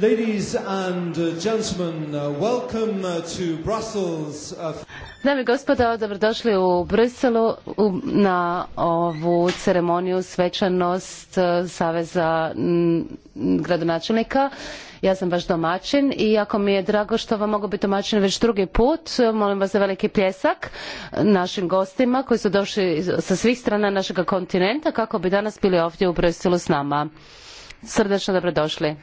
Ladies and uh, gentlemen, uh, welcome uh, to Brussels. Dame i gospodo, dobrodošli u Briselu na ovu ceremoniju svečanost Saveza mm, gradonačelnika. Ja sam vaš domaćin i jako mi je drago što vam mogu biti domaćin već drugi put. Molim vas za veliki pljesak našim gostima koji su došli sa svih strana našeg kontinenta kako bi danas bili ovdje u Briselu s nama. Srdečno dobrodošli.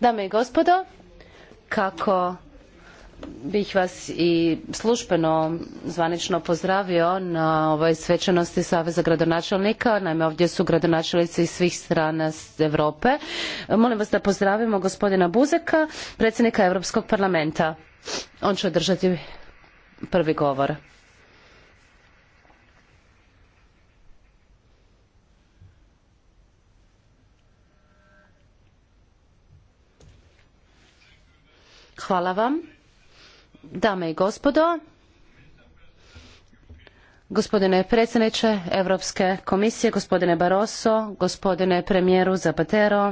Dame i gospodo, kako bih vas i službeno zvanično pozdravio na ovoj svečanosti Saveza gradonačelnika. Naime, ovdje su gradonačelnici iz svih strana Europe. Molim vas da pozdravimo gospodina Buzeka, predsjednika Europskog parlamenta. On će održati prvi govor. Hvala vam. Dame i gospodo, gospodine predsjedniče Europske komisije, gospodine Barroso, gospodine premijeru Zapatero,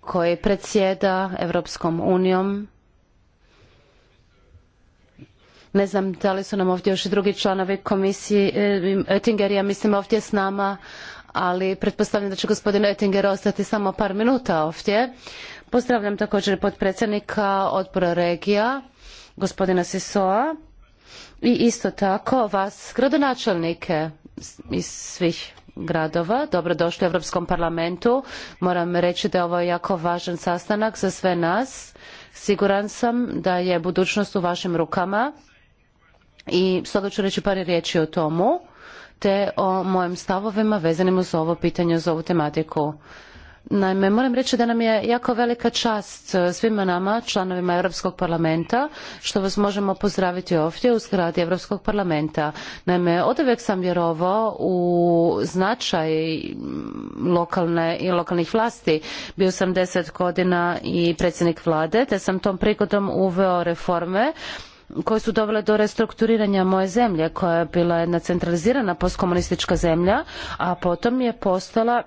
koji predsjeda Europskom unijom, ne znam da li su nam ovdje još i drugi članovi komisije, eh, Oettinger ja mislim ovdje s nama, ali pretpostavljam da će gospodin Oettinger ostati samo par minuta ovdje. Uh, Pozdravljam također potpredsjednika odbora regija, gospodina Sisoa, i isto tako vas, gradonačelnike iz svih gradova. Dobrodošli u Europskom parlamentu. Moram reći da je ovo jako važan sastanak za sve nas. Siguran sam da je budućnost u vašim rukama i stoga ću reći par riječi o tomu te o mojim stavovima vezanim uz ovo pitanje, uz ovu tematiku. Naime, moram reći da nam je jako velika čast e, svima nama, članovima Europskog parlamenta, što vas možemo pozdraviti ovdje u zgradi Europskog parlamenta. Naime, od uvijek sam vjerovao u značaj mm, lokalne i lokalnih vlasti. Bio sam deset godina i predsjednik vlade, te sam tom prigodom uveo reforme koje su dovele do restrukturiranja moje zemlje koja je bila jedna centralizirana postkomunistička zemlja a potom je postala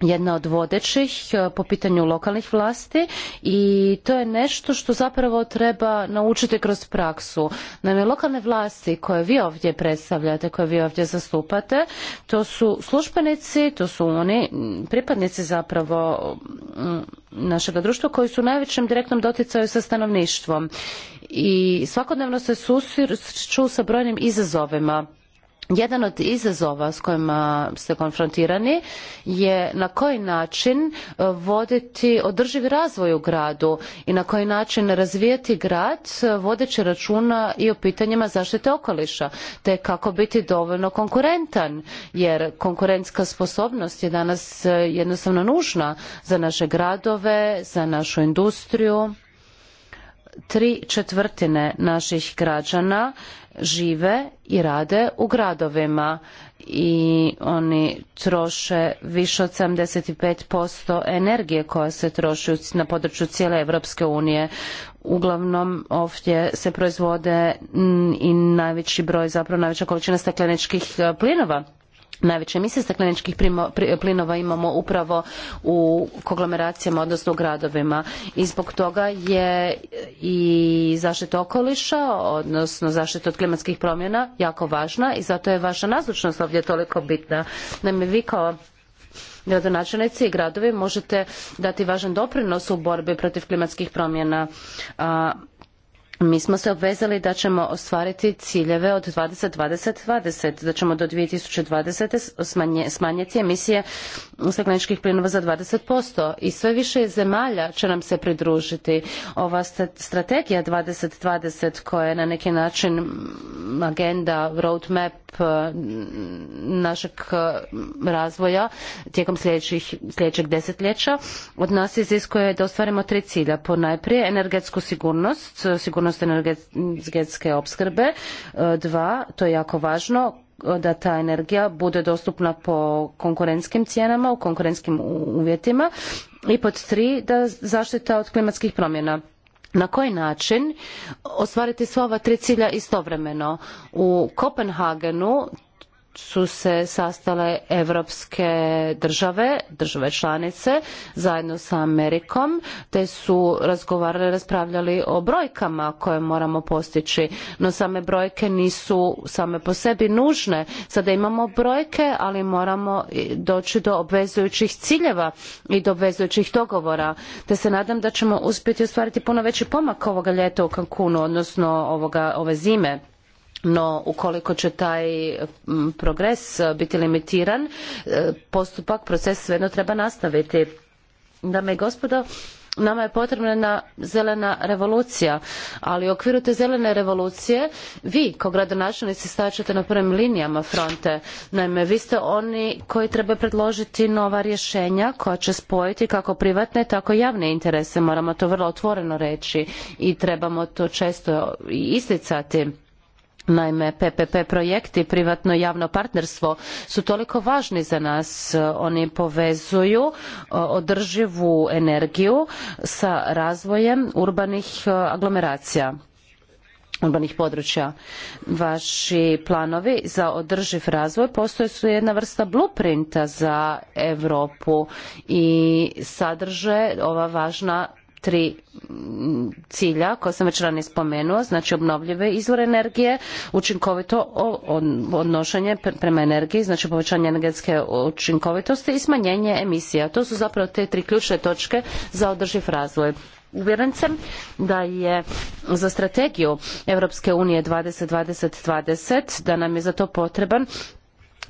jedna od vodećih e, po pitanju lokalnih vlasti i to je nešto što zapravo treba naučiti kroz praksu. Naime, lokalne vlasti koje vi ovdje predstavljate, koje vi ovdje zastupate, to su službenici, to su oni pripadnici zapravo mm, našega društva koji su u najvećem direktnom doticaju sa stanovništvom i svakodnevno se susreću sa brojnim izazovima Jedan od izazova s kojima ste konfrontirani je na koji način e, voditi održivi razvoj u gradu i na koji način razvijeti grad e, vodeći računa i o pitanjima zaštite okoliša, te kako biti dovoljno konkurentan, jer konkurentska sposobnost je danas e, jednostavno nužna za naše gradove, za našu industriju tri četvrtine naših građana žive i rade u gradovima i oni troše više od 75% energije koja se troši na području cijele Europske unije. Uglavnom ovdje se proizvode i najveći broj, zapravo najveća količina stakleničkih e, plinova Najveće emisije stakleničkih plinova imamo upravo u konglomeracijama, odnosno u gradovima. I zbog toga je i zaštita okoliša, odnosno zaštita od klimatskih promjena jako važna i zato je vaša nazočnost ovdje toliko bitna. Naime, vi kao gradonačelnici i gradovi možete dati važan doprinos u borbi protiv klimatskih promjena. A, mi smo se obvezali da ćemo ostvariti ciljeve od 20-20-20, da ćemo do 2020. smanjiti emisije stakleničkih plinova za 20% i sve više zemalja će nam se pridružiti. Ova strategija 2020 koja je na neki način agenda, roadmap e, našeg e, razvoja tijekom sljedećih, sljedećeg desetljeća od nas iziskuje da ostvarimo tri cilja. Ponajprije energetsku sigurnost, sigurnost energetske opskrbe. E, dva, to je jako važno, da ta energija bude dostupna po konkurentskim cijenama, u konkurentskim uvjetima i pod tri da zaštita od klimatskih promjena na koji način ostvariti sva ova tri cilja istovremeno. U Kopenhagenu su se sastale evropske države, države članice, zajedno sa Amerikom, te su razgovarali, raspravljali o brojkama koje moramo postići. No same brojke nisu same po sebi nužne. Sada imamo brojke, ali moramo doći do obvezujućih ciljeva i do obvezujućih dogovora. Te se nadam da ćemo uspjeti ostvariti puno veći pomak ovoga ljeta u Cancunu, odnosno ovoga, ove zime no ukoliko će taj mm, progres e, biti limitiran, e, postupak, proces svejedno treba nastaviti. Dame i gospodo, nama je potrebna zelena revolucija, ali u okviru te zelene revolucije vi kao gradonačelnici stačete na prvim linijama fronte. Naime, vi ste oni koji treba predložiti nova rješenja koja će spojiti kako privatne, tako javne interese. Moramo to vrlo otvoreno reći i trebamo to često isticati Naime, PPP projekti, privatno i javno partnerstvo, su toliko važni za nas. Oni povezuju održivu energiju sa razvojem urbanih e, aglomeracija urbanih područja. Vaši planovi za održiv razvoj postoje su jedna vrsta blueprinta za Europu i sadrže ova važna tri mm, cilja koje sam već ranije spomenuo, znači obnovljive izvore energije, učinkovito odnošenje prema energiji, znači povećanje energetske učinkovitosti i smanjenje emisija. To su zapravo te tri ključne točke za održiv razvoj. Uvjeren sam da je za strategiju Europske unije 2020-2020 da nam je za to potreban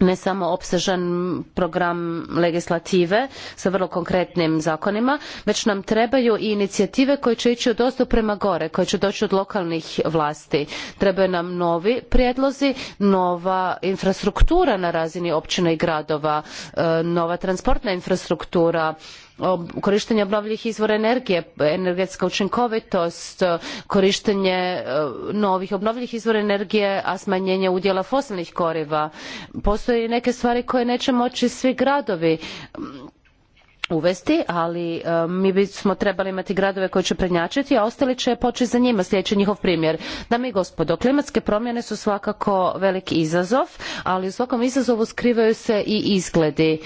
ne samo opsežan program legislative sa vrlo konkretnim zakonima, već nam trebaju i inicijative koje će ići od ozdo prema gore, koje će doći od lokalnih vlasti. Trebaju nam novi prijedlozi, nova infrastruktura na razini općina i gradova, e, nova transportna infrastruktura, korištenje obnovljivih izvora energije, energetska učinkovitost, korištenje e, novih obnovljivih izvora energije, a smanjenje udjela fosilnih goriva. Postoje neke stvari koje neće moći svi gradovi uvesti, ali e, mi bismo trebali imati gradove koji će prednjačiti, a ostali će poći za njima sljedeći njihov primjer. Dame i gospodo, klimatske promjene su svakako veliki izazov, ali u svakom izazovu skrivaju se i izgledi.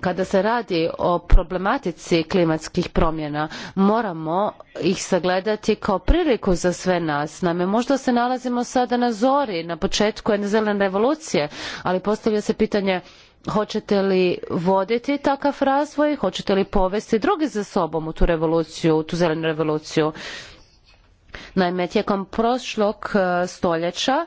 Kada se radi o problematici klimatskih promjena, moramo ih sagledati kao priliku za sve nas. Naime, možda se nalazimo sada na zori, na početku jedne zelene revolucije, ali postavlja se pitanje hoćete li voditi takav razvoj, hoćete li povesti druge za sobom u tu revoluciju, u tu zelenu revoluciju. Naime, tijekom prošlog e, stoljeća e,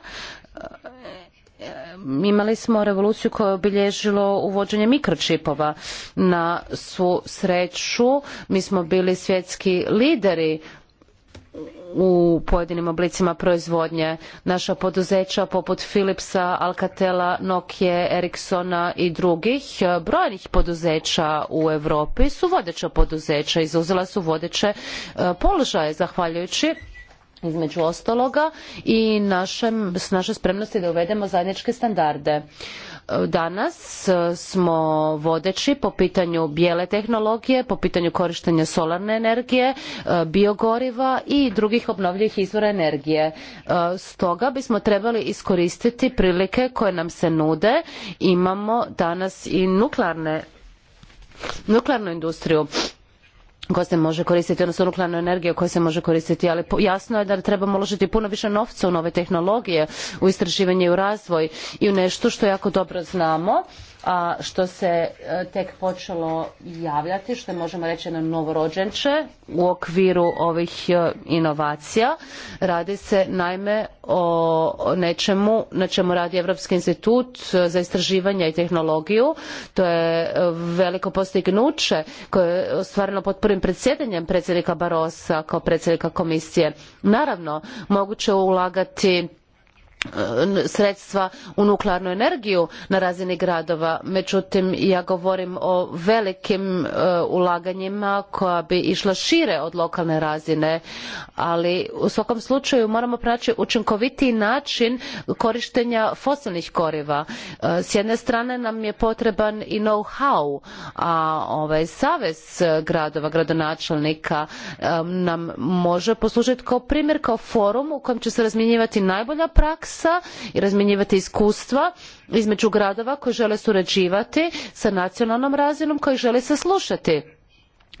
imali smo revoluciju koja je obilježilo uvođenje mikročipova. Na svu sreću mi smo bili svjetski lideri u pojedinim oblicima proizvodnje. Naša poduzeća poput Philipsa, Alcatela, Nokia, Ericssona i drugih e, brojnih poduzeća u Europi su vodeća poduzeća, izuzela su vodeće e, položaje zahvaljujući između ostaloga i našem, s naše spremnosti da uvedemo zajedničke standarde. Uh, Danas e, smo vodeći po pitanju bijele tehnologije, po pitanju korištenja solarne energije, e, biogoriva i drugih obnovljivih izvora energije. E, stoga bismo trebali iskoristiti prilike koje nam se nude. Imamo danas i nuklearne, nuklearnu industriju koja se može koristiti, odnosno nuklearnu energiju koja se može koristiti, ali jasno je da trebamo uložiti puno više novca u nove tehnologije, u istraživanje i u razvoj i u nešto što jako dobro znamo, a što se e, tek počelo javljati, što je možemo reći na novorođenče u okviru ovih e, inovacija. Radi se naime o nečemu na čemu radi Europski institut e, za istraživanje i tehnologiju. To je veliko postignuće koje je ostvareno pod prvim predsjedanjem predsjednika Barosa kao predsjednika komisije. Naravno, moguće ulagati sredstva u nuklearnu energiju na razini gradova. Međutim, ja govorim o velikim e, ulaganjima koja bi išla šire od lokalne razine, ali u svakom slučaju moramo pronaći učinkovitiji način korištenja fosilnih goriva. E, s jedne strane nam je potreban i know-how, a ovaj savez gradova, gradonačelnika e, nam može poslužiti kao primjer, kao forum u kojem će se razmjenjivati najbolja praksa praksa i razmjenjivati iskustva između gradova koji žele surađivati sa nacionalnom razinom koji žele saslušati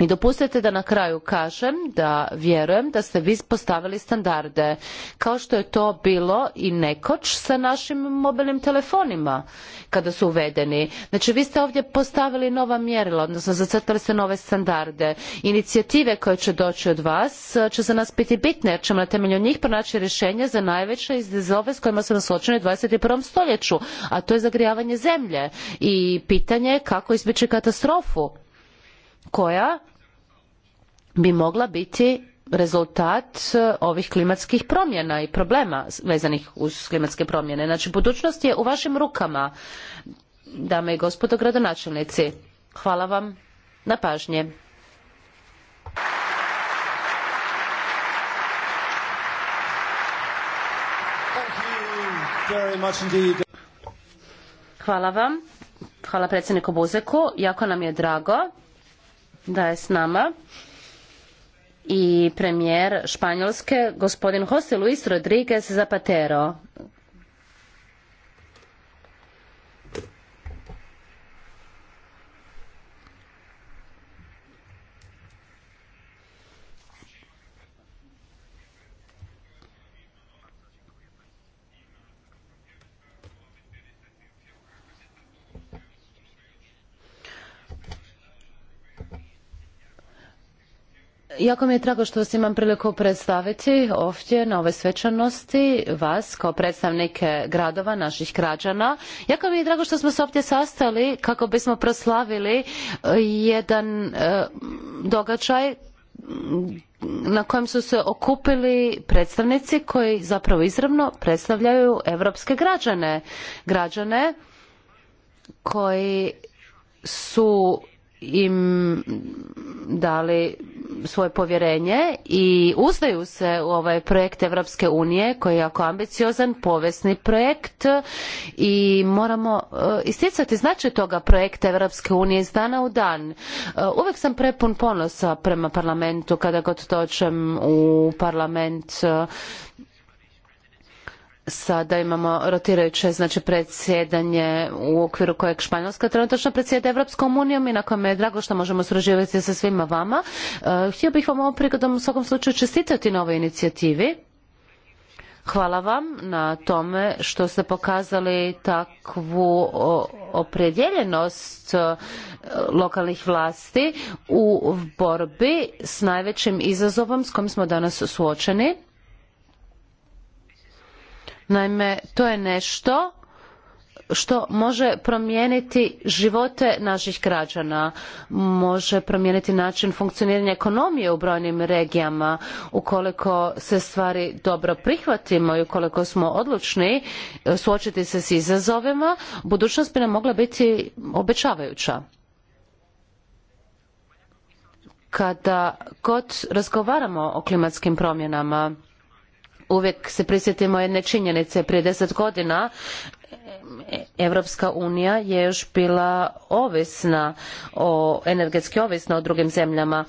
I dopustite da na kraju kažem da vjerujem da ste vi postavili standarde, kao što je to bilo i nekoć sa našim mobilnim telefonima kada su uvedeni. Znači vi ste ovdje postavili nova mjerila, odnosno zacrtali ste nove standarde. Inicijative koje će doći od vas će za nas biti bitne jer ćemo na temelju njih pronaći rješenja za najveće izazove s kojima su nas suočeni u 21. stoljeću, a to je zagrijavanje zemlje i pitanje kako izbjeći katastrofu koja bi mogla biti rezultat e, ovih klimatskih promjena i problema vezanih uz klimatske promjene. Znači, budućnost je u vašim rukama, dame i gospodo gradonačelnici. Hvala vam na pažnje. Hvala vam. Hvala predsjedniku Buzeku. Jako nam je drago da je s nama i premijer Španjolske, gospodin José Luis Rodríguez Zapatero Jako mi je drago što vas imam priliku predstaviti ovdje na ovoj svečanosti, vas kao predstavnike gradova, naših građana. Jako mi je drago što smo se ovdje sastali kako bismo proslavili e, jedan e, događaj na kojem su se okupili predstavnici koji zapravo izravno predstavljaju evropske građane. Građane koji su im dali svoje povjerenje i uzdaju se u ovaj projekt Evropske unije koji je jako ambiciozan, povesni projekt i moramo eh, isticati značaj toga projekta Evropske unije iz dana u dan. Eh, uvijek sam prepun ponosa prema parlamentu kada god dođem u parlament eh, sada imamo rotirajuće znači predsjedanje u okviru kojeg Španjolska trenutačno predsjeda Europskom unijom i na kojem je drago što možemo surađivati sa svima vama. E, htio bih vam ovom prigodom u svakom slučaju čestitati na ovoj inicijativi. Hvala vam na tome što ste pokazali takvu opredjeljenost e, lokalnih vlasti u borbi s najvećim izazovom s kojim smo danas suočeni Naime, to je nešto što može promijeniti živote naših građana, može promijeniti način funkcioniranja ekonomije u brojnim regijama. Ukoliko se stvari dobro prihvatimo i ukoliko smo odlučni e, suočiti se s izazovima, budućnost bi nam mogla biti obećavajuća. Kada god razgovaramo o klimatskim promjenama, uvijek se prisjetimo jedne činjenice. Prije deset godina Europska unija je još bila ovisna o, energetski ovisna o drugim zemljama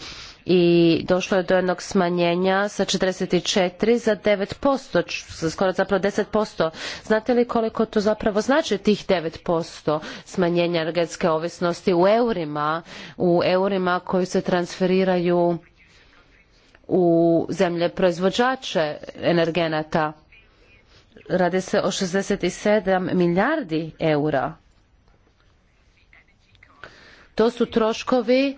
i došlo je do jednog smanjenja sa 44 za 9%, skoro zapravo 10%. Znate li koliko to zapravo znači tih 9% smanjenja energetske ovisnosti u eurima, u eurima koji se transferiraju u zemlje proizvođače energenata. Radi se o 67 milijardi eura. To su troškovi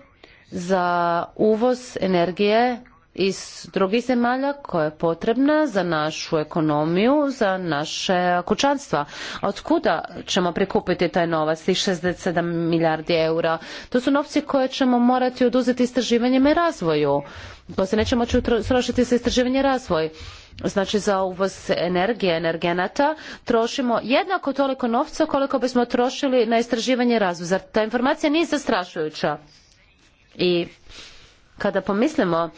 za uvoz energije iz drugih zemalja koja je potrebna za našu ekonomiju, za naše kućanstva. Od kuda ćemo prikupiti taj novac, tih 67 milijardi eura? To su novci koje ćemo morati oduzeti istraživanjima i razvoju. To se neće moći srošiti sa istraživanje i razvoj. Znači za uvoz energije, energenata trošimo jednako toliko novca koliko bismo trošili na istraživanje i razvoj. Zar ta informacija nije zastrašujuća? I kada pomislimo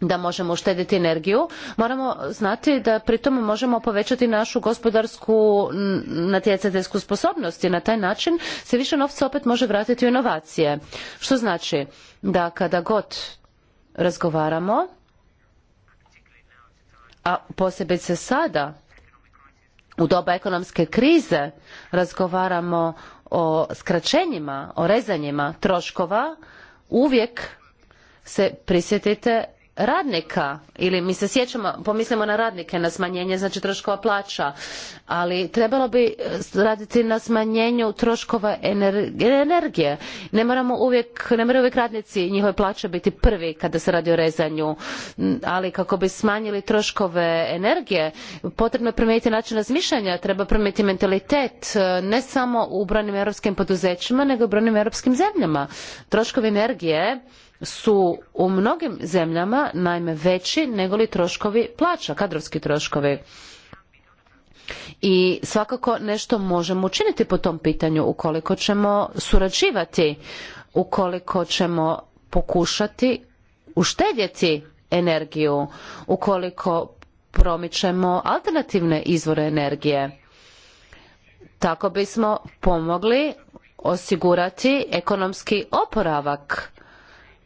da možemo uštediti energiju, moramo znati da pritom možemo povećati našu gospodarsku natjecateljsku sposobnost i na taj način se više novca opet može vratiti u inovacije. Što znači da kada god razgovaramo, a posebice sada, u doba ekonomske krize, razgovaramo o skraćenjima, o rezanjima troškova, uvijek se prisjetite radnika ili mi se sjećamo, pomislimo na radnike, na smanjenje znači troškova plaća, ali trebalo bi e, raditi na smanjenju troškova energije. Ne moramo uvijek, ne moraju uvijek radnici i njihove plaće biti prvi kada se radi o rezanju, ali kako bi smanjili troškove energije, potrebno je promijeniti način razmišljanja, treba promijeniti mentalitet, e, ne samo u brojnim europskim poduzećima, nego i u brojnim europskim zemljama. Troškovi energije su u mnogim zemljama naime veći nego li troškovi plaća, kadrovski troškovi. I svakako nešto možemo učiniti po tom pitanju ukoliko ćemo surađivati, ukoliko ćemo pokušati uštedjeti energiju, ukoliko promičemo alternativne izvore energije. Tako bismo pomogli osigurati ekonomski oporavak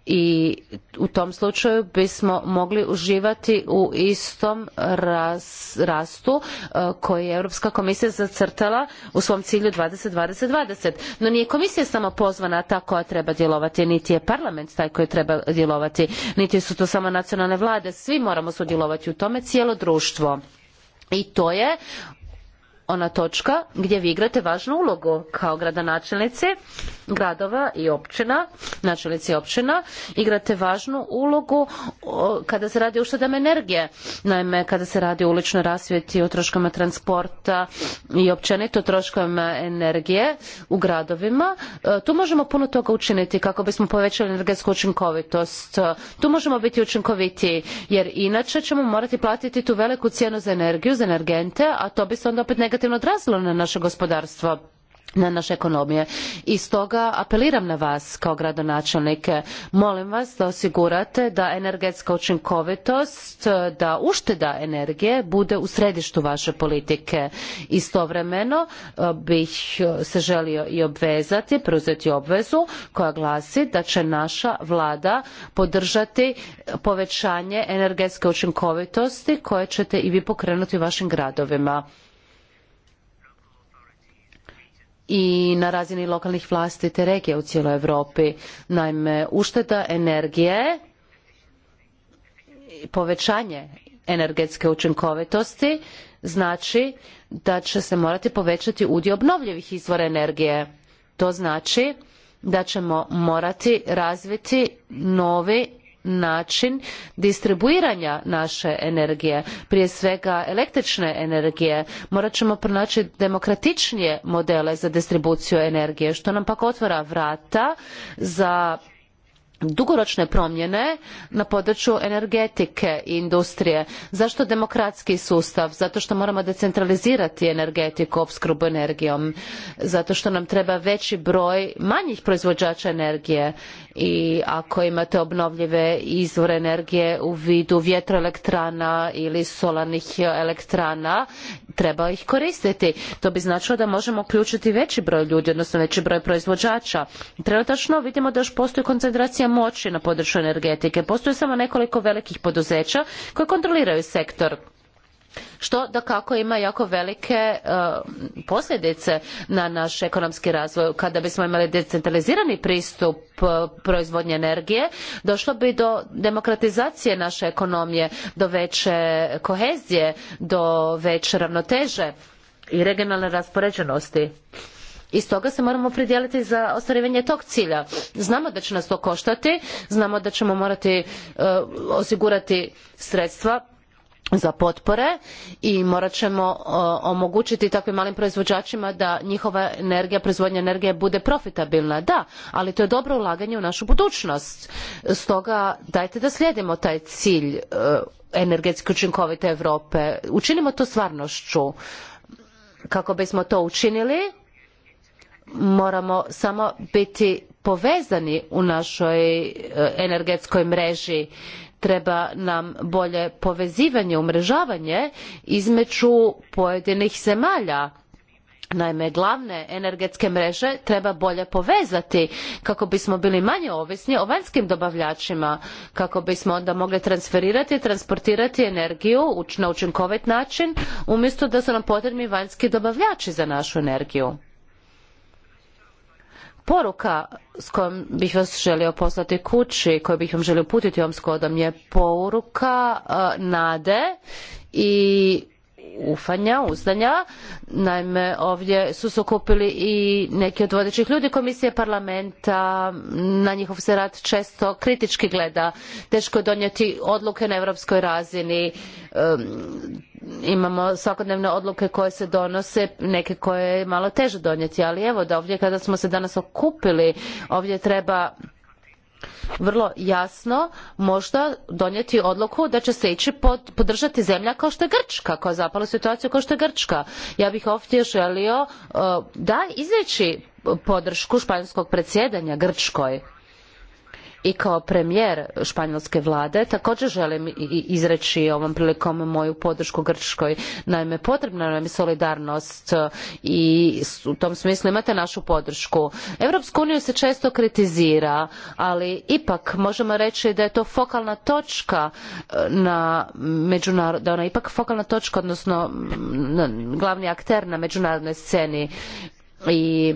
i u tom slučaju bismo mogli uživati u istom ras, rastu e, koji je Europska komisija zacrtala u svom cilju 20-20-20. No nije komisija samo pozvana ta koja treba djelovati, niti je parlament taj koji treba djelovati, niti su to samo nacionalne vlade. Svi moramo sudjelovati u tome, cijelo društvo. I to je ona točka gdje vi igrate važnu ulogu kao gradonačelnici gradova i općina, načelnici općina, igrate važnu ulogu kada se radi o uštedama energije. Naime, kada se radi o uličnoj rasvjeti, o troškovima transporta i općenito troškovima energije u gradovima, e, tu možemo puno toga učiniti kako bismo povećali energetsku učinkovitost. Tu možemo biti učinkovitiji jer inače ćemo morati platiti tu veliku cijenu za energiju, za energente, a to bi se onda opet negativno negativno odrazilo na naše gospodarstvo na naše ekonomije. I stoga apeliram na vas kao gradonačelnike, molim vas da osigurate da energetska učinkovitost, da ušteda energije bude u središtu vaše politike. Istovremeno eh, bih eh, se želio i obvezati, preuzeti obvezu koja glasi da će naša vlada podržati povećanje energetske učinkovitosti koje ćete i vi pokrenuti u vašim gradovima i na razini lokalnih vlasti te regije u cijeloj Europi. Naime, ušteda energije, povećanje energetske učinkovitosti znači da će se morati povećati udio obnovljivih izvora energije. To znači da ćemo morati razviti novi način distribuiranja naše energije, prije svega električne energije. Morat ćemo pronaći demokratičnije modele za distribuciju energije, što nam pak otvara vrata za dugoročne promjene na području energetike i industrije. Zašto demokratski sustav? Zato što moramo decentralizirati energetiku, opskrbu energijom. Zato što nam treba veći broj manjih proizvođača energije. I ako imate obnovljive izvore energije u vidu vjetroelektrana ili solarnih elektrana, treba ih koristiti. To bi značilo da možemo uključiti veći broj ljudi, odnosno veći broj proizvođača. Trenutačno vidimo da još postoji koncentracija moći na području energetike. Postoje samo nekoliko velikih poduzeća koje kontroliraju sektor što dakako ima jako velike e, posljedice na naš ekonomski razvoj. Kada bismo imali decentralizirani pristup eh, proizvodnje energije, došlo bi do demokratizacije naše ekonomije, do veće kohezije, do veće ravnoteže i regionalne raspoređenosti. Uh, i stoga se moramo opredijeliti za ostvarivanje tog cilja. Znamo da će nas to koštati, znamo da ćemo morati e, osigurati sredstva za potpore i morat ćemo e, omogućiti takvim malim proizvođačima da njihova energija, proizvodnja energije bude profitabilna. Da, ali to je dobro ulaganje u našu budućnost. Stoga dajte da slijedimo taj cilj e, energetski učinkovite Europe. Učinimo to stvarnošću. Kako bismo to učinili, moramo samo biti povezani u našoj e, energetskoj mreži treba nam bolje povezivanje, umrežavanje između pojedinih zemalja. Naime, glavne energetske mreže treba bolje povezati kako bismo bili manje ovisni o vanjskim dobavljačima, kako bismo onda mogli transferirati i transportirati energiju na učinkovit način, umjesto da su nam potrebni vanjski dobavljači za našu energiju. Poruka s kojom bih vas želio poslati kući, koju bih vam želio putiti ovom skodom je poruka e, nade i ufanja, uzdanja. Naime, ovdje su se okupili i neki od vodećih ljudi komisije parlamenta. Na njihov se rad često kritički gleda. Teško je donijeti odluke na europskoj razini. Um, imamo svakodnevne odluke koje se donose, neke koje je malo teže donijeti, ali evo da ovdje kada smo se danas okupili, ovdje treba vrlo jasno možda donijeti odluku da će se ići pod, podržati zemlja kao što je Grčka, koja je zapala situaciju kao što je Grčka. Ja bih ovdje želio uh, da izreći podršku španjolskog predsjedanja Grčkoj i kao premijer španjolske vlade također želim izreći ovom prilikom moju podršku Grčkoj. Naime, potrebna nam je solidarnost e, i u tom smislu imate našu podršku. Europsku uniju se često kritizira, ali ipak možemo reći da je to fokalna točka e, na međunarod, da ona ipak fokalna točka, odnosno glavni akter na međunarodnoj sceni i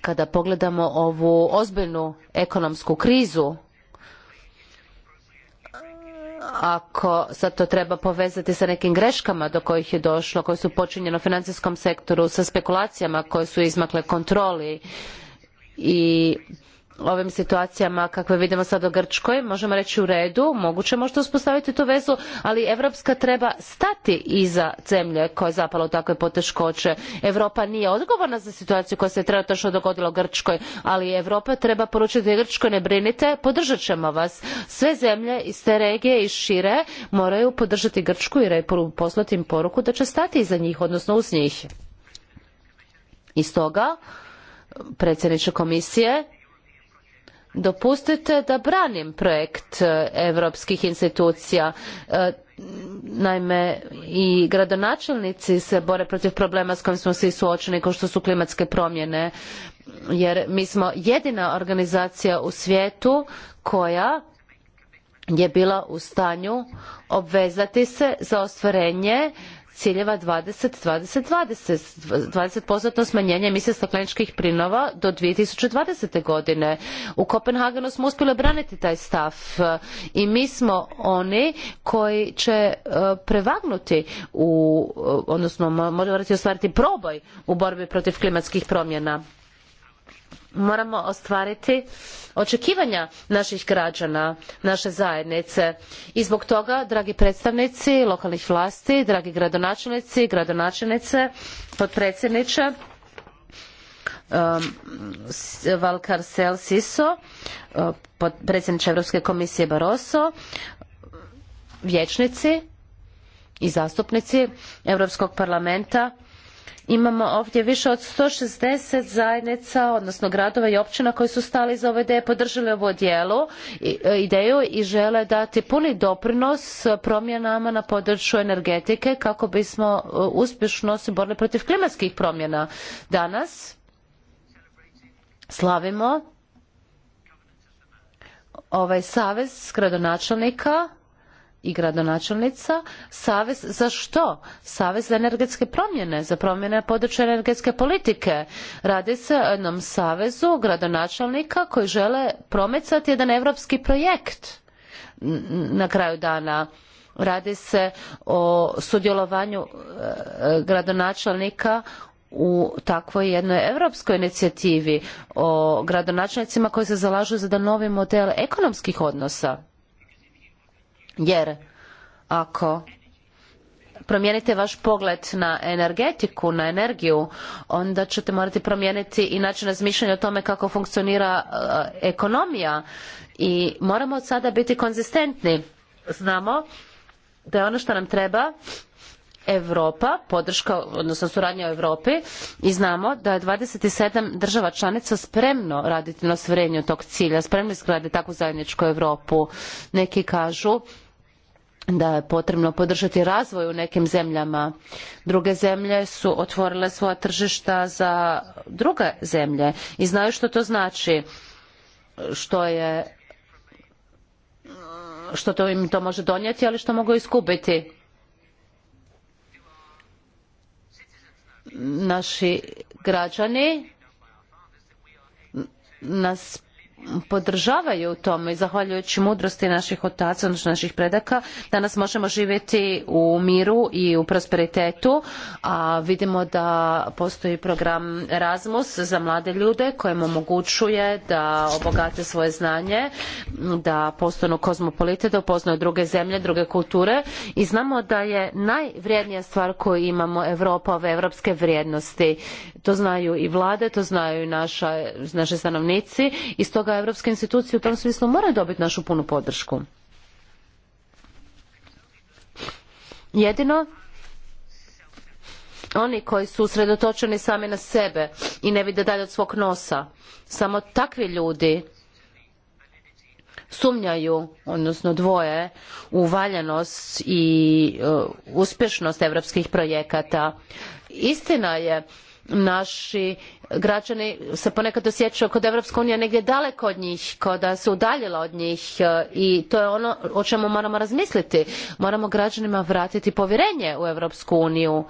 kada pogledamo ovu ozbiljnu ekonomsku krizu ako sad to treba povezati sa nekim greškama do kojih je došlo, koje su počinjene u financijskom sektoru, sa spekulacijama koje su izmakle kontroli i ovim situacijama kakve vidimo sad u Grčkoj, možemo reći u redu, moguće možda uspostaviti tu vezu, ali Evropska treba stati iza zemlje koja je zapala u takve poteškoće. Europa nije odgovorna za situaciju koja se trenutno dogodila u Grčkoj, ali Europa treba poručiti Grčkoj ne brinite, podržat ćemo vas. Sve zemlje iz te regije i šire moraju podržati Grčku i poslati im poruku da će stati iza njih, odnosno uz njih. I stoga, predsjedniče komisije, Dopustite da branim projekt europskih institucija. E, naime, i gradonačelnici se bore protiv problema s kojim smo svi suočeni, kao što su klimatske promjene, jer mi smo jedina organizacija u svijetu koja je bila u stanju obvezati se za ostvarenje uh, ciljeva 20-20-20, 20% smanjenje emisije stakleničkih plinova do 2020. godine. U Kopenhagenu smo uspjeli braniti taj stav eh, i mi smo oni koji će eh, prevagnuti u, eh, odnosno morati ostvariti proboj u borbi protiv klimatskih promjena moramo ostvariti očekivanja naših građana, naše zajednice. I zbog toga, dragi predstavnici lokalnih vlasti, dragi gradonačelnici, gradonačelnice, potpredsjedniče, um, Valkar Sel Siso, uh, predsjedniče Europske komisije Barroso, vječnici i zastupnici Europskog parlamenta, Imamo ovdje više od 160 zajednica, odnosno gradova i općina koji su stali za ove ideje, podržali ovo dijelo, e, ideju i žele dati puni doprinos promjenama na području energetike kako bismo e, uspješno se borili protiv klimatskih promjena. Danas slavimo ovaj savez gradonačelnika i gradonačelnica savez za što? Savez za energetske promjene, za promjene područja energetske politike. Radi se o jednom savezu gradonačelnika koji žele promicati jedan europski projekt na kraju dana. Radi se o sudjelovanju e, gradonačelnika u takvoj jednoj europskoj inicijativi o gradonačelnicima koji se zalažu za novi model ekonomskih odnosa Jer ako promijenite vaš pogled na energetiku, na energiju, onda ćete morati promijeniti i način razmišljanja o tome kako funkcionira e, ekonomija i moramo od sada biti konzistentni. Znamo da je ono što nam treba Europa, podrška, odnosno suradnja u Europi i znamo da je 27 država članica spremno raditi na ostvarenju tog cilja, spremno izgraditi takvu zajedničku Europu. Neki kažu da je potrebno podržati razvoj u nekim zemljama. Druge zemlje su otvorile svoja tržišta za druge zemlje i znaju što to znači, što je što to im to može donijeti, ali što mogu iskupiti. Naši građani nas podržavaju u tome i zahvaljujući mudrosti naših otaca, odnosno naših predaka, danas možemo živjeti u miru i u prosperitetu, a vidimo da postoji program Erasmus za mlade ljude kojem omogućuje da obogate svoje znanje, da postanu kozmopolite, da upoznaju druge zemlje, druge kulture i znamo da je najvrijednija stvar koju imamo Europa ove evropske vrijednosti. To znaju i vlade, to znaju i naša, naše stanovnici i stoga Stoga evropske institucije u tom smislu moraju dobiti našu punu podršku. Jedino oni koji su usredotočeni sami na sebe i ne vide dalje od svog nosa. Samo takvi ljudi sumnjaju, odnosno dvoje, u valjanost i uh, uspješnost europskih projekata. Istina je naši građani se ponekad osjećaju kod Evropska unija negdje daleko od njih, kao da se udaljila od njih e, i to je ono o čemu moramo razmisliti. Moramo građanima vratiti povjerenje u Evropsku uniju.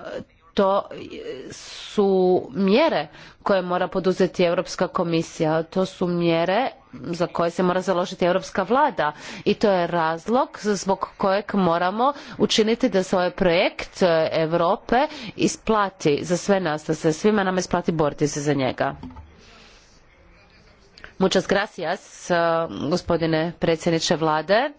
E, to su mjere koje mora poduzeti Europska komisija. To su mjere za koje se mora založiti europska vlada i to je razlog zbog kojeg moramo učiniti da se ovaj projekt e, Europe isplati za sve nas, da se svima nama isplati boriti se za njega. Muchas gracias, e, gospodine predsjedniče vlade.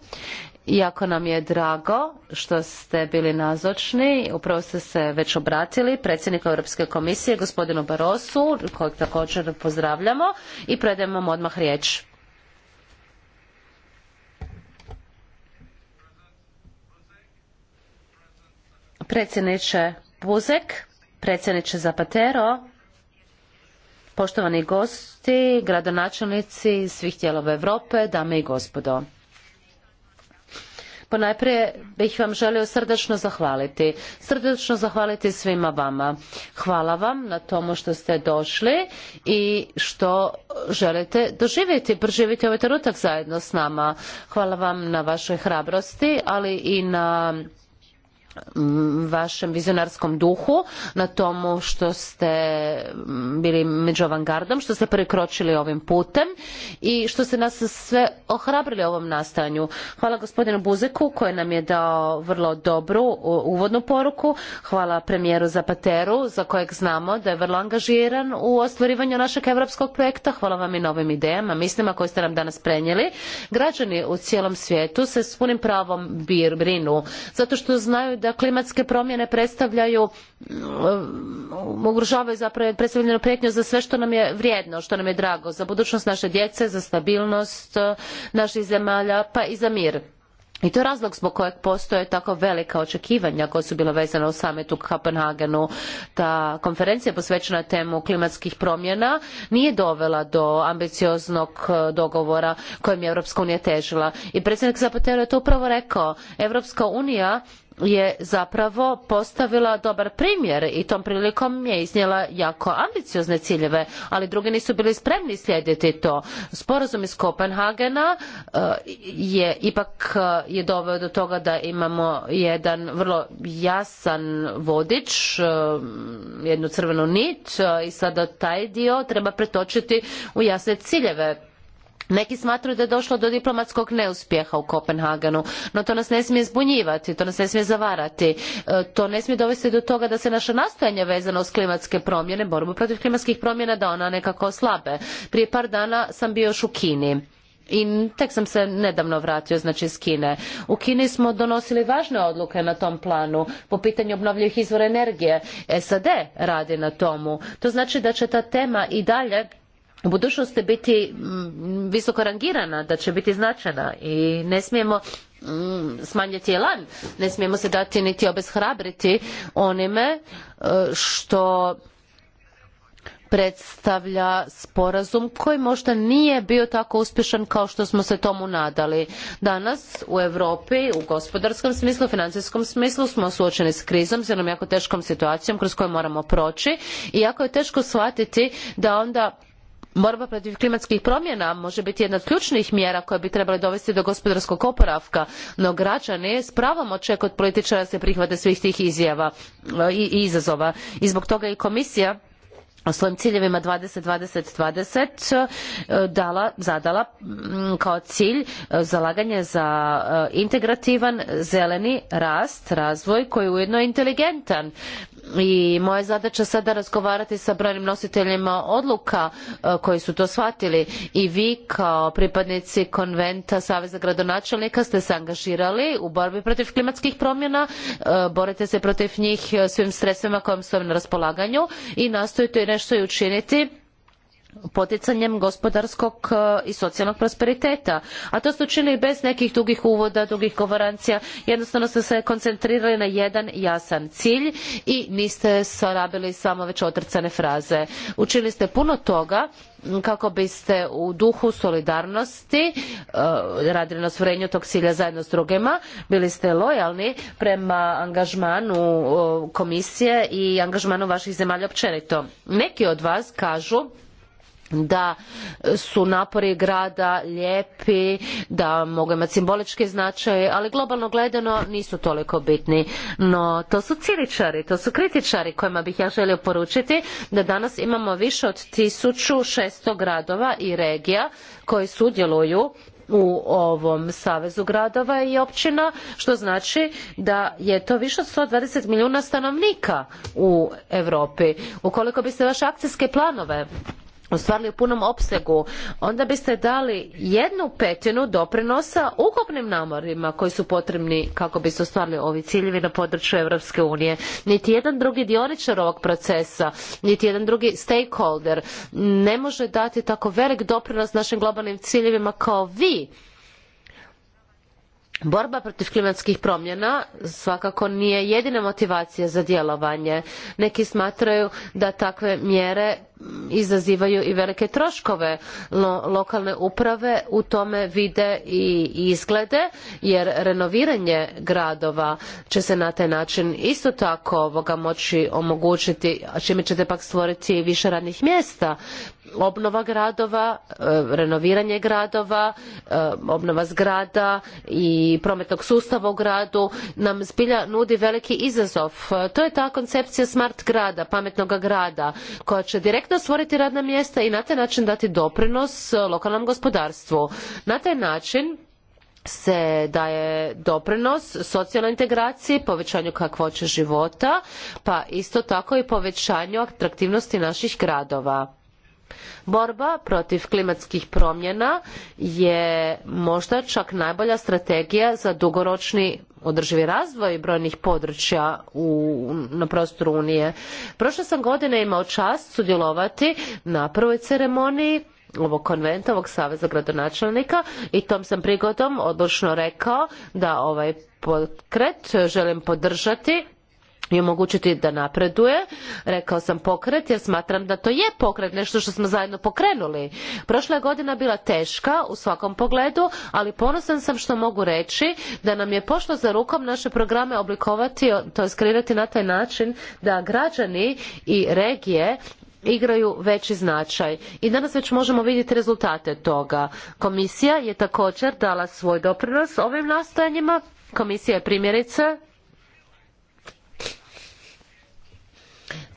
Jako nam je drago što ste bili nazočni, upravo ste se već obratili predsjedniku Europske komisije, gospodinu Barosu, kojeg također pozdravljamo i predajemo vam odmah riječ. predsjedniče Buzek, predsjedniče Zapatero, poštovani gosti, gradonačelnici svih dijelova Europe, dame i gospodo. Ponajprije bih vam želio srdačno zahvaliti. Srdačno zahvaliti svima vama. Hvala vam na tomu što ste došli i što želite doživjeti, proživjeti ovaj trenutak zajedno s nama. Hvala vam na vašoj hrabrosti, ali i na vašem vizionarskom duhu, na tomu što ste bili među avangardom, što ste prekročili ovim putem i što ste nas sve ohrabrili ovom nastajanju. Hvala gospodinu Buzeku koji nam je dao vrlo dobru uvodnu poruku. Hvala premijeru Zapateru za kojeg znamo da je vrlo angažiran u ostvarivanju našeg evropskog projekta. Hvala vam i na ovim idejama, mislima koje ste nam danas prenijeli. Građani u cijelom svijetu se s punim pravom brinu zato što znaju da da klimatske promjene predstavljaju mm, ugrožavaju zapravo predstavljaju prijetnju za sve što nam je vrijedno, što nam je drago, za budućnost naše djece, za stabilnost eh, naših zemalja, pa i za mir. I to je razlog zbog kojeg postoje tako velika očekivanja koja su bila vezana u sametu u Kopenhagenu. Ta konferencija posvećena temu klimatskih promjena nije dovela do ambicioznog eh, dogovora kojem je Europska unija težila. I predsjednik Zapatero je to upravo rekao. Europska unija je zapravo postavila dobar primjer i tom prilikom je iznijela jako ambiciozne ciljeve, ali drugi nisu bili spremni slijediti to. Sporazum iz Kopenhagena eh, je ipak eh, je doveo do toga da imamo jedan vrlo jasan vodič, eh, jednu crvenu nit i sada taj dio treba pretočiti u jasne ciljeve Neki smatruju da je došlo do diplomatskog neuspjeha u Kopenhagenu, no to nas ne smije zbunjivati, to nas ne smije zavarati, e, to ne smije dovesti do toga da se naše nastojanje vezano uz klimatske promjene, borbu protiv klimatskih promjena, da ona nekako slabe. Prije par dana sam bio još u Kini. I tek sam se nedavno vratio, znači iz Kine. U Kini smo donosili važne odluke na tom planu po pitanju obnovljivih izvora energije. SAD radi na tomu. To znači da će ta tema i dalje u budućnosti biti mm, visoko rangirana, da će biti značajna i ne smijemo mm, smanjiti elan, ne smijemo se dati niti obeshrabriti onime e, što predstavlja sporazum koji možda nije bio tako uspješan kao što smo se tomu nadali. Danas u Europi u gospodarskom smislu, financijskom smislu smo suočeni s krizom, s jednom jako teškom situacijom kroz koju moramo proći i jako je teško shvatiti da onda Borba protiv klimatskih promjena može biti jedna od ključnih mjera koje bi trebale dovesti do gospodarskog oporavka, no građani s pravom očekuju od političara da se prihvate svih tih izjava e, i izazova. I zbog toga i komisija o svojim ciljevima 20-20-20 e, dala, zadala kao cilj e, zalaganje za integrativan zeleni rast, razvoj koji je ujedno inteligentan i moja zadaća sada razgovarati sa brojnim nositeljima odluka e, koji su to shvatili i vi kao pripadnici konventa Saveza gradonačelnika ste se angažirali u borbi protiv klimatskih promjena, e, borite se protiv njih svim sredstvima kojim su vam na raspolaganju i nastojite nešto i učiniti poticanjem gospodarskog e, i socijalnog prosperiteta. A to su činili bez nekih dugih uvoda, dugih govorancija. Jednostavno ste se koncentrirali na jedan jasan cilj i niste sorabili samo već otrcane fraze. Učinili ste puno toga kako biste u duhu solidarnosti e, radili na ostvarenju tog cilja zajedno s drugima. Bili ste lojalni prema angažmanu e, komisije i angažmanu vaših zemalja općenito. Neki od vas kažu da su napori grada lijepi, da mogu imati simbolički značaj, ali globalno gledano nisu toliko bitni. No, to su ciričari, to su kritičari kojima bih ja želio poručiti da danas imamo više od 1600 gradova i regija koji sudjeluju u ovom savezu gradova i općina, što znači da je to više od 120 milijuna stanovnika u Europi. Ukoliko biste vaše akcijske planove ostvarili u punom opsegu, onda biste dali jednu petinu doprinosa ukupnim namorima koji su potrebni kako bi se ostvarili ovi ciljevi na području Europske unije. Niti jedan drugi dioničar ovog procesa, niti jedan drugi stakeholder ne može dati tako velik doprinos našim globalnim ciljevima kao vi Borba protiv klimatskih promjena svakako nije jedina motivacija za djelovanje. Neki smatraju da takve mjere izazivaju i velike troškove. Lo, lokalne uprave u tome vide i izglede jer renoviranje gradova će se na taj način isto tako ovoga moći omogućiti, čime ćete pak stvoriti više radnih mjesta obnova gradova, e, renoviranje gradova, e, obnova zgrada i prometnog sustava u gradu nam zbilja nudi veliki izazov. E, to je ta koncepcija smart grada, pametnog grada, koja će direktno stvoriti radna mjesta i na taj način dati doprinos lokalnom gospodarstvu. Na taj način se daje doprinos socijalnoj integraciji, povećanju kakvoće života, pa isto tako i povećanju atraktivnosti naših gradova. Borba protiv klimatskih promjena je možda čak najbolja strategija za dugoročni održivi razvoj brojnih područja u, na prostoru Unije. Prošle sam godine imao čast sudjelovati na prvoj ceremoniji ovog konventa, ovog saveza gradonačelnika i tom sam prigodom odlučno rekao da ovaj pokret želim podržati i omogućiti da napreduje. Rekao sam pokret jer smatram da to je pokret, nešto što smo zajedno pokrenuli. Prošla je godina bila teška u svakom pogledu, ali ponosan sam što mogu reći da nam je pošlo za rukom naše programe oblikovati, to je skreirati na taj način da građani i regije igraju veći značaj. I danas već možemo vidjeti rezultate toga. Komisija je također dala svoj doprinos ovim nastojanjima. Komisija je primjerice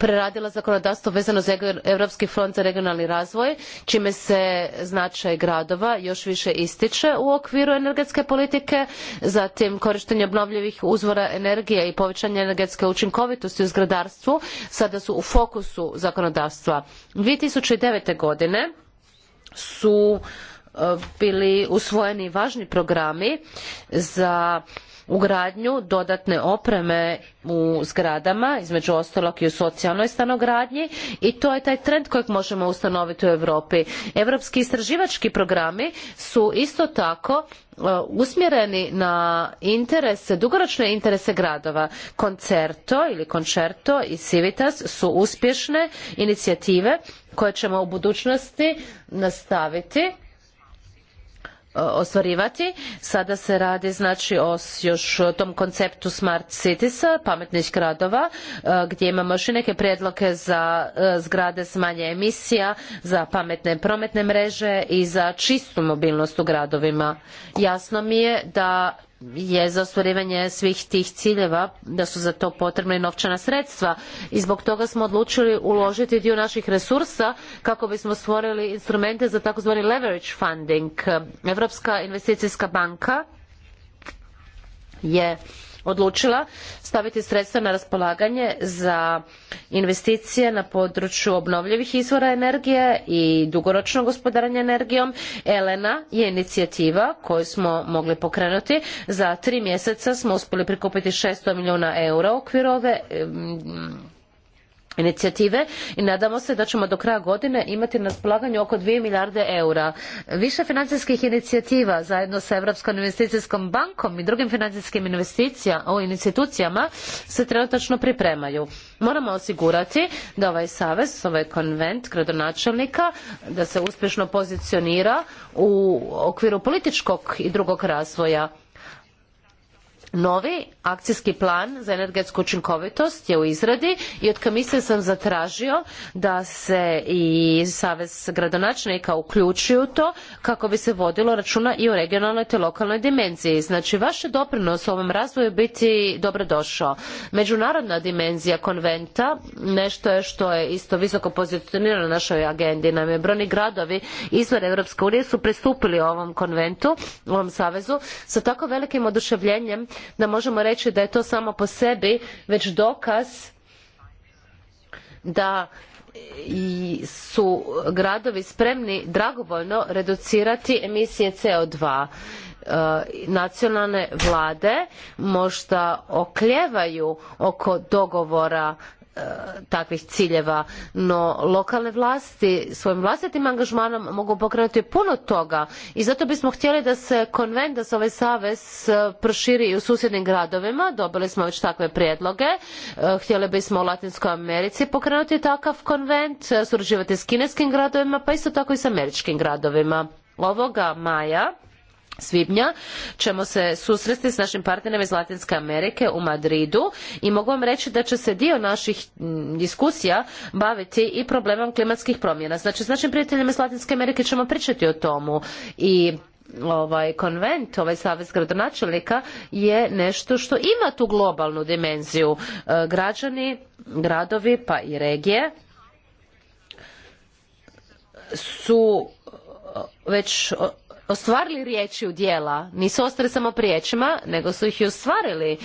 preradila zakonodavstvo vezano za Europski fond za regionalni razvoj, čime se značaj gradova još više ističe u okviru energetske politike, zatim korištenje obnovljivih uzvora energije i povećanje energetske učinkovitosti u zgradarstvu sada su u fokusu zakonodavstva. 2009. godine su uh, bili usvojeni važni programi za ugradnju dodatne opreme u zgradama, između ostalog i u socijalnoj stanogradnji i to je taj trend kojeg možemo ustanoviti u Europi. Europski istraživački programi su isto tako e, usmjereni na interese, dugoročne interese gradova. Koncerto ili Koncerto i Civitas su uspješne inicijative koje ćemo u budućnosti nastaviti ostvarivati. Sada se radi znači o još tom konceptu smart cities, pametnih gradova, e, gdje imamo još i neke prijedloge za e, zgrade s manje emisija, za pametne prometne mreže i za čistu mobilnost u gradovima. Jasno mi je da je za ostvarivanje svih tih ciljeva da su za to potrebne novčana sredstva i zbog toga smo odlučili uložiti dio naših resursa kako bismo stvorili instrumente za takozvani leverage funding. Europska investicijska banka je uh, odlučila staviti sredstva na raspolaganje za investicije na području obnovljivih izvora energije i dugoročno gospodarenje energijom. Elena je inicijativa koju smo mogli pokrenuti. Za tri mjeseca smo uspjeli prikupiti 600 milijuna eura u okviru ove inicijative i nadamo se da ćemo do kraja godine imati na raspolaganju oko 2 milijarde eura. Više financijskih inicijativa zajedno sa Europskom investicijskom bankom i drugim financijskim investicija, o institucijama se trenutačno pripremaju. Moramo osigurati da ovaj savez, ovaj konvent gradonačelnika, da se uspješno pozicionira u okviru političkog i drugog razvoja Novi akcijski plan za energetsku učinkovitost je u izradi i od komisije sam zatražio da se i Savez gradonačelnika uključi u to kako bi se vodilo računa i o regionalnoj te lokalnoj dimenziji. Znači, vaš doprinos u ovom razvoju biti dobrodošao. Međunarodna dimenzija konventa nešto je što je isto visoko pozicionirano na našoj agendi. Naime, brojni gradovi izvan Europske unije su pristupili ovom konventu, ovom savezu, sa tako velikim oduševljenjem da možemo reći da je to samo po sebi već dokaz da su gradovi spremni dragovoljno reducirati emisije CO2. E, nacionalne vlade možda okljevaju oko dogovora takvih ciljeva, no lokalne vlasti svojim vlastitim angažmanom mogu pokrenuti puno toga i zato bismo htjeli da se konvent, da se ovaj savez e, proširi i u susjednim gradovima, dobili smo već takve prijedloge, e, htjeli bismo u Latinskoj Americi pokrenuti takav konvent, e, surađivati s kineskim gradovima, pa isto tako i s američkim gradovima. Ovoga maja svibnja ćemo se susresti s našim partnerima iz Latinske Amerike u Madridu i mogu vam reći da će se dio naših diskusija baviti i problemom klimatskih promjena. Znači s našim prijateljima iz Latinske Amerike ćemo pričati o tomu i ovaj konvent, ovaj savez gradonačelnika je nešto što ima tu globalnu dimenziju. E, građani, gradovi pa i regije su e, već ostvarili riječi u dijela, nisu ostali samo priječima, nego su ih i ostvarili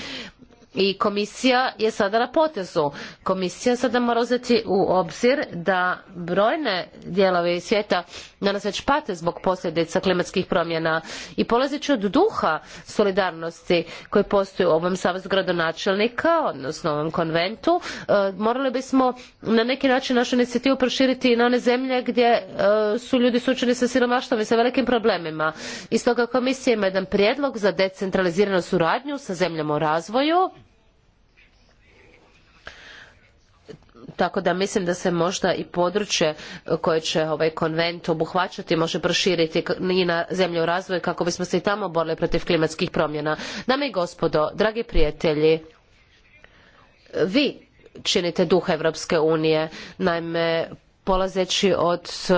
i komisija je sada na potezu. Komisija sada mora uzeti u obzir da brojne dijelove svijeta danas već pate zbog posljedica klimatskih promjena i polazeći od duha solidarnosti koji postoji u ovom savezu gradonačelnika, odnosno ovom konventu, e, morali bismo na neki način našu inicijativu proširiti i na one zemlje gdje e, su ljudi suočeni sa siromaštvom i sa velikim problemima. I stoga komisija ima jedan prijedlog za decentraliziranu suradnju sa zemljama u razvoju tako da mislim da se možda i područje e, koje će ovaj konvent obuhvaćati može proširiti i na zemlje u razvoju kako bismo se i tamo borili protiv klimatskih promjena. Dame i gospodo, dragi prijatelji, vi činite duh Europske unije. Naime, polazeći od e,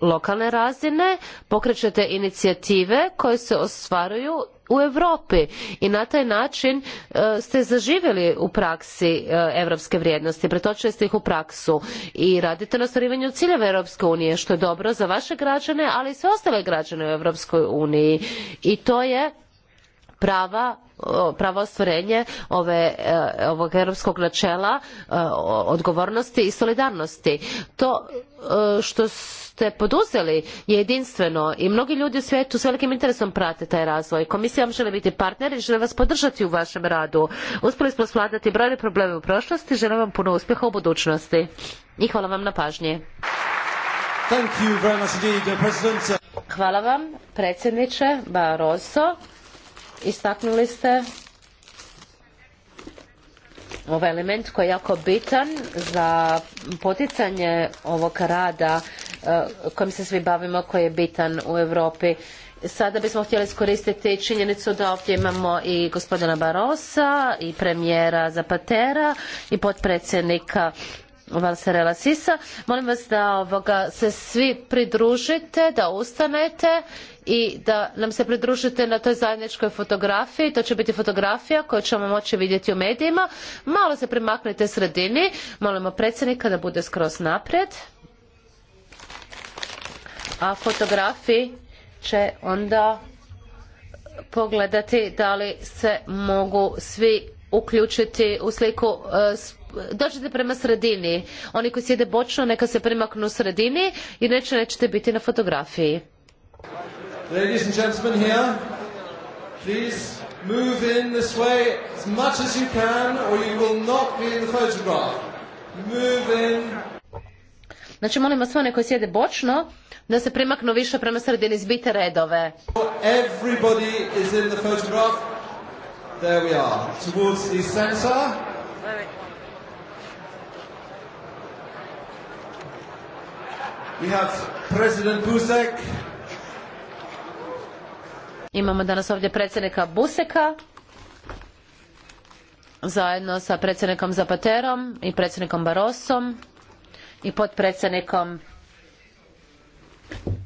lokalne razine pokrećete inicijative koje se ostvaruju u Europi i na taj način e, ste zaživjeli u praksi europske vrijednosti, pretočili ste ih u praksu i radite na ostvarivanju ciljeva Europske unije što je dobro za vaše građane, ali i sve ostale građane u Europskoj uniji i to je prava pravo ostvarenje ove, e, ovog europskog načela e, odgovornosti i solidarnosti. To e, što ste poduzeli je jedinstveno i mnogi ljudi u svijetu s velikim interesom prate taj razvoj. Komisija vam želi biti partner i želi vas podržati u vašem radu. Uspjeli smo svladati brojne probleme u prošlosti, želim vam puno uspjeha u budućnosti. I hvala vam na pažnji. Thank you very much indeed, Hvala vam, predsjedniče Barroso istaknuli ste ovaj element koji je jako bitan za poticanje ovog rada e, kojim se svi bavimo, koji je bitan u Europi. Sada bismo htjeli iskoristiti činjenicu da ovdje imamo i gospodina Barosa i premijera Zapatera i potpredsjednika Valserela Sisa. Molim vas da ovoga se svi pridružite, da ustanete i da nam se pridružite na toj zajedničkoj fotografiji. To će biti fotografija koju ćemo moći vidjeti u medijima. Malo se primaknite sredini. Molimo predsjednika da bude skroz naprijed. A fotografi će onda pogledati da li se mogu svi uključiti u sliku e, dođete prema sredini. Oni koji sjede bočno neka se premaknu sredini i neće nećete biti na fotografiji. Ladies and gentlemen here, please move in this way as much as you can or you will not be in the photograph. Move in. Znači molim vas one koji sjede bočno da se premaknu više prema sredini, zbite redove. Everybody is in the photograph. There we are, towards the centre. We have President Busek. Imamo danas ovdje predsjednika Buseka zajedno sa predsjednikom Zapaterom i predsjednikom Barosom i potpredsjednikom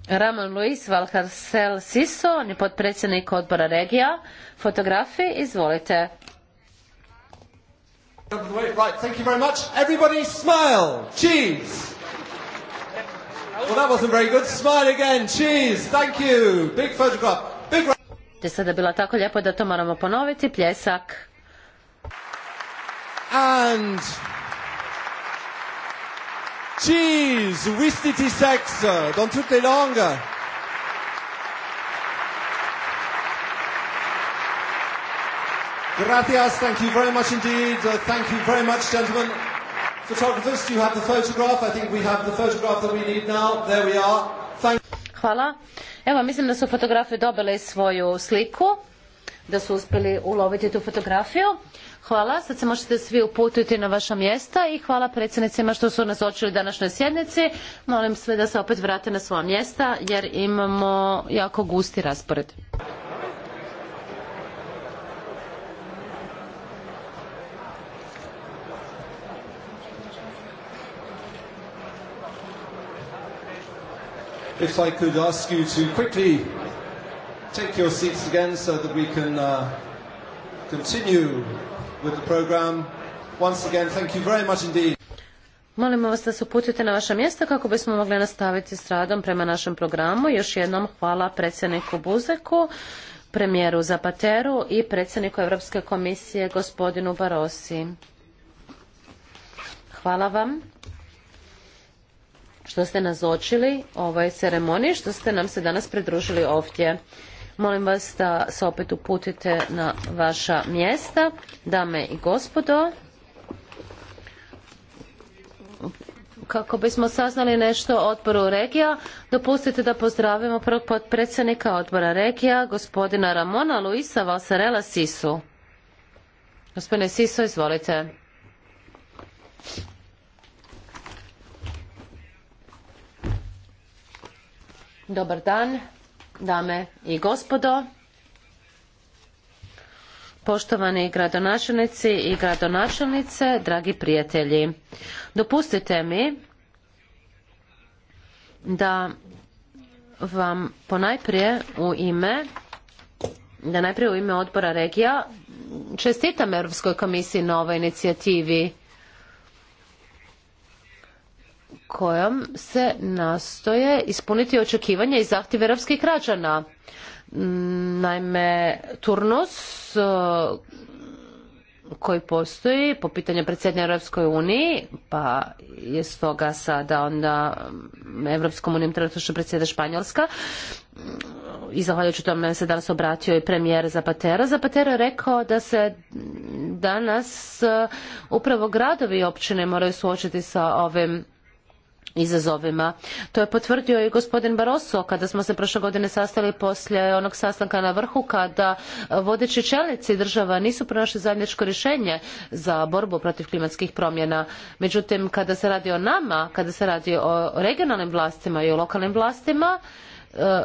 Ramon Luis Valcarcel Siso, on je potpredsjednik odbora regija. Fotografi, izvolite. Right, thank you very much. Everybody smile. Cheese. Well, that wasn't very good. Smile again. Cheese. Thank you. Big photograph. Big je sada bila tako lijepo da to moramo ponoviti. Pljesak. And Cheese, Wistiti Sex, euh, dans toutes les langues. Gracias, thank you very much indeed. Uh, thank you very much, gentlemen. Photographers, you have the photograph. I think we have the photograph that we need now. There we are. Thank Hvala. Evo, mislim da su fotografi dobili svoju sliku, da su uspjeli uloviti tu fotografiju. Hvala, sad se možete svi uputiti na vaša mjesta i hvala predsjednicima što su nas očili današnjoj sjednici. Molim sve da se opet vrate na svoja mjesta jer imamo jako gusti raspored. if I could ask you to quickly take your seats again so that we can uh, continue with the program. Once again, thank you very much indeed. Molimo vas da se uputite na vaša mjesta kako bismo mogli nastaviti s radom prema našem programu. Još jednom hvala predsjedniku Buzeku, premijeru Zapateru i predsjedniku Europske komisije gospodinu Barosi. Hvala vam što ste nazočili ovoj ceremoniji, što ste nam se danas pridružili ovdje. Molim vas da se opet uputite na vaša mjesta. Dame i gospodo, kako bismo saznali nešto o odboru regija, dopustite da pozdravimo prvog potpredsjednika odbora regija, gospodina Ramona Luisa Valsarela Sisu. Gospodine Siso, izvolite. Dobar dan dame i gospodo, poštovani gradonačelnici i gradonačelnice, dragi prijatelji. Dopustite mi da vam ponajprije u ime da najprije u ime odbora regija čestitam Europskoj komisiji na ovoj inicijativi kojom se nastoje ispuniti očekivanja i zahtjeve europskih građana. Naime, turnus uh, koji postoji po pitanju predsjednja Europskoj uniji, pa je stoga sada onda um, Europskom unijom trenutno predsjeda Španjolska i zahvaljujući tome se danas obratio i premijer Zapatero. Zapatero je rekao da se danas uh, upravo gradovi i općine moraju suočiti sa ovim izazovima. To je potvrdio i gospodin Barroso kada smo se prošle godine sastali poslije onog sastanka na vrhu kada e, vodeći čelnici država nisu pronašli zajedničko rješenje za borbu protiv klimatskih promjena. Međutim, kada se radi o nama, kada se radi o regionalnim vlastima i o lokalnim vlastima, e,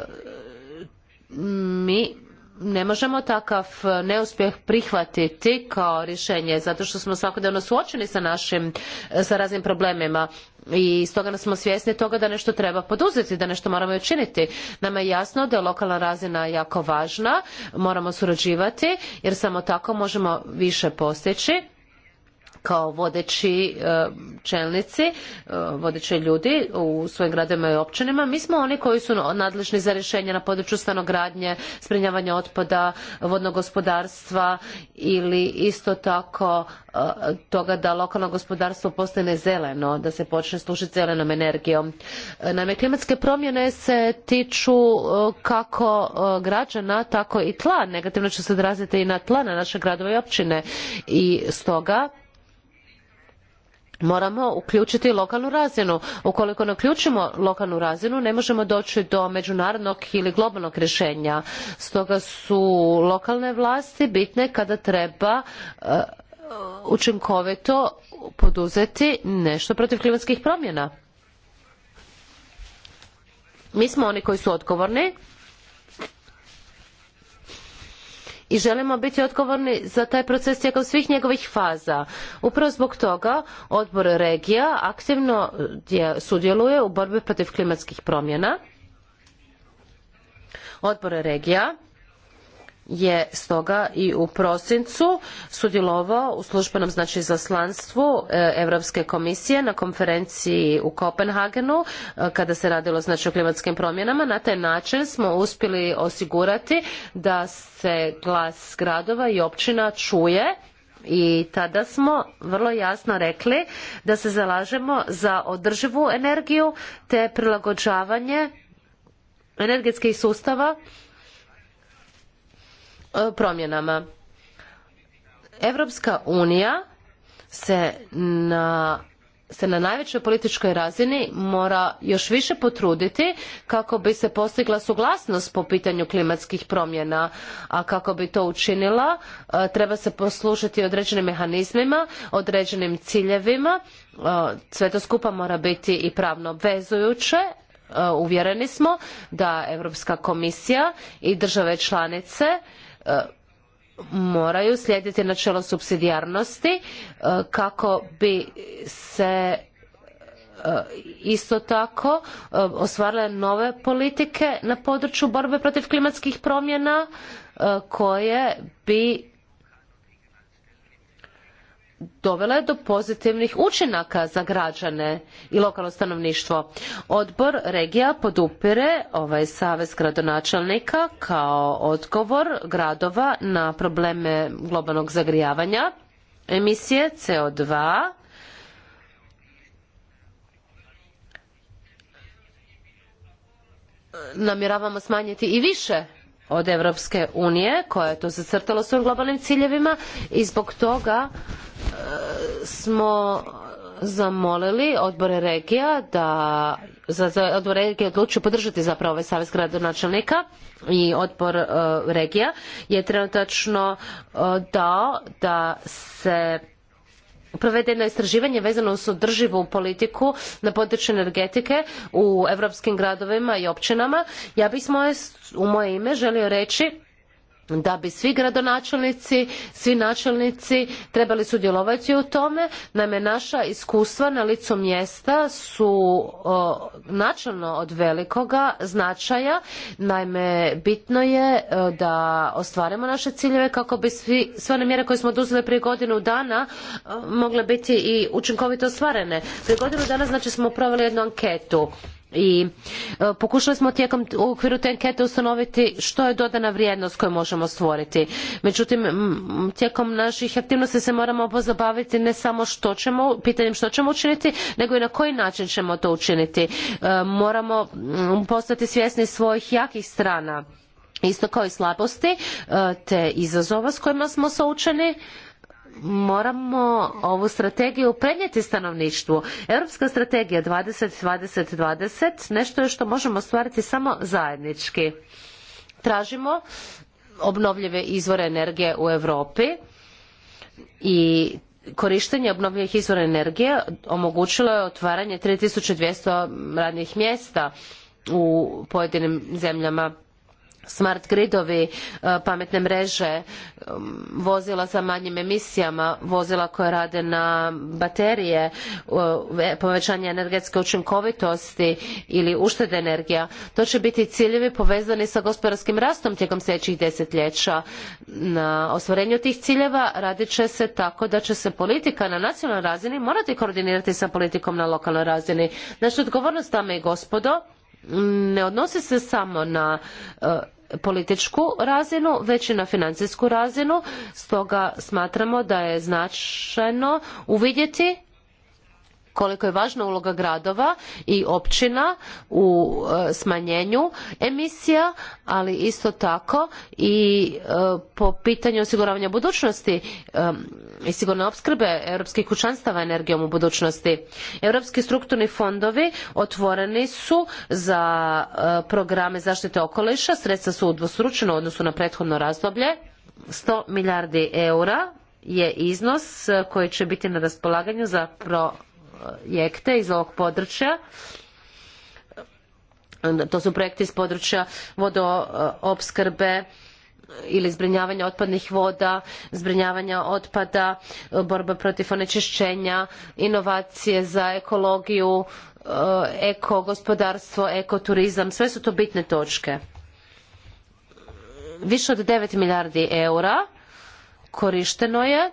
mi ne možemo takav neuspjeh prihvatiti kao rješenje zato što smo svakodnevno suočeni sa našim sa raznim problemima i stoga smo svjesni toga da nešto treba poduzeti, da nešto moramo učiniti. Nama je jasno da je lokalna razina jako važna, moramo surađivati jer samo tako možemo više postići kao vodeći e, čelnici, e, vodeći ljudi u svojim gradovima i općinama. Mi smo oni koji su nadležni za rješenje na području stanogradnje, sprinjavanja otpada, vodnog gospodarstva ili isto tako e, toga da lokalno gospodarstvo postane zeleno, da se počne služiti zelenom energijom. Naime, klimatske promjene se tiču kako građana, tako i tla. Negativno će se odraziti i na tla na naše gradove i općine. I stoga moramo uključiti lokalnu razinu. Ukoliko ne uključimo lokalnu razinu, ne možemo doći do međunarodnog ili globalnog rješenja. Stoga su lokalne vlasti bitne kada treba e, učinkovito poduzeti nešto protiv klimatskih promjena. Mi smo oni koji su odgovorni i želimo biti odgovorni za taj proces tijekom svih njegovih faza. Upravo zbog toga odbor regija aktivno sudjeluje u borbi protiv klimatskih promjena. Odbor regija je stoga i u prosincu sudjelovao u službenom znači izaslanstvu Europske eh, komisije na konferenciji u Kopenhagenu eh, kada se radilo znači o klimatskim promjenama. Na taj način smo uspjeli osigurati da se glas gradova i općina čuje i tada smo vrlo jasno rekli da se zalažemo za održivu energiju te prilagođavanje energetskih sustava E, promjenama. Evropska unija se na se na najvećoj političkoj razini mora još više potruditi kako bi se postigla suglasnost po pitanju klimatskih promjena, a kako bi to učinila e, treba se poslušati određenim mehanizmima, određenim ciljevima, e, sve to skupa mora biti i pravno obvezujuće, uvjereni smo da Europska komisija i države članice uh, E, moraju slijediti načelo subsidijarnosti e, kako bi se e, isto tako ostvarile nove politike na području borbe protiv klimatskih promjena koje bi dovela je do pozitivnih učinaka za građane i lokalno stanovništvo. Odbor regija podupire ovaj savez gradonačelnika kao odgovor gradova na probleme globalnog zagrijavanja, emisije CO2, namjeravamo smanjiti i više od Evropske unije koja je to zacrtala svojim globalnim ciljevima i zbog toga e, smo zamolili odbore regija da za, za odbor regija odlučio podržati zapravo ovaj savez gradonačelnika i odbor e, regija je trenutačno e, dao da se provede jedno istraživanje vezano uz održivu politiku na području energetike u europskim gradovima i općinama. Ja bih u moje ime želio reći da bi svi gradonačelnici, svi načelnici trebali sudjelovati u tome. Naime, naša iskustva na licu mjesta su o, načelno od velikoga značaja. Naime, bitno je o, da ostvarimo naše ciljeve kako bi svi, sve one mjere koje smo oduzeli prije godinu dana o, mogle biti i učinkovito ostvarene. Prije godinu dana znači smo proveli jednu anketu i e, pokušali smo tijekom u okviru te ankete ustanoviti što je dodana vrijednost koju možemo stvoriti. Međutim, tijekom naših aktivnosti se moramo pozabaviti ne samo što ćemo, pitanjem što ćemo učiniti, nego i na koji način ćemo to učiniti. E, moramo postati svjesni svojih jakih strana, isto kao i slabosti, e, te izazova s kojima smo součeni moramo ovu strategiju prenijeti stanovništvu. Europska strategija 2020-2020 -20, nešto je što možemo stvariti samo zajednički. Tražimo obnovljive izvore energije u Europi i korištenje obnovljivih izvora energije omogućilo je otvaranje 3200 radnih mjesta u pojedinim zemljama smart gridovi, e, pametne mreže, e, vozila sa manjim emisijama, vozila koja rade na baterije, e, povećanje energetske učinkovitosti ili uštede energija. To će biti ciljevi povezani sa gospodarskim rastom tijekom sljedećih desetljeća. Na ostvarenju tih ciljeva radit će se tako da će se politika na nacionalnoj razini morati koordinirati sa politikom na lokalnoj razini. Naša odgovornost, dame i gospodo, ne odnosi se samo na političku razinu, već i na financijsku razinu. Stoga smatramo da je značajno uvidjeti koliko je važna uloga gradova i općina u e, smanjenju emisija, ali isto tako i e, po pitanju osiguravanja budućnosti e, i sigurne opskrbe europskih kućanstava energijom u budućnosti. Europski strukturni fondovi otvoreni su za programe zaštite okoliša, sredstva su udvostručena u odnosu na prethodno razdoblje. 100 milijardi eura je iznos koji će biti na raspolaganju za pro projekte iz ovog područja to su projekti iz područja vodoopskrbe ili zbrinjavanja otpadnih voda, zbrinjavanja otpada, borba protiv onečišćenja, inovacije za ekologiju, eko gospodarstvo, ekoturizam, sve su to bitne točke. Više od 9 milijardi eura korišteno je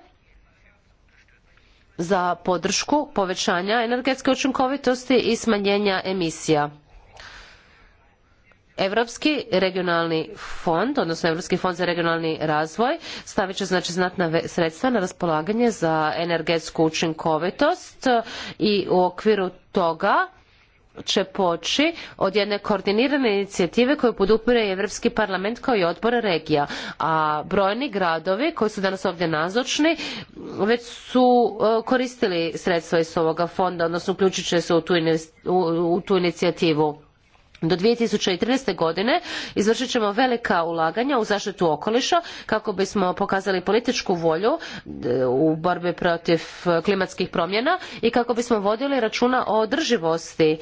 za podršku povećanja energetske učinkovitosti i smanjenja emisija. Europski regionalni fond, odnosno Europski fond za regionalni razvoj, stavit će znači znatna sredstva na raspolaganje za energetsku učinkovitost i u okviru toga će poći od jedne koordinirane inicijative koju podupire Europski parlament kao i odbor regija. A brojni gradovi koji su danas ovdje nazočni već su e, koristili sredstva iz ovoga fonda, odnosno uključit će se u tu, u, u tu inicijativu do 2013. godine izvršit ćemo velika ulaganja u zaštitu okoliša kako bismo pokazali političku volju e, u borbi protiv e, klimatskih promjena i kako bismo vodili računa o održivosti e,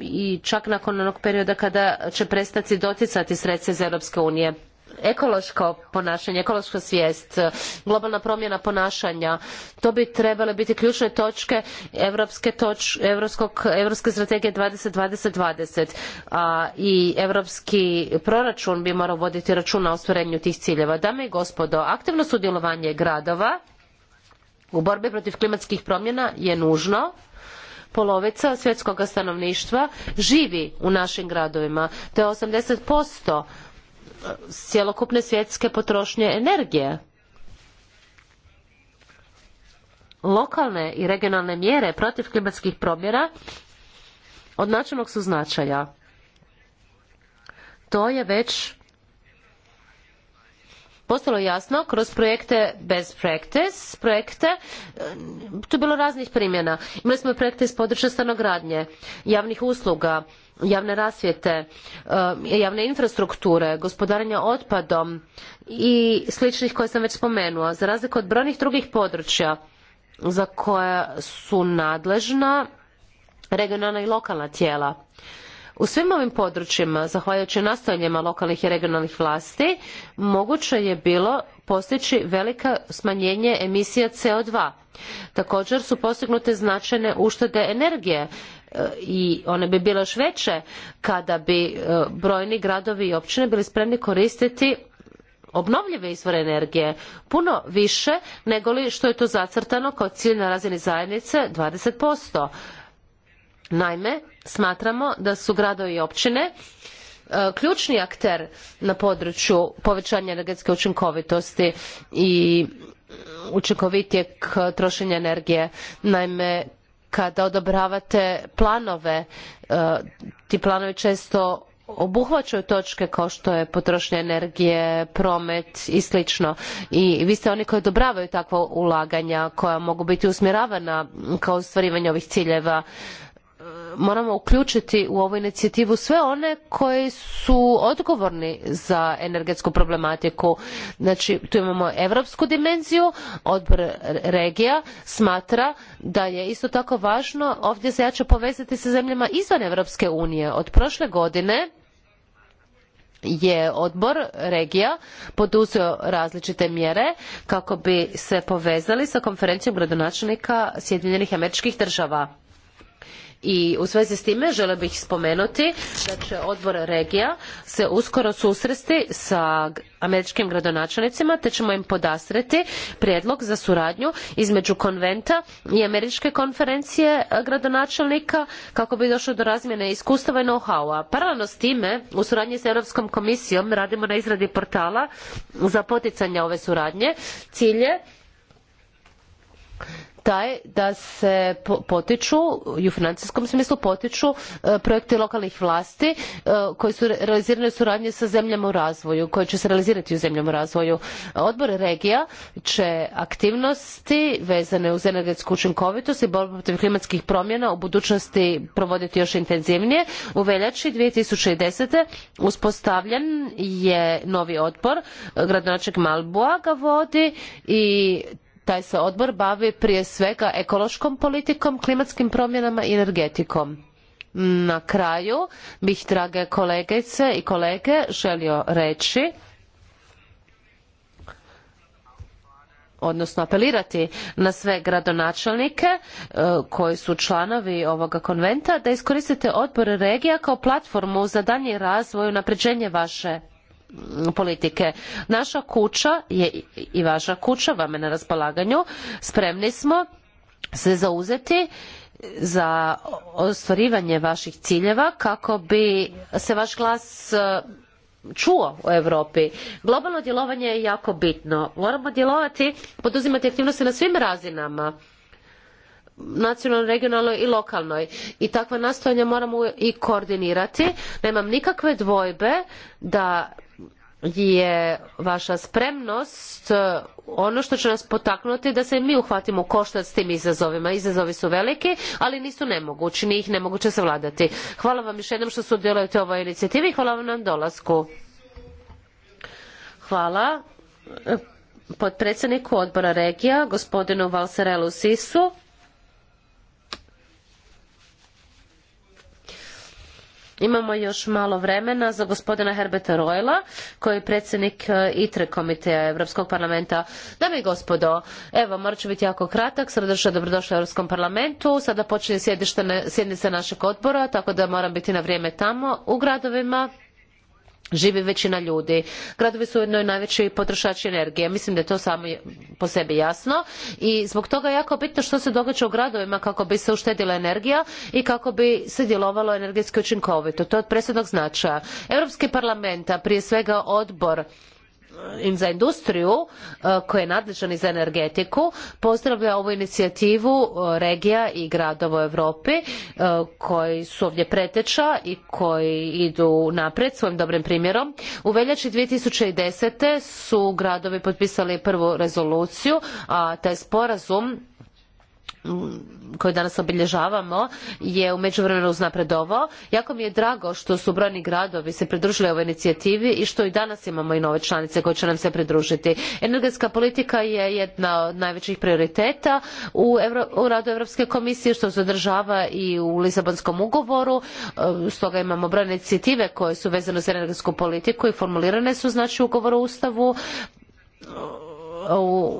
i čak nakon onog perioda kada će prestati doticati sredstva iz Europske unije ekološko ponašanje, ekološka svijest, e, globalna promjena ponašanja, to bi trebale biti ključne točke evropske, toč, evropskog, evropske strategije 2020-2020 a, i evropski proračun bi morao voditi računa o ostvarenju tih ciljeva. Dame i gospodo, aktivno sudjelovanje gradova u borbi protiv klimatskih promjena je nužno polovica svjetskog stanovništva živi u našim gradovima. To je 80% cjelokupne svjetske potrošnje energije. Lokalne i regionalne mjere protiv klimatskih promjena od načelnog su značaja. To je već postalo jasno kroz projekte best practice, projekte, e, tu je bilo raznih primjena. Imali smo projekte iz područja stanogradnje, javnih usluga, javne rasvjete, eh, javne infrastrukture, gospodarenja otpadom i sličnih koje sam već spomenuo. Za razliku od brojnih drugih područja za koja su nadležna regionalna i lokalna tijela. U svim ovim područjima, zahvaljujući nastojanjima lokalnih i regionalnih vlasti, moguće je bilo postići velika smanjenje emisija CO2. Također su postignute značajne uštede energije Eh, i one bi bile još veće kada bi eh, brojni gradovi i općine bili spremni koristiti obnovljive izvore energije puno više nego li što je to zacrtano kao cilj na razini zajednice 20%. Naime, smatramo da su gradovi i općine eh, ključni akter na području povećanja energetske učinkovitosti i učinkovitijeg trošenja energije. Naime, kada odobravate planove, e, ti planovi često obuhvaćaju točke kao što je potrošnja energije, promet i slično. I vi ste oni koji odobravaju takva ulaganja koja mogu biti usmjeravana kao ostvarivanje ovih ciljeva. Uh, moramo uključiti u ovu inicijativu sve one koji su odgovorni za energetsku problematiku. Znači, tu imamo evropsku dimenziju, odbor regija smatra da je isto tako važno ovdje se jače povezati sa zemljama izvan Evropske unije. Od prošle godine je odbor regija poduzeo različite mjere kako bi se povezali sa konferencijom gradonačelnika Sjedinjenih američkih država i u svezi s time žele bih spomenuti da će odbor regija se uskoro susresti sa američkim gradonačelnicima te ćemo im podastreti prijedlog za suradnju između konventa i američke konferencije e, gradonačelnika kako bi došlo do razmjene iskustava i know-howa. Paralelno s time u suradnji s Europskom komisijom radimo na izradi portala za poticanje ove suradnje. Cilj je taj da se potiču i u financijskom smislu potiču e, projekti lokalnih vlasti e, koji su realizirani u suradnji sa zemljama u razvoju, koji će se realizirati u zemljama u razvoju. Odbor regija će aktivnosti vezane uz energetsku učinkovitost i borbu protiv klimatskih promjena u budućnosti provoditi još intenzivnije. U veljači 2010. uspostavljen je novi odbor, e, gradonačelnik Malboa ga vodi i Taj se odbor bavi prije svega ekološkom politikom, klimatskim promjenama i energetikom. Na kraju bih, drage kolegice i kolege, želio reći odnosno apelirati na sve gradonačelnike e, koji su članovi ovoga konventa da iskoristite odbor regija kao platformu za daljnji razvoj i unapređenje vaše politike. Naša kuća je i vaša kuća, vam je na raspolaganju. Spremni smo se zauzeti za ostvarivanje vaših ciljeva kako bi se vaš glas e, čuo u Europi. Globalno djelovanje je jako bitno. Moramo djelovati, poduzimati aktivnosti na svim razinama nacionalnoj, regionalnoj i lokalnoj. I takva nastojanja moramo i koordinirati. Nemam nikakve dvojbe da je vaša spremnost e, ono što će nas potaknuti da se mi uhvatimo u koštac s tim izazovima. Izazovi su veliki, ali nisu nemogući, ni ih nemoguće savladati. Hvala vam još jednom što sudjelujete u ovoj inicijativi i hvala vam na dolasku. Hvala e, potpredsjedniku odbora regija, gospodinu Valserelu Sisu. Imamo još malo vremena za gospodina Herberta Royla, koji je predsjednik e, ITRE komiteja Europskog parlamenta. Dame i gospodo, evo, morat ću biti jako kratak, srdečno dobrodošli u Europskom parlamentu. Sada počinje sjednice našeg odbora, tako da moram biti na vrijeme tamo u gradovima živi većina ljudi. Gradovi su ujedno i najveći potrošači energije. Mislim da je to samo po sebi jasno i zbog toga je jako bitno što se događa u gradovima kako bi se uštedila energija i kako bi se djelovalo energetski učinkovito. To je od presudnog značaja. Europski parlament, a prije svega odbor im za industriju eh, koji je nadležan i za energetiku pozdravlja ovu inicijativu eh, regija i gradova u Europi eh, koji su ovdje preteča i koji idu napred svojim dobrim primjerom. U veljači 2010. su gradovi potpisali prvu rezoluciju, a taj sporazum koji danas obilježavamo je u međuvremenu uznapredovao. Jako mi je drago što su brojni gradovi se pridružili ovoj inicijativi i što i danas imamo i nove članice koje će nam se pridružiti. Energetska politika je jedna od najvećih prioriteta u, Evro, u radu Europske komisije što se održava i u Lisabonskom ugovoru. E, stoga imamo brojne inicijative koje su vezane za energetsku politiku i formulirane su znači u ugovoru o Ustavu u,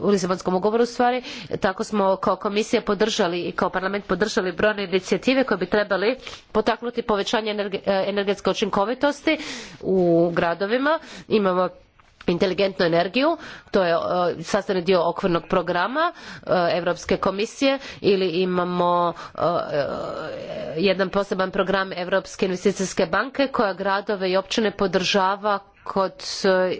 u Lisabonskom ugovoru stvari, tako smo kao komisija podržali i kao parlament podržali brojne inicijative koje bi trebali potaknuti povećanje energe, e, energetske učinkovitosti u gradovima. Imamo inteligentnu energiju, to je e, sastavni dio okvirnog programa e, Europske komisije ili imamo e, e jedan poseban program Europske investicijske banke koja gradove i općine podržava kod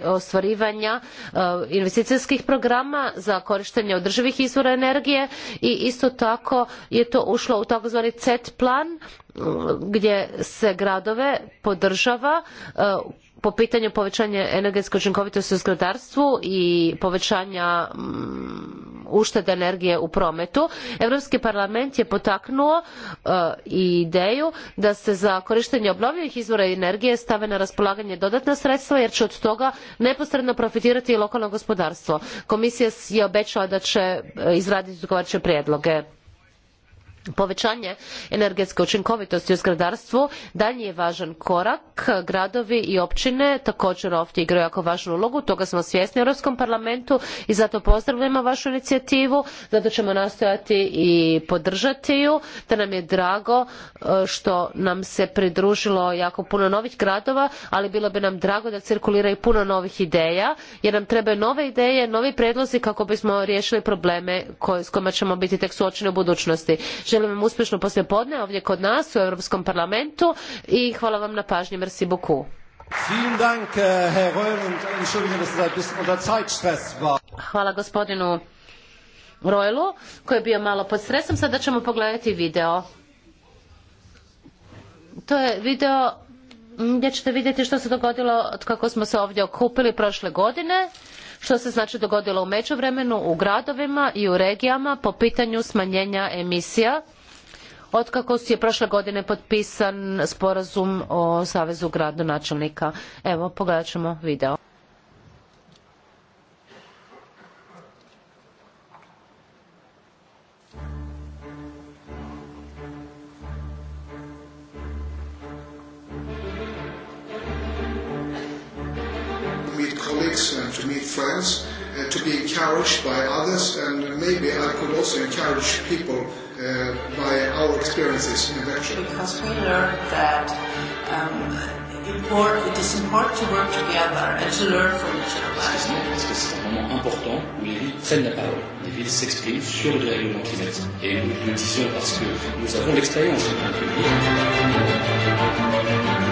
ostvarivanja eh, investicijskih programa za korištenje održivih izvora energije i isto tako je to ušlo u takozvani CET plan eh, gdje se gradove podržava eh, po pitanju povećanja energetske učinkovitosti u zgradarstvu i povećanja um, uštede energije u prometu, Europski parlament je potaknuo uh, e, i ideju da se za korištenje obnovljivih izvora energije stave na raspolaganje dodatna sredstva jer će od toga neposredno profitirati i lokalno gospodarstvo. Komisija je obećala da će e, izraditi odgovarajuće prijedloge. Povećanje energetske učinkovitosti u zgradarstvu dalje je važan korak. Gradovi i općine također ovdje igraju jako važnu ulogu, toga smo svjesni u Europskom parlamentu i zato pozdravljamo vašu inicijativu, zato ćemo nastojati i podržati ju, te nam je drago e, što nam se pridružilo jako puno novih gradova, ali bilo bi nam drago da cirkulira i puno novih ideja, jer nam trebaju nove ideje, novi predlozi kako bismo riješili probleme s kojima ćemo biti tek suočeni u budućnosti Želim vam uspješno poslijepodne ovdje kod nas u Europskom parlamentu i hvala vam na pažnji. Merci beaucoup. Vielen Dank, eh, Herr Röhl, und entschuldigen, dass es ein bisschen unter Zeitstress war. Hvala gospodinu Rojlu, koji je bio malo pod stresom. Sada ćemo pogledati video. To je video gdje ćete vidjeti što se dogodilo kako smo se ovdje okupili prošle godine što se znači dogodilo u međuvremenu u gradovima i u regijama po pitanju smanjenja emisija otkako je prošle godine potpisan sporazum o Savezu gradonačelnika. Evo, pogledat ćemo video. to meet friends, uh, to be encouraged by others, and maybe I could also encourage people uh, by our experiences in Russia. Because we learned that um, import, it is important to work together and to learn from each other. Parce que c'est un moment important où les villes prennent la parole, les villes s'expriment sur le dérèglement climatique. Et nous le disons parce que nous avons l'expérience en tant que villes.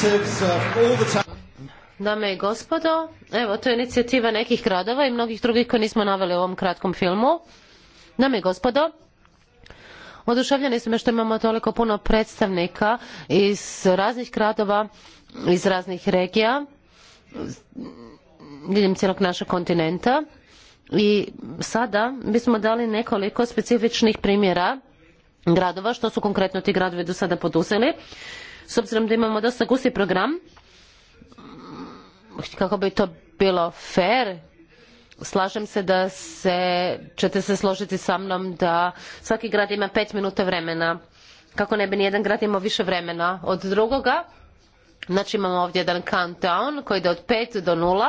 Uh, Dame i gospodo, evo to je inicijativa nekih gradova i mnogih drugih koje nismo naveli u ovom kratkom filmu. Dame i gospodo, oduševljeni smo što imamo toliko puno predstavnika iz raznih gradova, iz raznih regija, diljem cijelog našeg kontinenta. I sada bismo dali nekoliko specifičnih primjera gradova, što su konkretno ti gradovi do sada poduzeli. Uh, S obzirom da imamo dosta gusti program, kako bi to bilo fair, slažem se da se, ćete se složiti sa mnom da svaki grad ima pet minuta vremena. Kako ne bi nijedan grad imao više vremena od drugoga, Znači imamo ovdje jedan countdown koji ide od 5 do 0.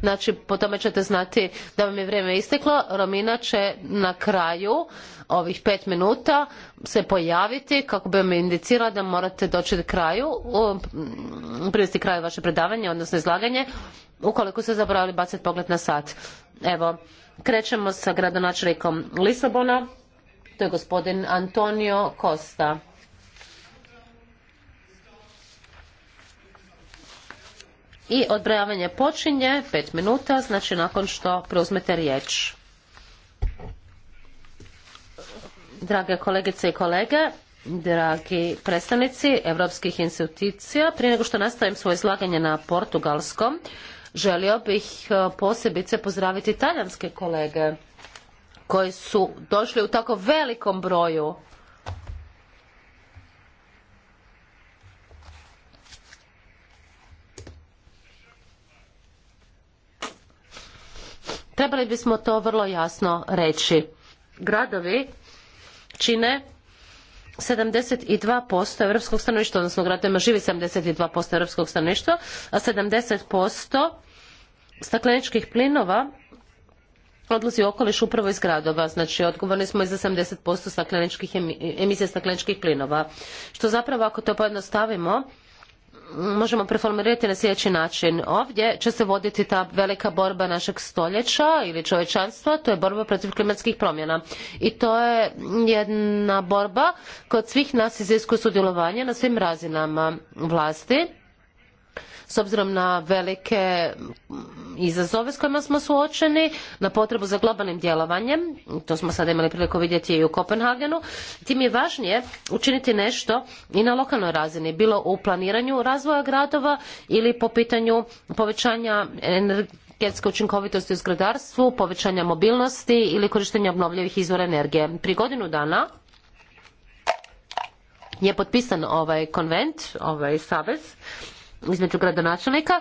Znači po tome ćete znati da vam je vrijeme isteklo. Romina će na kraju uh, ovih pet minuta se pojaviti kako bi vam indicirala da morate doći do kraju, privesti kraju vaše predavanje, odnosno izlaganje, ukoliko ste zaboravili baciti pogled na sat. Evo, krećemo sa gradonačelnikom Lisabona, to je gospodin Antonio Costa. I odbrojavanje počinje pet minuta, znači nakon što preuzmete riječ. Drage kolegice i kolege, dragi predstavnici europskih institucija, prije nego što nastavim svoje izlaganje na portugalskom, želio bih e, posebice pozdraviti talijanske kolege koji su došli u tako velikom broju Trebali bismo to vrlo jasno reći. Gradovi čine 72% europskog stanovništva, odnosno u gradovima živi 72% europskog stanovništva, a 70% stakleničkih plinova odlazi u okoliš upravo iz gradova. Znači, odgovorni smo i za 70% stakleničkih emisija stakleničkih plinova. Što zapravo, ako to pojednostavimo, možemo preformirati na sljedeći način. Ovdje će se voditi ta velika borba našeg stoljeća ili čovječanstva, to je borba protiv klimatskih promjena. I to je jedna borba kod svih nas iziskuje sudjelovanje na svim razinama vlasti s obzirom na velike mm, izazove s kojima smo suočeni, na potrebu za globalnim djelovanjem, to smo sada imali priliku vidjeti i u Kopenhagenu, tim je važnije učiniti nešto i na lokalnoj razini, bilo u planiranju razvoja gradova ili po pitanju povećanja energetske učinkovitosti u zgradarstvu, povećanja mobilnosti ili korištenja obnovljivih izvora energije. Pri godinu dana je potpisan ovaj konvent, ovaj savez, između gradonačelnika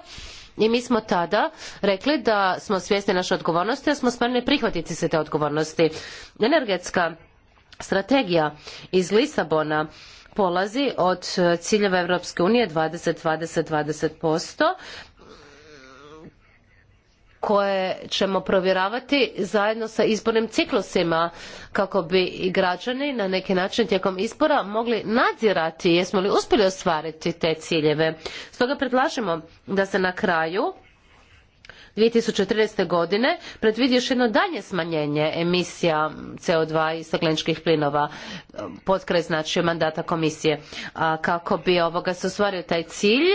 i mi smo tada rekli da smo svjesni naše odgovornosti, da smo spremni prihvatiti se te odgovornosti. Energetska strategija iz Lisabona polazi od ciljeva Europske unije 20 20 20%, koje ćemo provjeravati zajedno sa izbornim ciklusima kako bi i građani na neki način tijekom izbora mogli nadzirati jesmo li uspjeli ostvariti te ciljeve. Stoga predlažemo da se na kraju 2013. godine predvidi još jedno dalje smanjenje emisija CO2 i stakleničkih plinova pod kraj znači mandata komisije. A kako bi ovoga se ostvario taj cilj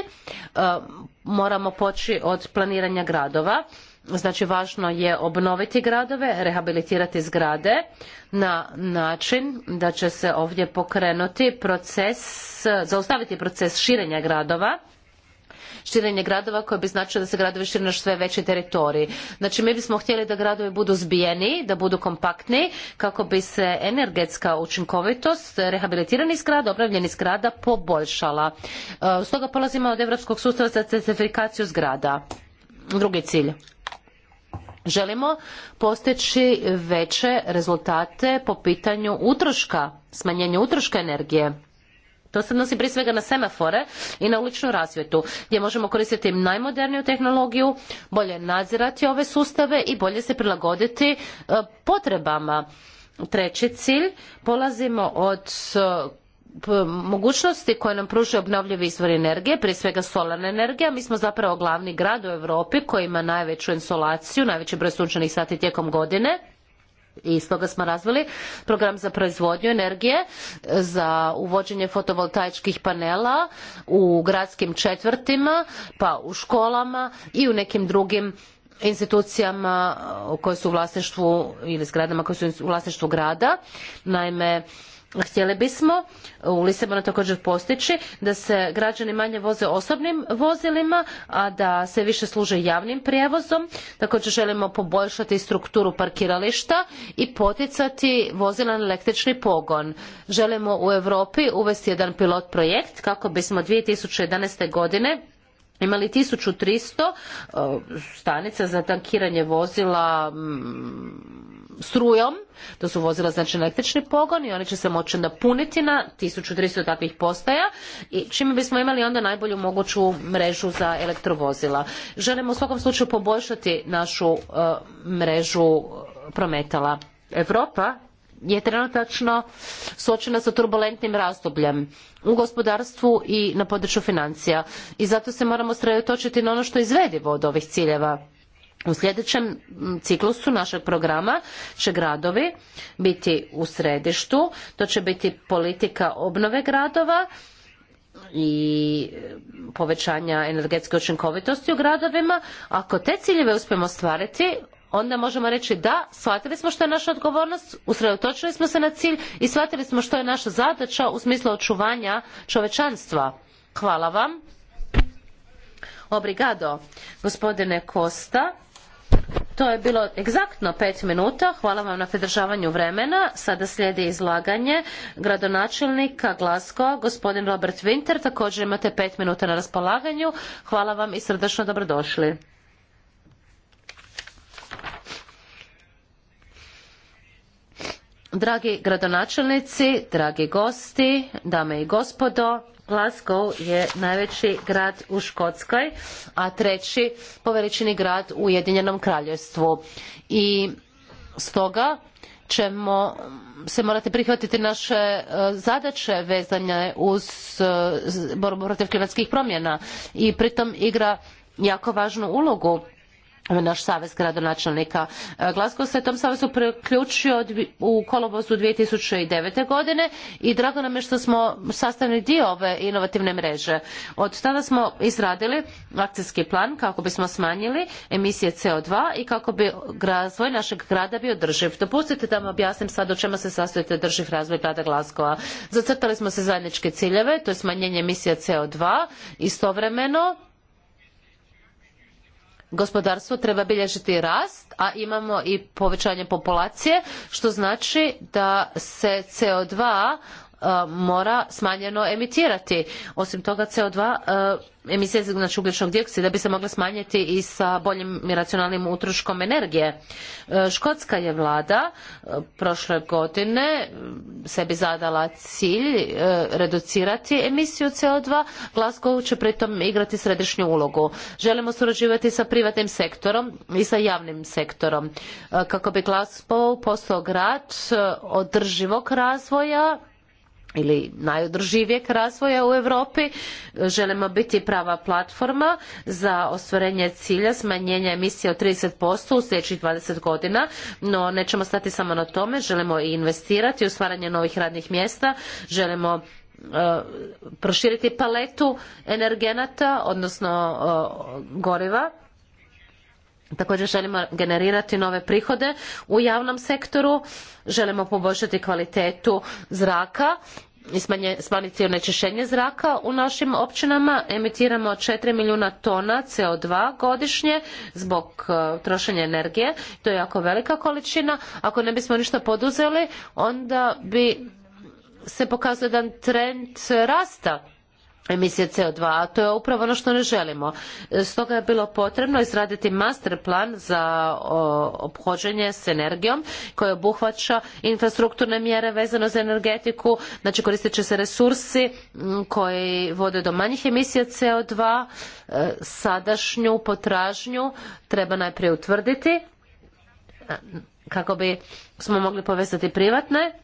moramo poći od planiranja gradova Znači važno je obnoviti gradove, rehabilitirati zgrade na način da će se ovdje pokrenuti proces, zaustaviti proces širenja gradova širenje gradova koje bi značilo da se gradovi šire na sve veći teritorij. Znači mi bismo htjeli da gradovi budu zbijeni, da budu kompaktni kako bi se energetska učinkovitost rehabilitiranih zgrada, obnovljenih zgrada poboljšala. E, stoga polazimo od Europskog sustava za certifikaciju zgrada. Drugi cilj. Želimo postići veće rezultate po pitanju utroška, smanjenja utroška energije. To se odnosi prije svega na semafore i na uličnu rasvjetu, gdje možemo koristiti najmoderniju tehnologiju, bolje nadzirati ove sustave i bolje se prilagoditi e, potrebama. Treći cilj, polazimo od e, mogućnosti koje nam pružaju obnovljivi izvori energije, prije svega solarna energija. Mi smo zapravo glavni grad u Europi koji ima najveću insolaciju, najveći broj sunčanih sati tijekom godine i stoga smo razvili program za proizvodnju energije za uvođenje fotovoltaičkih panela u gradskim četvrtima, pa u školama i u nekim drugim institucijama koje su u vlasništvu ili zgradama koje su u vlasništvu grada. Naime, Htjeli bismo u Lisabonu također postići da se građani manje voze osobnim vozilima, a da se više služe javnim prijevozom. Također želimo poboljšati strukturu parkirališta i poticati vozila na električni pogon. Želimo u Europi uvesti jedan pilot projekt kako bismo 2011. godine imali 1300 e, stanica za tankiranje vozila strujom To su vozila znači električni pogon i oni će se moći onda puniti na 1300 takvih postaja i čime bismo imali onda najbolju moguću mrežu za elektrovozila. Želimo u svakom slučaju poboljšati našu uh, mrežu e, prometala. Europa je trenutačno suočena sa turbulentnim razdobljem u gospodarstvu i na području financija i zato se moramo sredotočiti na ono što je izvedivo od ovih ciljeva U sljedećem ciklusu našeg programa će gradovi biti u središtu, to će biti politika obnove gradova i e, povećanja energetske učinkovitosti u gradovima. Ako te ciljeve uspijemo ostvariti, onda možemo reći da, shvatili smo što je naša odgovornost, usredotočili smo se na cilj i shvatili smo što je naša zadaća u smislu očuvanja čovečanstva. Hvala vam. Obrigado, gospodine Kosta. To je bilo egzaktno pet minuta. Hvala vam na pridržavanju vremena. Sada slijedi izlaganje gradonačelnika Glasgow, gospodin Robert Winter. Također imate pet minuta na raspolaganju. Hvala vam i srdečno dobrodošli. Dragi gradonačelnici, dragi gosti, dame i gospodo, Glasgow je najveći grad u Škotskoj, a treći po veličini grad u Ujedinjenom kraljevstvu. I stoga ćemo se morate prihvatiti naše e, zadaće vezane uz e, borbu protiv klimatskih promjena i pritom igra jako važnu ulogu naš savez gradonačelnika e, Glasgow se tom savezu priključio u kolovozu 2009. godine i drago nam je što smo sastavni dio ove inovativne mreže. Od tada smo izradili akcijski plan kako bismo smanjili emisije CO2 i kako bi razvoj našeg grada bio drživ. Dopustite da vam objasnim sad o čemu se sastoji te drživ razvoj grada Glasgowa. Zacrtali smo se zajedničke ciljeve, to je smanjenje emisija CO2, istovremeno gospodarstvo treba bilježiti rast, a imamo i povećanje populacije, što znači da se CO2 E, mora smanjeno emitirati. Osim toga CO2 e, emisije znači ugljičnog dioksida bi se mogla smanjiti i sa boljim i racionalnim utroškom energije. E, škotska je vlada prošle godine sebi zadala cilj reducirati emisiju CO2. Glasgow će pritom igrati središnju ulogu. Želimo surađivati sa privatnim sektorom i sa javnim sektorom kako bi Glasgow postao grad održivog razvoja ili najodrživijeg razvoja u Europi. Želimo biti prava platforma za ostvarenje cilja smanjenja emisije od 30% u sljedećih 20 godina, no nećemo stati samo na tome, želimo i investirati u stvaranje novih radnih mjesta, želimo e, proširiti paletu energenata, odnosno e, goriva Također želimo generirati nove prihode u javnom sektoru, želimo poboljšati kvalitetu zraka i smanjiti onečišćenje zraka u našim općinama. Emitiramo 4 milijuna tona CO2 godišnje zbog e, trošenja energije. To je jako velika količina. Ako ne bismo ništa poduzeli, onda bi se pokazao jedan trend rasta emisije CO2, a to je upravo ono što ne želimo. Stoga je bilo potrebno izraditi master plan za obhođenje s energijom koje obuhvaća infrastrukturne mjere vezano za energetiku, znači koristit će se resursi koji vode do manjih emisija CO2, e, sadašnju potražnju treba najprije utvrditi e, kako bi smo mogli povezati privatne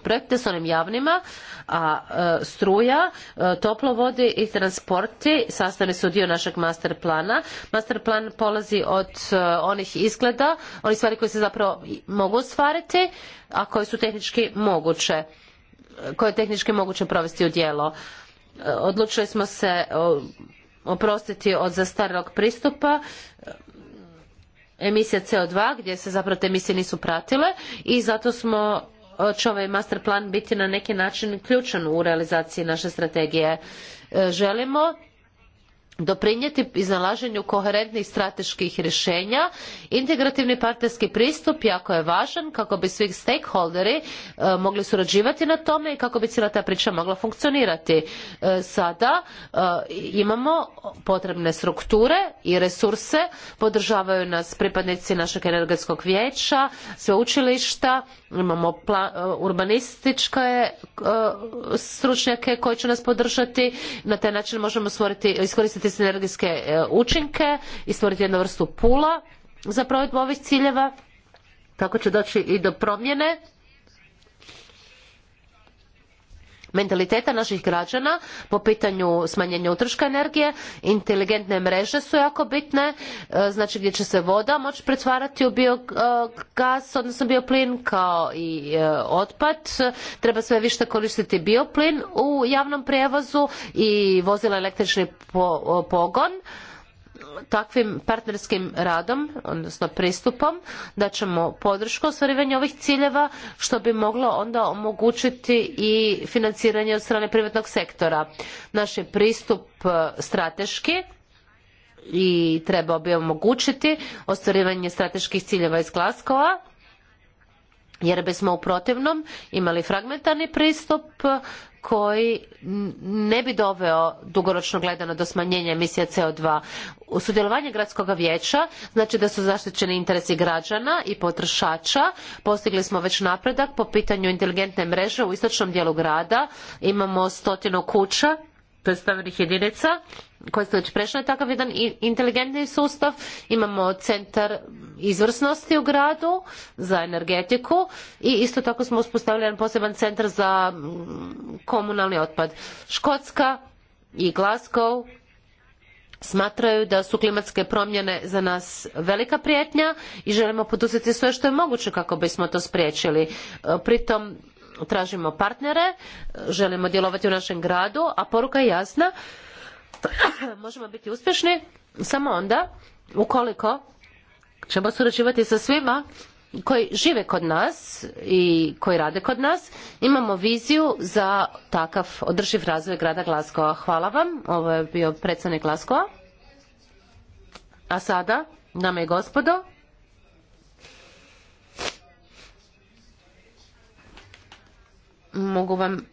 projekte s onim javnima, a e, struja, e, toplovodi i transporti sastavni su dio našeg master plana. Master plan polazi od e, onih izgleda, onih stvari koje se zapravo mogu ostvariti, a koje su tehnički moguće, koje je tehnički moguće provesti u djelo. E, odlučili smo se o, oprostiti od zastarelog pristupa, e, emisija CO2 gdje se zapravo te emisije nisu pratile i zato smo će ovaj master plan biti na neki način ključan u realizaciji naše strategije. E, želimo doprinijeti iznalaženju koherentnih strateških rješenja. Integrativni partnerski pristup jako je važan kako bi svi stakeholderi e, mogli surađivati na tome i kako bi cijela ta priča mogla funkcionirati. E, sada e, imamo potrebne strukture i resurse, podržavaju nas pripadnici našeg energetskog vijeća, sveučilišta, imamo plan, e, urbanističke e, stručnjake koji će nas podržati. Na taj način možemo stvoriti, iskoristiti postići sinergijske e, učinke i stvoriti jednu vrstu pula za provedbu ovih ciljeva. Tako će doći i do promjene mentaliteta naših građana po pitanju smanjenja utroška energije. Inteligentne mreže su jako bitne, e, znači gdje će se voda moći pretvarati u biogas, odnosno bioplin kao i e, otpad. Treba sve više koristiti bioplin u javnom prijevozu i vozila električni e, pogon. Po takvim partnerskim radom, odnosno pristupom, da ćemo podršku ostvarivanju ovih ciljeva, što bi moglo onda omogućiti i financiranje od strane privatnog sektora. Naš je pristup e, strateški, i trebao bi omogućiti ostvarivanje strateških ciljeva iz Glaskova jer bismo u protivnom imali fragmentarni pristup koji ne bi doveo dugoročno gledano do smanjenja emisija CO2. U sudjelovanje gradskog vijeća znači da su zaštićeni interesi građana i potrošača. Postigli smo već napredak po pitanju inteligentne mreže u istočnom dijelu grada. Imamo stotinu kuća predstavljenih jedinica koji ste već prešli na takav jedan inteligentni sustav. Imamo centar izvrsnosti u gradu za energetiku i isto tako smo uspostavili jedan poseban centar za mm, komunalni otpad. Škotska i Glasgow smatraju da su klimatske promjene za nas velika prijetnja i želimo poduzeti sve što je moguće kako bismo to spriječili. E, pritom tražimo partnere, želimo djelovati u našem gradu, a poruka je jasna. Uh, možemo biti uspješni samo onda ukoliko ćemo surađivati sa svima koji žive kod nas i koji rade kod nas, imamo viziju za takav održiv razvoj grada Glaskova. Hvala vam. Ovo je bio predstavnik Glaskova. A sada, dame i gospodo, mogu vam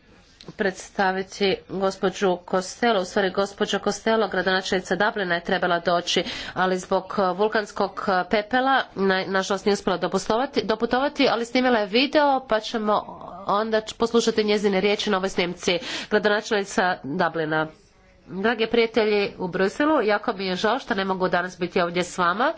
predstaviti gospođu Kostelo, u stvari gospođa Kostelo, gradonačelnica Dublina je trebala doći, ali zbog eh, vulkanskog eh, pepela na, nažalost nije uspjela doputovati, ali snimila je video pa ćemo onda poslušati njezine riječi na ovoj snimci. Gradonačelnica Dublina. Dragi prijatelji u Briselu, jako mi je žao što ne mogu danas biti ovdje s vama.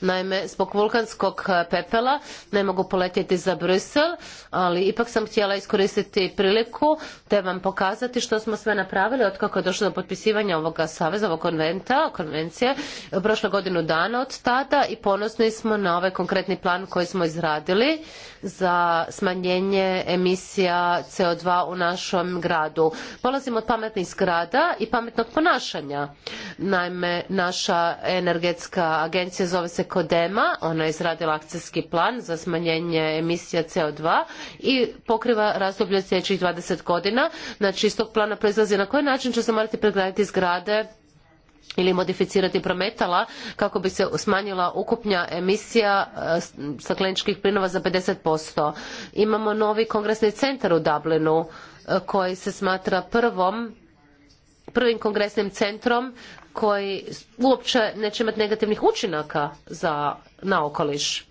Naime, zbog vulkanskog eh, pepela ne mogu poletjeti za Brisel, ali ipak sam htjela iskoristiti priliku te vam pokazati što smo sve napravili od kako je došlo do potpisivanja ovoga saveza, ovog konventa, konvencije, prošlo godinu dana od tada i ponosni smo na ovaj konkretni plan koji smo izradili za smanjenje emisija CO2 u našom gradu. Polazimo od pametnih zgrada i pametnog ponašanja. Naime, naša energetska agencija zove se Kodema, ona je izradila akcijski plan za smanjenje emisija CO2 i pokriva razdoblje od sljedećih 20 godina. Znači iz tog plana proizlazi na koji način će se morati pregraditi zgrade ili modificirati prometala kako bi se smanjila ukupnja emisija e, stakleničkih plinova za 50%. Imamo novi kongresni centar u Dublinu e, koji se smatra prvom prvim kongresnim centrom koji uopće neće imati negativnih učinaka za, na okoliš.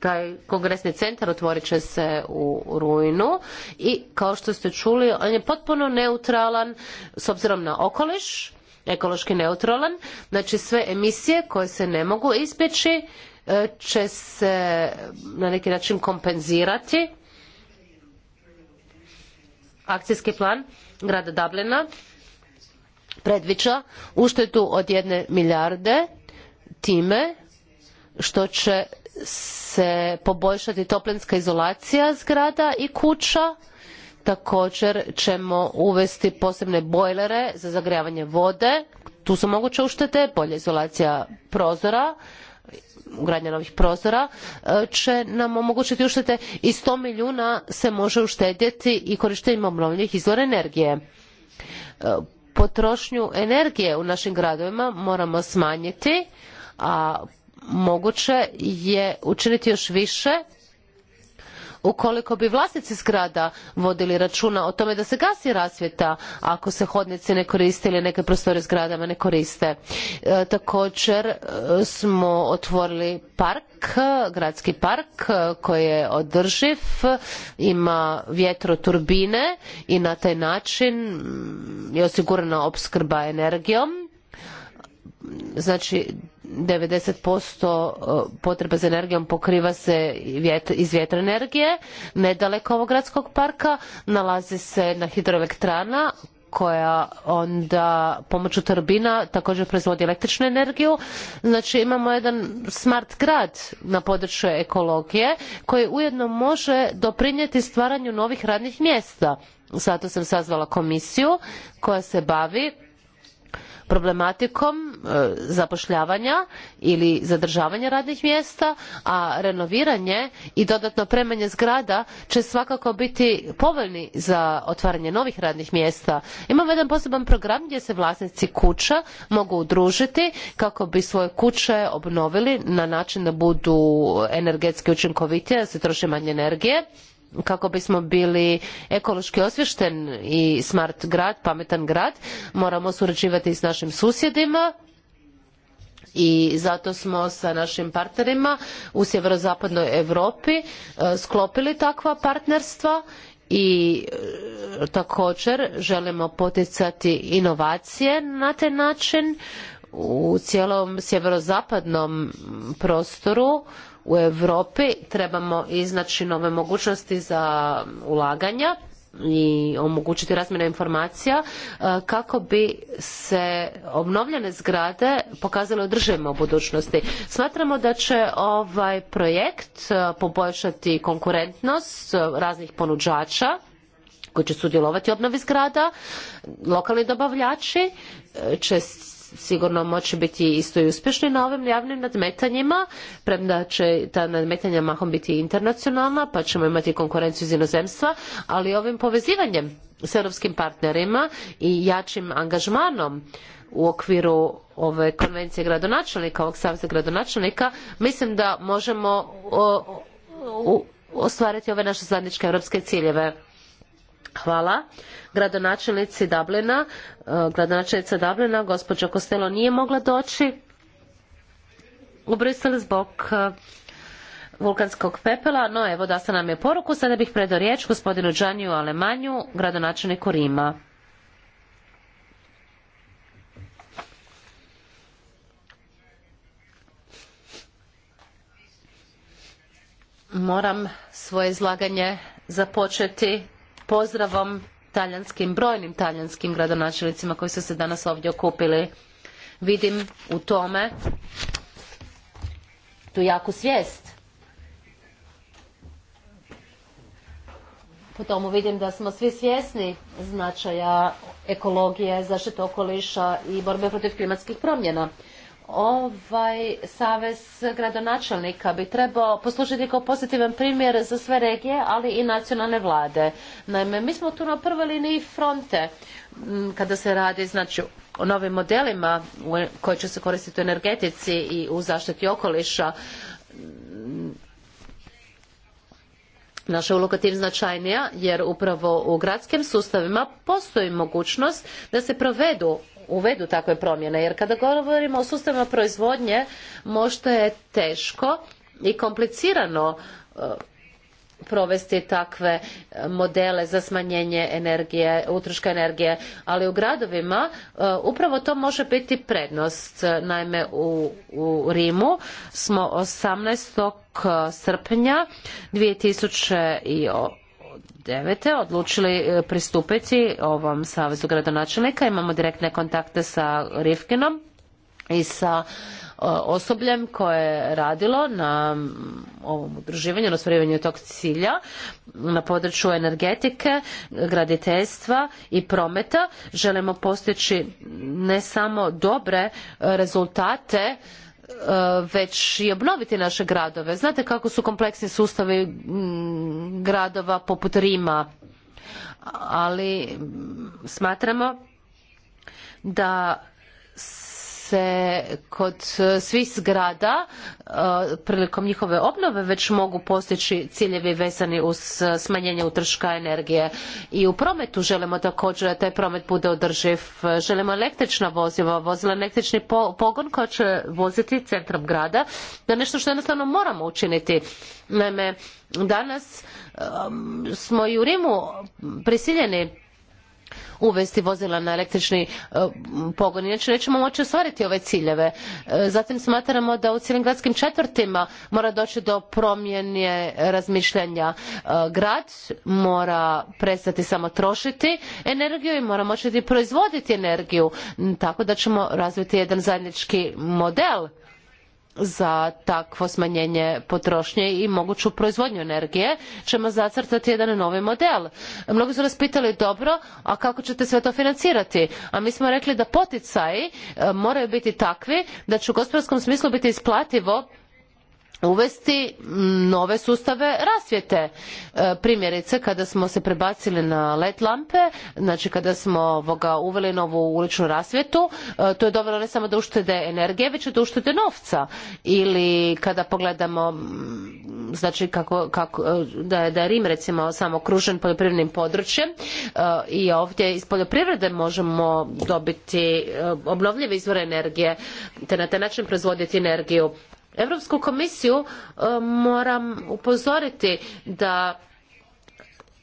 Taj kongresni centar otvorit će se u rujnu i kao što ste čuli, on je potpuno neutralan s obzirom na okoliš, ekološki neutralan. Znači sve emisije koje se ne mogu izbjeći e, će se na neki način kompenzirati. Akcijski plan grada Dublina predviđa uštetu od jedne milijarde time što će se poboljšati toplinska izolacija zgrada i kuća također ćemo uvesti posebne bojlere za zagrijavanje vode tu su moguće uštete bolja izolacija prozora ugradnja novih prozora e, će nam omogućiti uštete i 100 milijuna se može uštedjeti i korištenjem obnovljivih izvora energije e, potrošnju energije u našim gradovima moramo smanjiti, a moguće je učiniti još više ukoliko bi vlasnici zgrada vodili računa o tome da se gasi rasvjeta ako se hodnici ne koriste ili neke prostore zgradama ne koriste. E, također e, smo otvorili park, gradski park e, koji je održiv, ima vjetroturbine i na taj način mm, je osigurana opskrba energijom. Znači 90% potrebe za energijom pokriva se iz vjetroenergije. Nedaleko ovog gradskog parka nalazi se na hidroelektrana koja onda pomoću turbina također proizvodi električnu energiju. Znači imamo jedan smart grad na području ekologije koji ujedno može doprinijeti stvaranju novih radnih mjesta. Zato sam sazvala komisiju koja se bavi problematikom e, zapošljavanja ili zadržavanja radnih mjesta, a renoviranje i dodatno opremanje zgrada će svakako biti povoljni za otvaranje novih radnih mjesta. Imamo jedan poseban program gdje se vlasnici kuća mogu udružiti kako bi svoje kuće obnovili na način da budu energetski učinkovitije, da se troši manje energije kako bismo bili ekološki osvješten i smart grad, pametan grad, moramo surađivati s našim susjedima, i zato smo sa našim partnerima u sjeverozapadnoj Europi e, sklopili takva partnerstva i e, također želimo poticati inovacije na taj način u cijelom sjeverozapadnom prostoru u Europi trebamo iznaći nove mogućnosti za ulaganja i omogućiti razmjenu informacija e, kako bi se obnovljene zgrade pokazale održivima u budućnosti. Smatramo da će ovaj projekt e, poboljšati konkurentnost e, raznih ponuđača koji će sudjelovati u obnovi zgrada, lokalni dobavljači će sigurno moći biti isto i uspješni na ovim javnim nadmetanjima, premda će ta nadmetanja mahom biti internacionalna, pa ćemo imati konkurenciju iz inozemstva, ali ovim povezivanjem s europskim partnerima i jačim angažmanom u okviru ove konvencije gradonačelnika, ovog saveza gradonačelnika, mislim da možemo o, o, o, ostvariti ove naše zajedničke europske ciljeve. Hvala. Gradonačelnici Dublina, e, gradonačelnica Dublina, gospođa Costello nije mogla doći u Brisel zbog e, vulkanskog pepela, no evo da se nam je poruku, sada bih predao riječ gospodinu Đaniju Alemanju, gradonačelniku Rima. Moram svoje izlaganje započeti pozdravom talijanskim, brojnim talijanskim gradonačelnicima koji su se danas ovdje okupili. Vidim u tome tu jaku svijest. Po tomu vidim da smo svi svjesni značaja ekologije, zaštite okoliša i borbe protiv klimatskih promjena ovaj savez gradonačelnika bi trebao poslužiti kao pozitivan primjer za sve regije, ali i nacionalne vlade. Naime, mi smo tu na prvoj liniji fronte kada se radi znači, o novim modelima e, koji će se koristiti u energetici i u zaštiti okoliša. Naša uloga tim značajnija jer upravo u gradskim sustavima postoji mogućnost da se provedu uvedu takve promjene. Jer kada govorimo o sustavima proizvodnje, možda je teško i komplicirano e, provesti takve e, modele za smanjenje energije, utroška energije, ali u gradovima e, upravo to može biti prednost. Naime, u, u Rimu smo 18. srpnja 2008 2009. odlučili e, pristupiti ovom Savezu gradonačelnika. Imamo direktne kontakte sa Rifkinom i sa e, osobljem koje je radilo na ovom udruživanju, na ostvarivanju tog cilja na području energetike, graditeljstva i prometa. Želimo postići ne samo dobre rezultate Eh, već i obnoviti naše gradove. Znate kako su kompleksni sustavi mm, gradova poput Rima, ali smatramo da se kod e, svih zgrada e, prilikom njihove obnove već mogu postići ciljevi vezani uz e, smanjenje utrška energije. I u prometu želimo također da taj promet bude održiv. Želimo električna vozila, vozila električni pogon koja će voziti centrom grada. Da nešto što jednostavno moramo učiniti. Naime, danas um, smo i u Rimu prisiljeni uvesti vozila na električni e, pogon. Inače nećemo moći ostvariti ove ciljeve. E, zatim smatramo da u cijelim gradskim četvrtima mora doći do promjene razmišljanja. E, grad mora prestati samo trošiti energiju i mora moći proizvoditi energiju tako da ćemo razviti jedan zajednički model za takvo smanjenje potrošnje i moguću proizvodnju energije ćemo zacrtati jedan novi model. Mnogi su nas pitali dobro, a kako ćete sve to financirati? A mi smo rekli da poticaji e, moraju biti takvi da će u gospodarskom smislu biti isplativo uvesti nove sustave rasvjete. E, primjerice, kada smo se prebacili na led lampe, znači kada smo ovoga, uveli novu uličnu rasvjetu, e, to je dovelo ne samo do uštede energije, već i do uštede novca. Ili kada pogledamo znači kako, kako, e, da, je, da je Rim recimo samo okružen poljoprivrednim područjem i ovdje iz poljoprivrede možemo dobiti obnovljive izvore energije te na taj način proizvoditi energiju Europsku komisiju eh, moram upozoriti da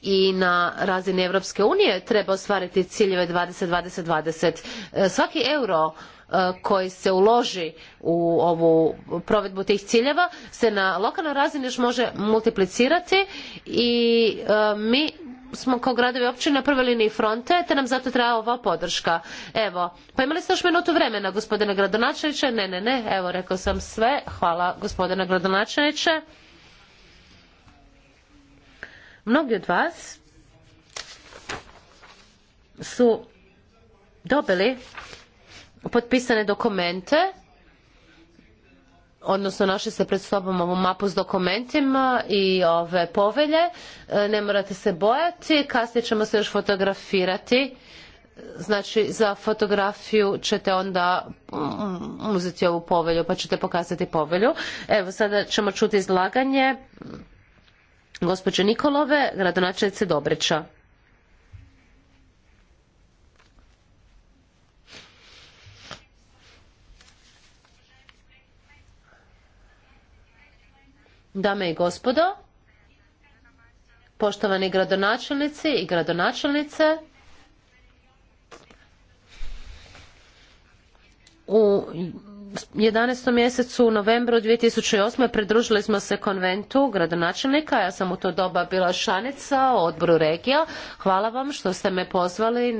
i na razini Europske unije treba ostvariti ciljeve 20-20-20. Eh, svaki euro eh, koji se uloži u ovu provedbu tih ciljeva se na lokalnoj razini još može multiplicirati i mi smo kao gradovi uopće na prvoj liniji fronte, te nam zato treba ova podrška. Evo, pa imali ste još minutu vremena, gospodine gradonačelniče? Ne, ne, ne, evo, rekao sam sve. Hvala, gospodine gradonačelniče. Mnogi od vas su dobili potpisane dokumente odnosno našli ste pred sobom ovu mapu s dokumentima i ove povelje. E, ne morate se bojati, kasnije ćemo se još fotografirati. Znači, za fotografiju ćete onda mm, uzeti ovu povelju, pa ćete pokazati povelju. Evo, sada ćemo čuti izlaganje gospođe Nikolove, gradonačelnice Dobrića. Dame i gospodo, poštovani gradonačelnici i gradonačelnice, u 11. mjesecu u novembru 2008. pridružili smo se konventu gradonačelnika, ja sam u to doba bila članica u odboru regija. Hvala vam što ste me pozvali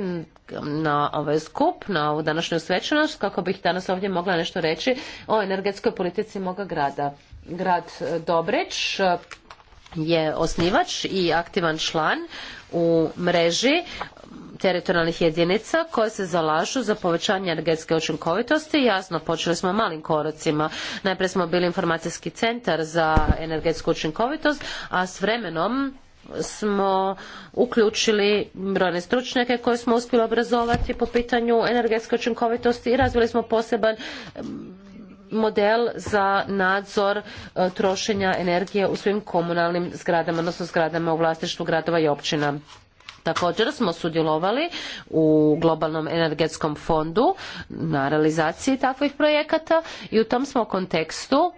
na ovaj skup, na ovu današnju svečanost, kako bih danas ovdje mogla nešto reći o energetskoj politici moga grada. Grad e, Dobreć e, je osnivač i aktivan član u mreži teritorijalnih jedinica koje se zalažu za povećanje energetske učinkovitosti. Jasno, počeli smo malim koracima. Najprije smo bili informacijski centar za energetsku učinkovitost, a s vremenom smo uključili brojne stručnjake koje smo uspjeli obrazovati po pitanju energetske učinkovitosti i razvili smo poseban model za nadzor e, trošenja energije u svim komunalnim zgradama, odnosno zgradama u vlasništvu gradova i općina. Također smo sudjelovali u globalnom energetskom fondu na realizaciji takvih projekata i u tom smo kontekstu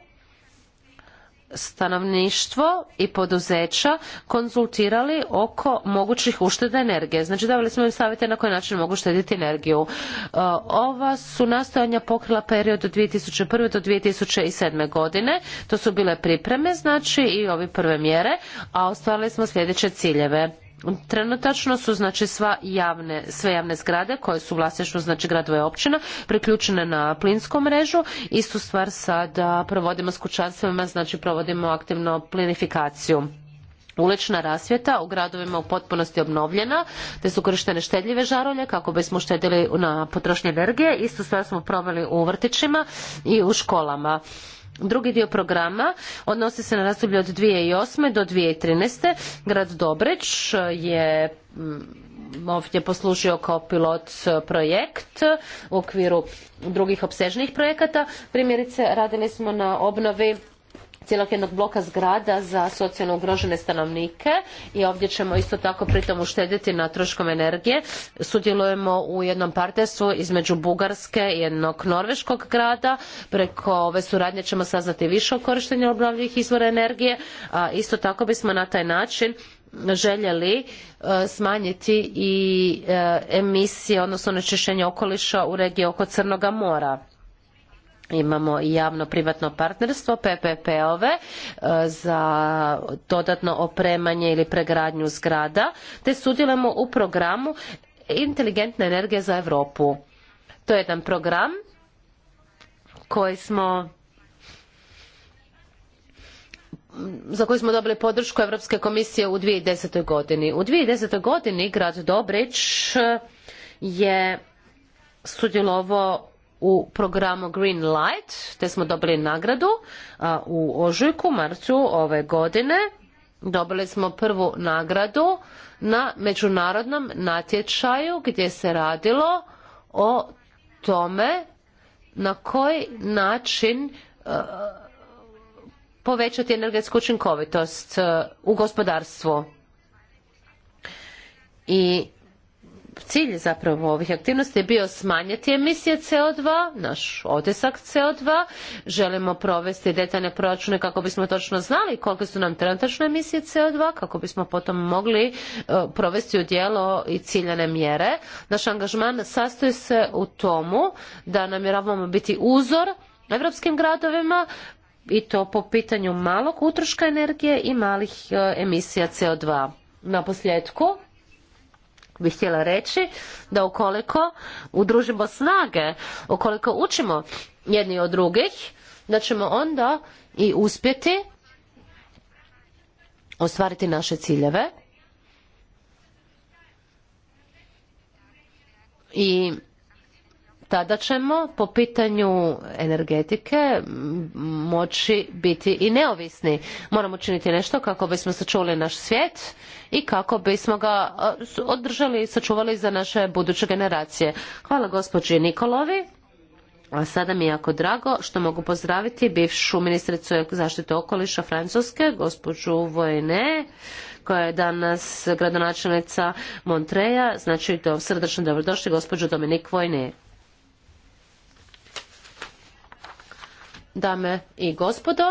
stanovništvo i poduzeća konzultirali oko mogućih ušteda energije. Znači davali smo im savjete na koji način mogu štediti energiju. E, ova su nastojanja pokrila period od 2001. do 2007. godine. To su bile pripreme, znači i ove prve mjere, a ostvarili smo sljedeće ciljeve Trenutačno su znači sva javne, sve javne zgrade koje su vlasništvo znači gradova i općina priključene na plinsku mrežu. Istu stvar sada provodimo s kućanstvima, znači provodimo aktivno plinifikaciju. Ulična rasvjeta u gradovima u potpunosti obnovljena, te su korištene štedljive žarulje kako bismo štedili na potrošnje energije. Istu stvar smo proveli u vrtićima i u školama. Drugi dio programa odnosi se na razdoblje od 2008. do 2013. Grad Dobreć je mm, ovdje poslužio kao pilot projekt u okviru drugih opsežnijih projekata. Primjerice radili smo na obnovi cijelog jednog bloka zgrada za socijalno ugrožene stanovnike i ovdje ćemo isto tako pritom uštedjeti na troškom energije. Sudjelujemo u jednom partnerstvu između Bugarske i jednog norveškog grada. Preko ove suradnje ćemo saznati više o korištenju obnovljivih izvora energije. A isto tako bismo na taj način željeli e, smanjiti i e, emisije, odnosno onečišćenje okoliša u regiji oko Crnoga mora. Imamo javno-privatno partnerstvo, PPP-ove, e, za dodatno opremanje ili pregradnju zgrada, te sudjelujemo u programu Inteligentna energija za Europu. To je jedan program koji smo za koju smo dobili podršku Europske komisije u 2010. godini. U 2010. godini grad Dobrić je sudjelovao u programu Green Light, te smo dobili nagradu a, u ožujku, marcu ove godine. Dobili smo prvu nagradu na međunarodnom natječaju gdje se radilo o tome na koji način a, povećati energetsku učinkovitost a, u gospodarstvu. I cilj zapravo ovih aktivnosti je bio smanjiti emisije CO2, naš otisak CO2. Želimo provesti detaljne proračune kako bismo točno znali kolike su nam trenutačne emisije CO2, kako bismo potom mogli e, provesti u djelo i ciljane mjere. Naš angažman sastoji se u tomu da namjeravamo biti uzor evropskim gradovima, i to po pitanju malog utroška energije i malih e, emisija CO2. Na posljedku, bih htjela reći da ukoliko udružimo snage, ukoliko učimo jedni od drugih, da ćemo onda i uspjeti ostvariti naše ciljeve i tada ćemo po pitanju energetike moći biti i neovisni. Moramo činiti nešto kako bismo sačuvali naš svijet i kako bismo ga održali i sačuvali za naše buduće generacije. Hvala gospođi Nikolovi. A sada mi je jako drago što mogu pozdraviti bivšu ministricu zaštite okoliša Francuske, gospođu Vojne, koja je danas gradonačelnica Montreja. Znači, to srdečno dobrodošli gospođu Dominik Vojne. dame i gospodo.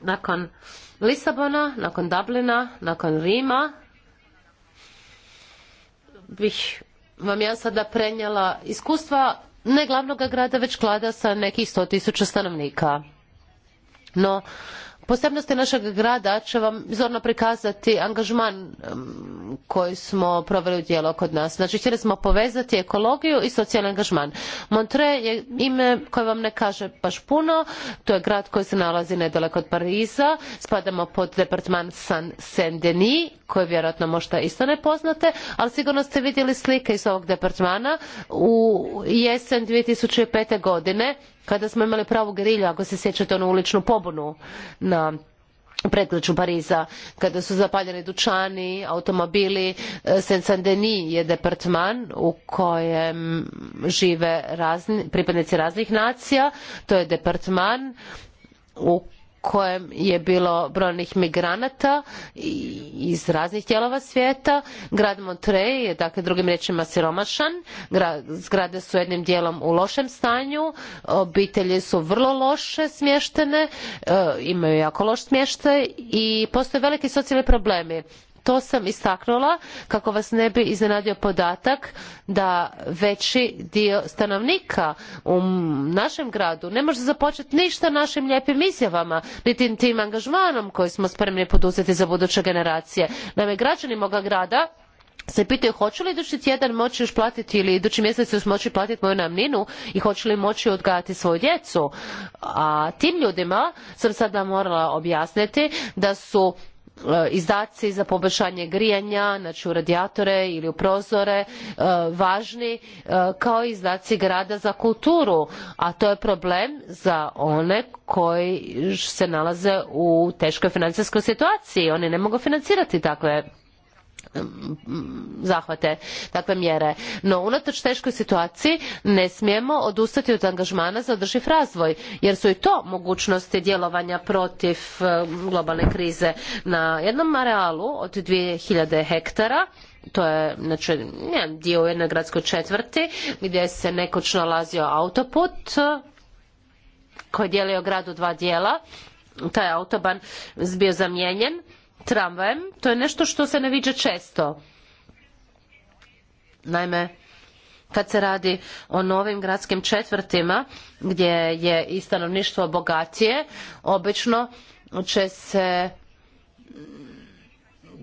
Nakon Lisabona, nakon Dublina, nakon Rima bih vam ja sada prenijela iskustva ne glavnog grada, već grada sa nekih sto tisuća stanovnika. No, Posebnosti našeg grada će vam zorno prikazati angažman koji smo proveli u dijelo kod nas. Znači, htjeli smo povezati ekologiju i socijalni angažman. Montre je ime koje vam ne kaže baš puno. To je grad koji se nalazi nedaleko od Pariza. Spadamo pod departman San Saint-Denis, koji vjerojatno možda isto ne poznate, ali sigurno ste vidjeli slike iz ovog departmana u jesen 2005. godine kada smo imali pravu gerilju, ako se sjećate onu uličnu pobunu na prekriču Pariza, kada su zapaljeni dućani, automobili, e, Saint-Saint-Denis je departman u kojem žive razni, pripadnici raznih nacija, to je departman u kojem je bilo brojnih migranata iz raznih dijelova svijeta. Grad Monterey je, dakle, drugim riječima siromašan. Zgrade su jednim dijelom u lošem stanju. Obitelji su vrlo loše smještene, e, imaju jako loš smještaj i postoje veliki socijalni problemi to sam istaknula kako vas ne bi iznenadio podatak da veći dio stanovnika u našem gradu ne može započeti ništa našim lijepim izjavama niti tim angažmanom koji smo spremni poduzeti za buduće generacije. naime građani moga grada se pitaju hoću li idući tjedan moći još platiti ili idući mjesec još moći platiti moju najamninu i hoću li moći odgajati svoju djecu. A tim ljudima sam sada morala objasniti da su Eh, izdaci za poboljšanje grijanja, znači u radijatore ili u prozore eh, važni eh, kao i izdaci grada za kulturu, a to je problem za one koji se nalaze u teškoj financijskoj situaciji. Oni ne mogu financirati takve Mm, zahvate, takve mjere. No, unatoč teškoj situaciji ne smijemo odustati od angažmana za održiv razvoj, jer su i to mogućnosti djelovanja protiv eh, globalne krize. Na jednom arealu od 2000 hektara to je znači, ne, dio u jednoj gradskoj četvrti gdje se nekoć nalazio autoput eh, koji je dijelio grad u dva dijela taj autoban bio zamijenjen tramvajem, to je nešto što se ne viđa često. Naime, kad se radi o novim gradskim četvrtima gdje je i stanovništvo bogatije, obično će se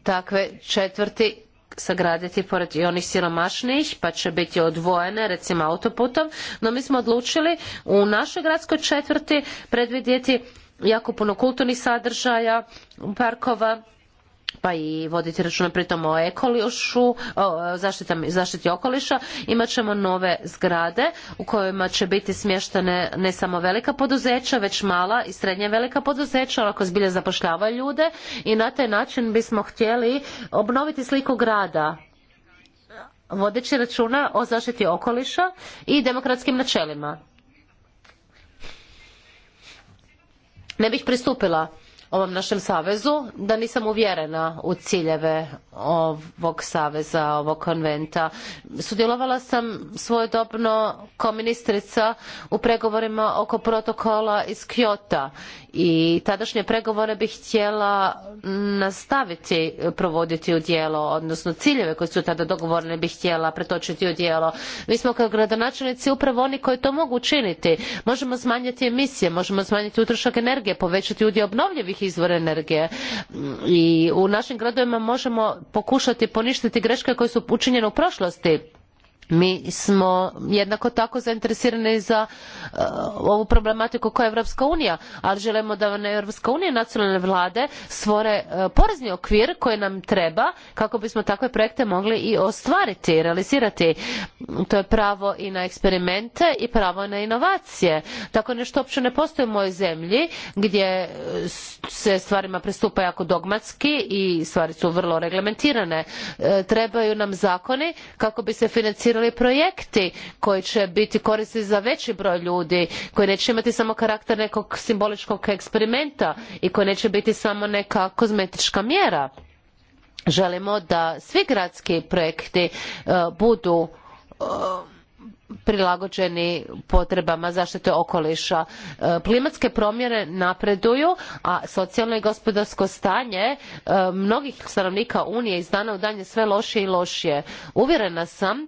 takve četvrti sagraditi pored i onih siromašnijih pa će biti odvojene recimo autoputom no mi smo odlučili u našoj gradskoj četvrti predvidjeti jako puno kulturnih sadržaja parkova pa i voditi računa pritom o ekolišu, o zaštita, zaštiti okoliša, imat ćemo nove zgrade u kojima će biti smještene ne samo velika poduzeća, već mala i srednje velika poduzeća, ako zbilja zapošljavaju ljude i na taj način bismo htjeli obnoviti sliku grada vodeći računa o zaštiti okoliša i demokratskim načelima. Ne bih pristupila ovom našem savezu, da nisam uvjerena u ciljeve ovog saveza, ovog konventa. Sudjelovala sam svojedobno kao ministrica u pregovorima oko protokola iz Kyoto i tadašnje pregovore bih htjela nastaviti provoditi u djelo, odnosno ciljeve koji su tada dogovoreni bih htjela pretočiti u djelo. Mi smo kao gradonačelnici upravo oni koji to mogu učiniti. Možemo smanjiti emisije, možemo smanjiti utrošak energije, povećati udio obnovljivih izvora energije i u našim gradovima možemo pokušati poništiti greške koje su učinjene u prošlosti mi smo jednako tako zainteresirani za uh, ovu problematiku koja je Europska unija, ali želimo da ne Europska unija nacionalne vlade stvore uh, porezni okvir koji nam treba kako bismo takve projekte mogli i ostvariti i realizirati. To je pravo i na eksperimente i pravo na inovacije. Tako nešto uopće ne postoji u mojoj zemlji gdje eh, se stvarima pristupa jako dogmatski i stvari su vrlo reglementirane. E, trebaju nam zakoni kako bi se financirali financirali projekti koji će biti koristi za veći broj ljudi, koji neće imati samo karakter nekog simboličkog eksperimenta i koji neće biti samo neka kozmetička mjera. Želimo da svi gradski projekti uh, budu uh, prilagođeni potrebama zaštite okoliša. E, klimatske promjene napreduju, a socijalno i gospodarsko stanje mnogih stanovnika Unije iz dana u dan je sve lošije i lošije. Uvjerena sam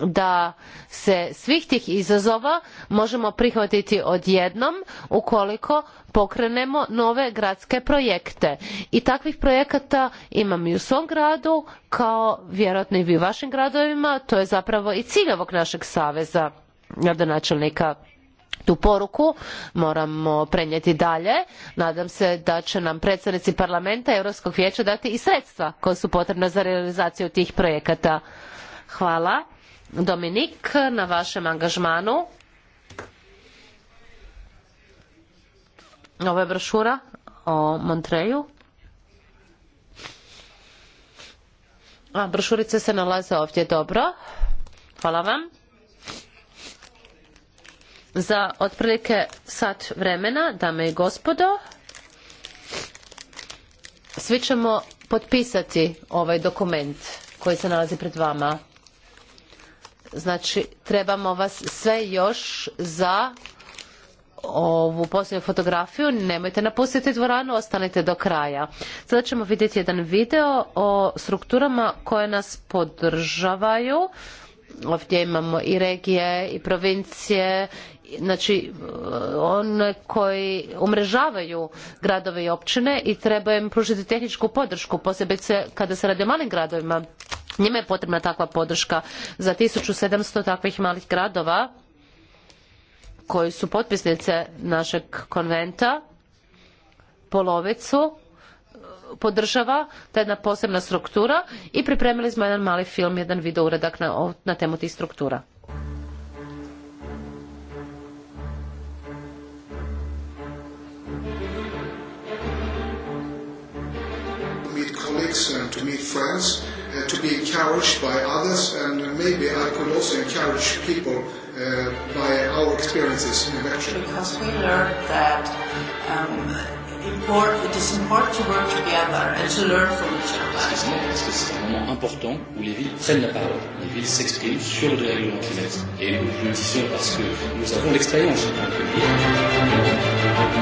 da se svih tih izazova možemo prihvatiti odjednom ukoliko pokrenemo nove gradske projekte. I takvih projekata imam i u svom gradu, kao vjerojatno i vi u vašim gradovima, to je zapravo i cilj ovog našeg saveza gradonačelnika tu poruku moramo prenijeti dalje. Nadam se da će nam predstavnici parlamenta i Europskog vijeća dati i sredstva koja su potrebna za realizaciju tih projekata. Hvala. Dominik, na vašem angažmanu. Nova brošura o Montreju. A, brošurice se nalaze ovdje, dobro. Hvala vam. Za otprilike sat vremena, dame i gospodo, svi ćemo potpisati ovaj dokument koji se nalazi pred vama. Znači, trebamo vas sve još za ovu posljednju fotografiju. Nemojte napustiti dvoranu, ostanite do kraja. Sada ćemo vidjeti jedan video o strukturama koje nas podržavaju. Ovdje imamo i regije i provincije, znači one koji umrežavaju gradove i općine i treba im pružiti tehničku podršku, posebice kada se radi o malim gradovima Njima je potrebna takva podrška za 1700 takvih malih gradova koji su potpisnice našeg konventa polovicu podržava ta jedna posebna struktura i pripremili smo jedan mali film, jedan video uradak na, na temu tih struktura. To meet colleagues and uh, to meet friends uh, to be encouraged by others, and uh, maybe I could also encourage people uh, by our experiences in Vetri. Because we learned that um, import, it is important to work together and to learn from each other. Parce que c'est un moment important où les villes prennent la parole, les villes s'expriment sur le dérèglement climatique. Et nous le disons parce que nous avons l'expérience en tant que villes.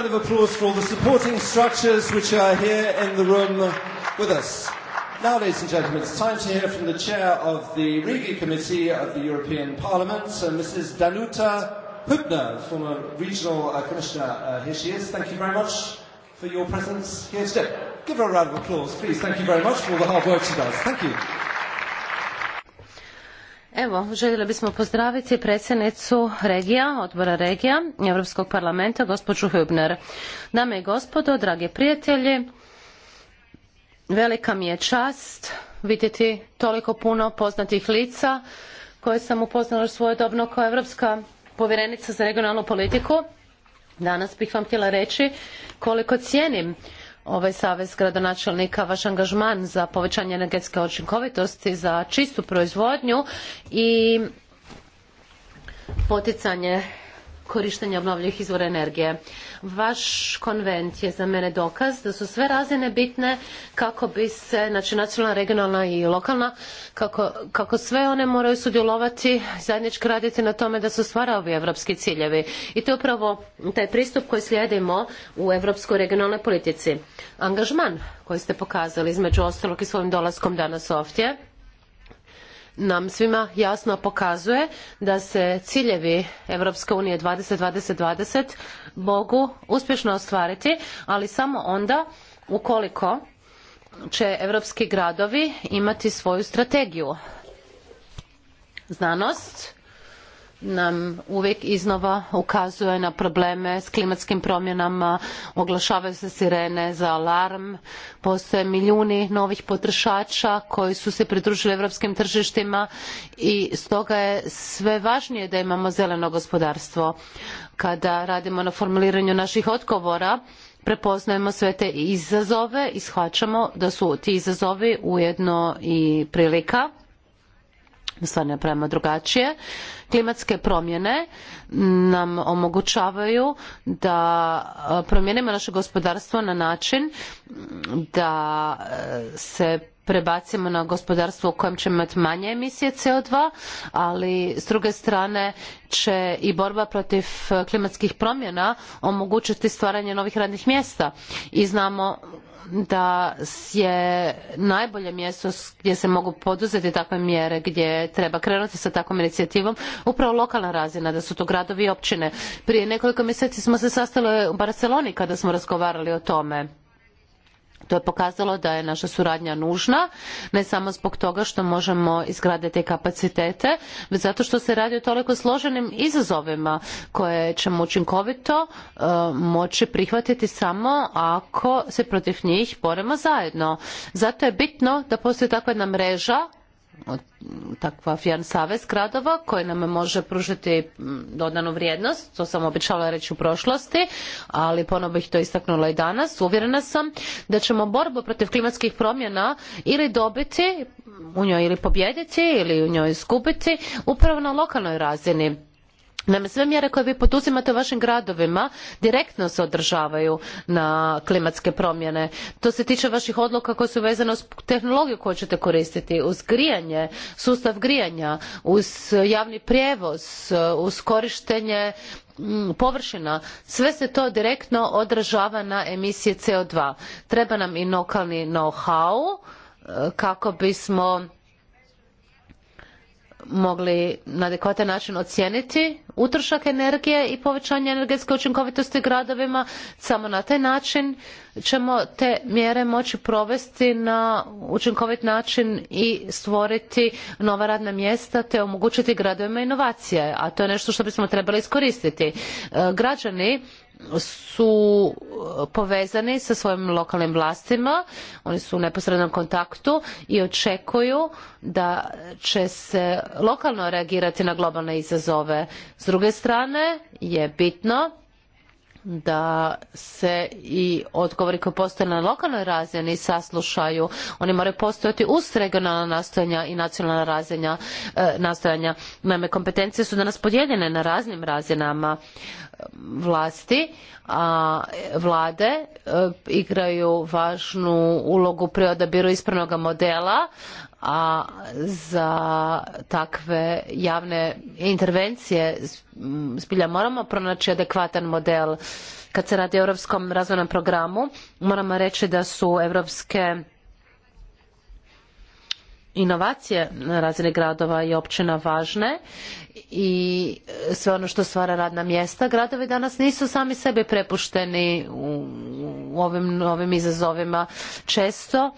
round of applause for all the supporting structures which are here in the room with us. Now, ladies and gentlemen, it's time to hear from the chair of the Regi Committee of the European Parliament, uh, Mrs. Danuta Hübner, former regional uh, commissioner. Uh, here she is. Thank you very much for your presence here today. Give her a round of applause, please. Thank you very much for all the hard work she does. Thank you. Evo, željeli bismo pozdraviti predsjednicu regija, odbora regija Europskog parlamenta, gospođu Hübner. Dame i gospodo, dragi prijatelji, velika mi je čast vidjeti toliko puno poznatih lica koje sam upoznala svojedobno kao europska povjerenica za regionalnu politiku. Danas bih vam htjela reći koliko cijenim ovaj savez gradonačelnika vaš angažman za povećanje energetske učinkovitosti, za čistu proizvodnju i poticanje korištenja obnovljivih izvora energije. Vaš konvent je za mene dokaz da su sve razine bitne kako bi se, znači nacionalna, regionalna i lokalna, kako, kako sve one moraju sudjelovati, zajednički raditi na tome da se stvara ovi evropski ciljevi. I to je upravo taj pristup koji slijedimo u evropskoj regionalnoj politici. Angažman koji ste pokazali između ostalog i svojim dolaskom danas ovdje nam svima jasno pokazuje da se ciljevi Europske unije 2020-2020 mogu uspješno ostvariti, ali samo onda ukoliko će europski gradovi imati svoju strategiju. Znanost nam uvijek iznova ukazuje na probleme s klimatskim promjenama, oglašavaju se sirene za alarm, postoje milijuni novih potrošača koji su se pridružili europskim tržištima i stoga je sve važnije da imamo zeleno gospodarstvo. Kada radimo na formuliranju naših odgovora, prepoznajemo sve te izazove i shvaćamo da su ti izazovi ujedno i prilika, stvar ne pravimo drugačije. Uh, klimatske promjene nam omogućavaju da e, promijenimo naše gospodarstvo na način da e, se prebacimo na gospodarstvo u kojem ćemo imati manje emisije CO2, ali s druge strane će i borba protiv e, klimatskih promjena omogućiti stvaranje novih radnih mjesta i znamo da je najbolje mjesto gdje se mogu poduzeti takve mjere, gdje treba krenuti sa takvom inicijativom, upravo lokalna razina, da su to gradovi i općine. Prije nekoliko mjeseci smo se sastali u Barceloni kada smo razgovarali o tome To je pokazalo da je naša suradnja nužna, ne samo zbog toga što možemo izgraditi kapacitete, već zato što se radi o toliko složenim izazovima koje ćemo učinkovito e, moći prihvatiti samo ako se protiv njih borimo zajedno. Zato je bitno da postoji takva jedna mreža takva jedan savez gradova koji nam može pružiti mm, dodanu vrijednost, to sam običala reći u prošlosti, ali ponovo bih to istaknula i danas. Uvjerena sam da ćemo borbu protiv klimatskih promjena ili dobiti, u njoj ili pobjediti ili u njoj izgubiti upravo na lokalnoj razini Naime, sve mjere koje vi poduzimate u vašim gradovima direktno se održavaju na klimatske promjene. To se tiče vaših odluka koje su vezane uz tehnologiju koju ćete koristiti, uz grijanje, sustav grijanja, uz javni prijevoz, uz korištenje mm, površina, sve se to direktno odražava na emisije CO2. Treba nam i lokalni know-how e, kako bismo mogli na adekvatan način ocijeniti utrošak energije i povećanje energetske učinkovitosti gradovima. Samo na taj način ćemo te mjere moći provesti na učinkovit način i stvoriti nova radna mjesta te omogućiti gradovima inovacije, a to je nešto što bismo trebali iskoristiti. E, građani su e, povezani sa svojim lokalnim vlastima, oni su u neposrednom kontaktu i očekuju da će se lokalno reagirati na globalne izazove. S druge strane je bitno da se i odgovori koji postoje na lokalnoj razini saslušaju. Oni moraju postojati uz regionalna nastojanja i nacionalna razinja, e, nastojanja. Naime, kompetencije su danas podijeljene na raznim razinama. E, vlasti, a vlade e, igraju važnu ulogu pri odabiru ispravnog modela, a za takve javne intervencije zbilja moramo pronaći adekvatan model. Kad se radi o Europskom razvojnom programu, moramo reći da su europske inovacije na razini gradova i općina važne i sve ono što stvara radna mjesta. Gradovi danas nisu sami sebi prepušteni u, u ovim novim izazovima. Često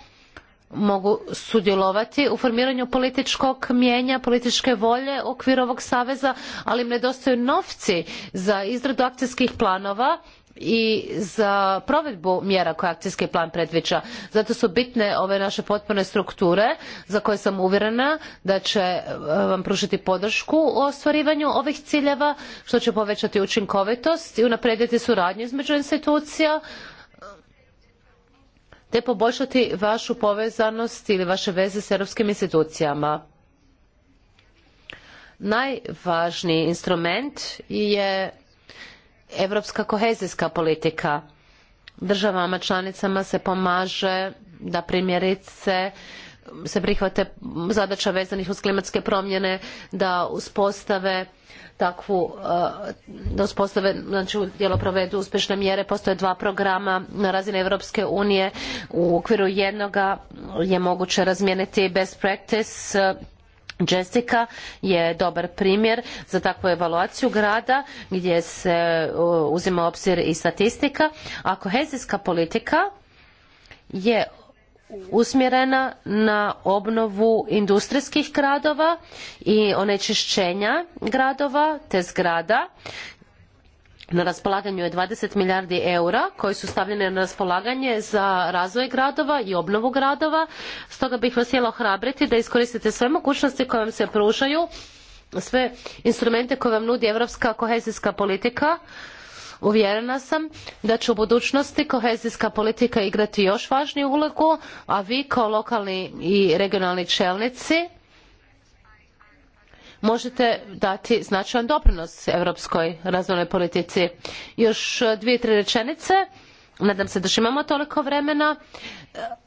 mogu sudjelovati u formiranju političkog mijenja, političke volje u okviru ovog saveza, ali im nedostaju novci za izradu akcijskih planova i za provedbu mjera koje akcijski plan predviđa. Zato su bitne ove naše potpune strukture za koje sam uvjerena da će e, vam pružiti podršku u ostvarivanju ovih ciljeva, što će povećati učinkovitost i unaprijediti suradnju između institucija te poboljšati vašu povezanost ili vaše veze s europskim institucijama. Najvažniji instrument je europska kohezijska politika. Državama članicama se pomaže da primjerice se prihvate zadaća vezanih uz klimatske promjene, da uspostave takvu, eh, da uspostave, znači u djelo provedu uspješne mjere. Postoje dva programa na razini Europske unije. U okviru jednoga je moguće razmijeniti best practice Jessica je dobar primjer za takvu evaluaciju grada gdje se uzima obzir i statistika. A kohezijska politika je usmjerena na obnovu industrijskih gradova i onečišćenja gradova te zgrada na raspolaganju je 20 milijardi eura koji su stavljene na raspolaganje za razvoj gradova i obnovu gradova. Stoga bih vas htjela ohrabriti da iskoristite sve mogućnosti koje vam se pružaju, sve instrumente koje vam nudi europska kohezijska politika. Uvjerena sam da će u budućnosti kohezijska politika igrati još važniju ulogu, a vi kao lokalni i regionalni čelnici možete dati značajan doprinos europskoj razvojnoj politici. Još dvije, tri rečenice. Nadam se da još imamo toliko vremena.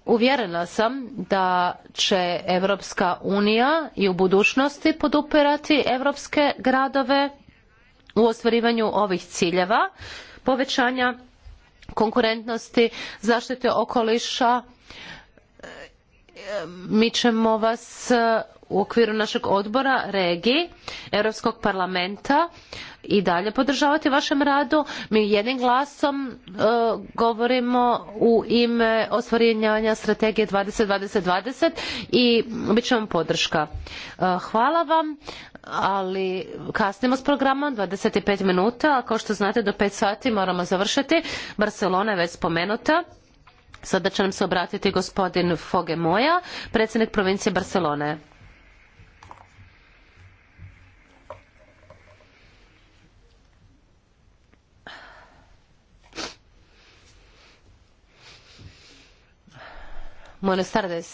Uvjerena sam da će Evropska unija i u budućnosti podupirati evropske gradove u ostvarivanju ovih ciljeva povećanja konkurentnosti, zaštite okoliša. Mi ćemo vas u okviru našeg odbora regiji Europskog parlamenta i dalje podržavati vašem radu. Mi jednim glasom e, govorimo u ime ostvarivanja strategije 2020-2020 i bit će vam podrška. E, hvala vam, ali kasnimo s programom, 25 minuta, a kao što znate do 5 sati moramo završiti. Barcelona je već spomenuta. Sada će nam se obratiti gospodin Foge Moja, predsjednik provincije Barcelone. Buenas tardes.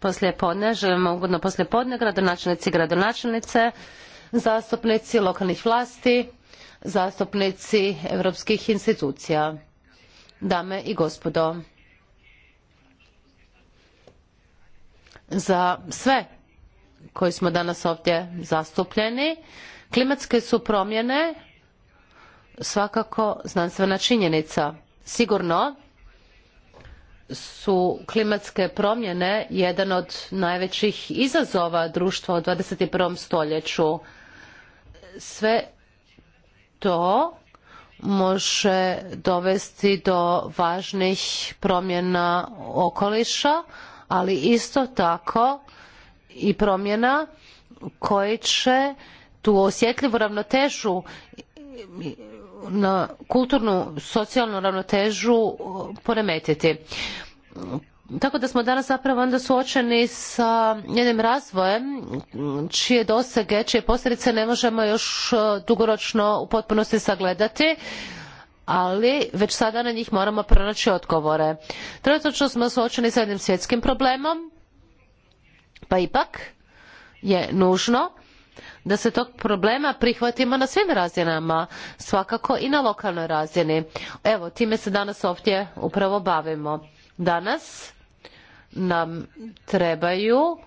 Poslijepodne, želimo ugodno poslijepodne, gradonačelnici i gradonačelnice, zastupnici lokalnih vlasti, zastupnici europskih institucija, dame i gospodo. Za sve koji smo danas ovdje zastupljeni, klimatske su promjene svakako znanstvena činjenica. Sigurno su klimatske promjene jedan od najvećih izazova društva u 21. stoljeću. Sve to može dovesti do važnih promjena okoliša, ali isto tako i promjena koje će tu osjetljivu ravnotežu na kulturnu socijalnu ravnotežu e, poremetiti. Tako da smo danas zapravo onda suočeni sa jednim razvojem čije dosege, čije posljedice ne možemo još e, dugoročno u potpunosti sagledati ali već sada na njih moramo pronaći odgovore. Trenutno smo suočeni sa jednim svjetskim problemom, pa ipak je nužno da se tog problema prihvatimo na svim razinama, svakako i na lokalnoj razini. Evo, time se danas ovdje upravo bavimo. Danas nam trebaju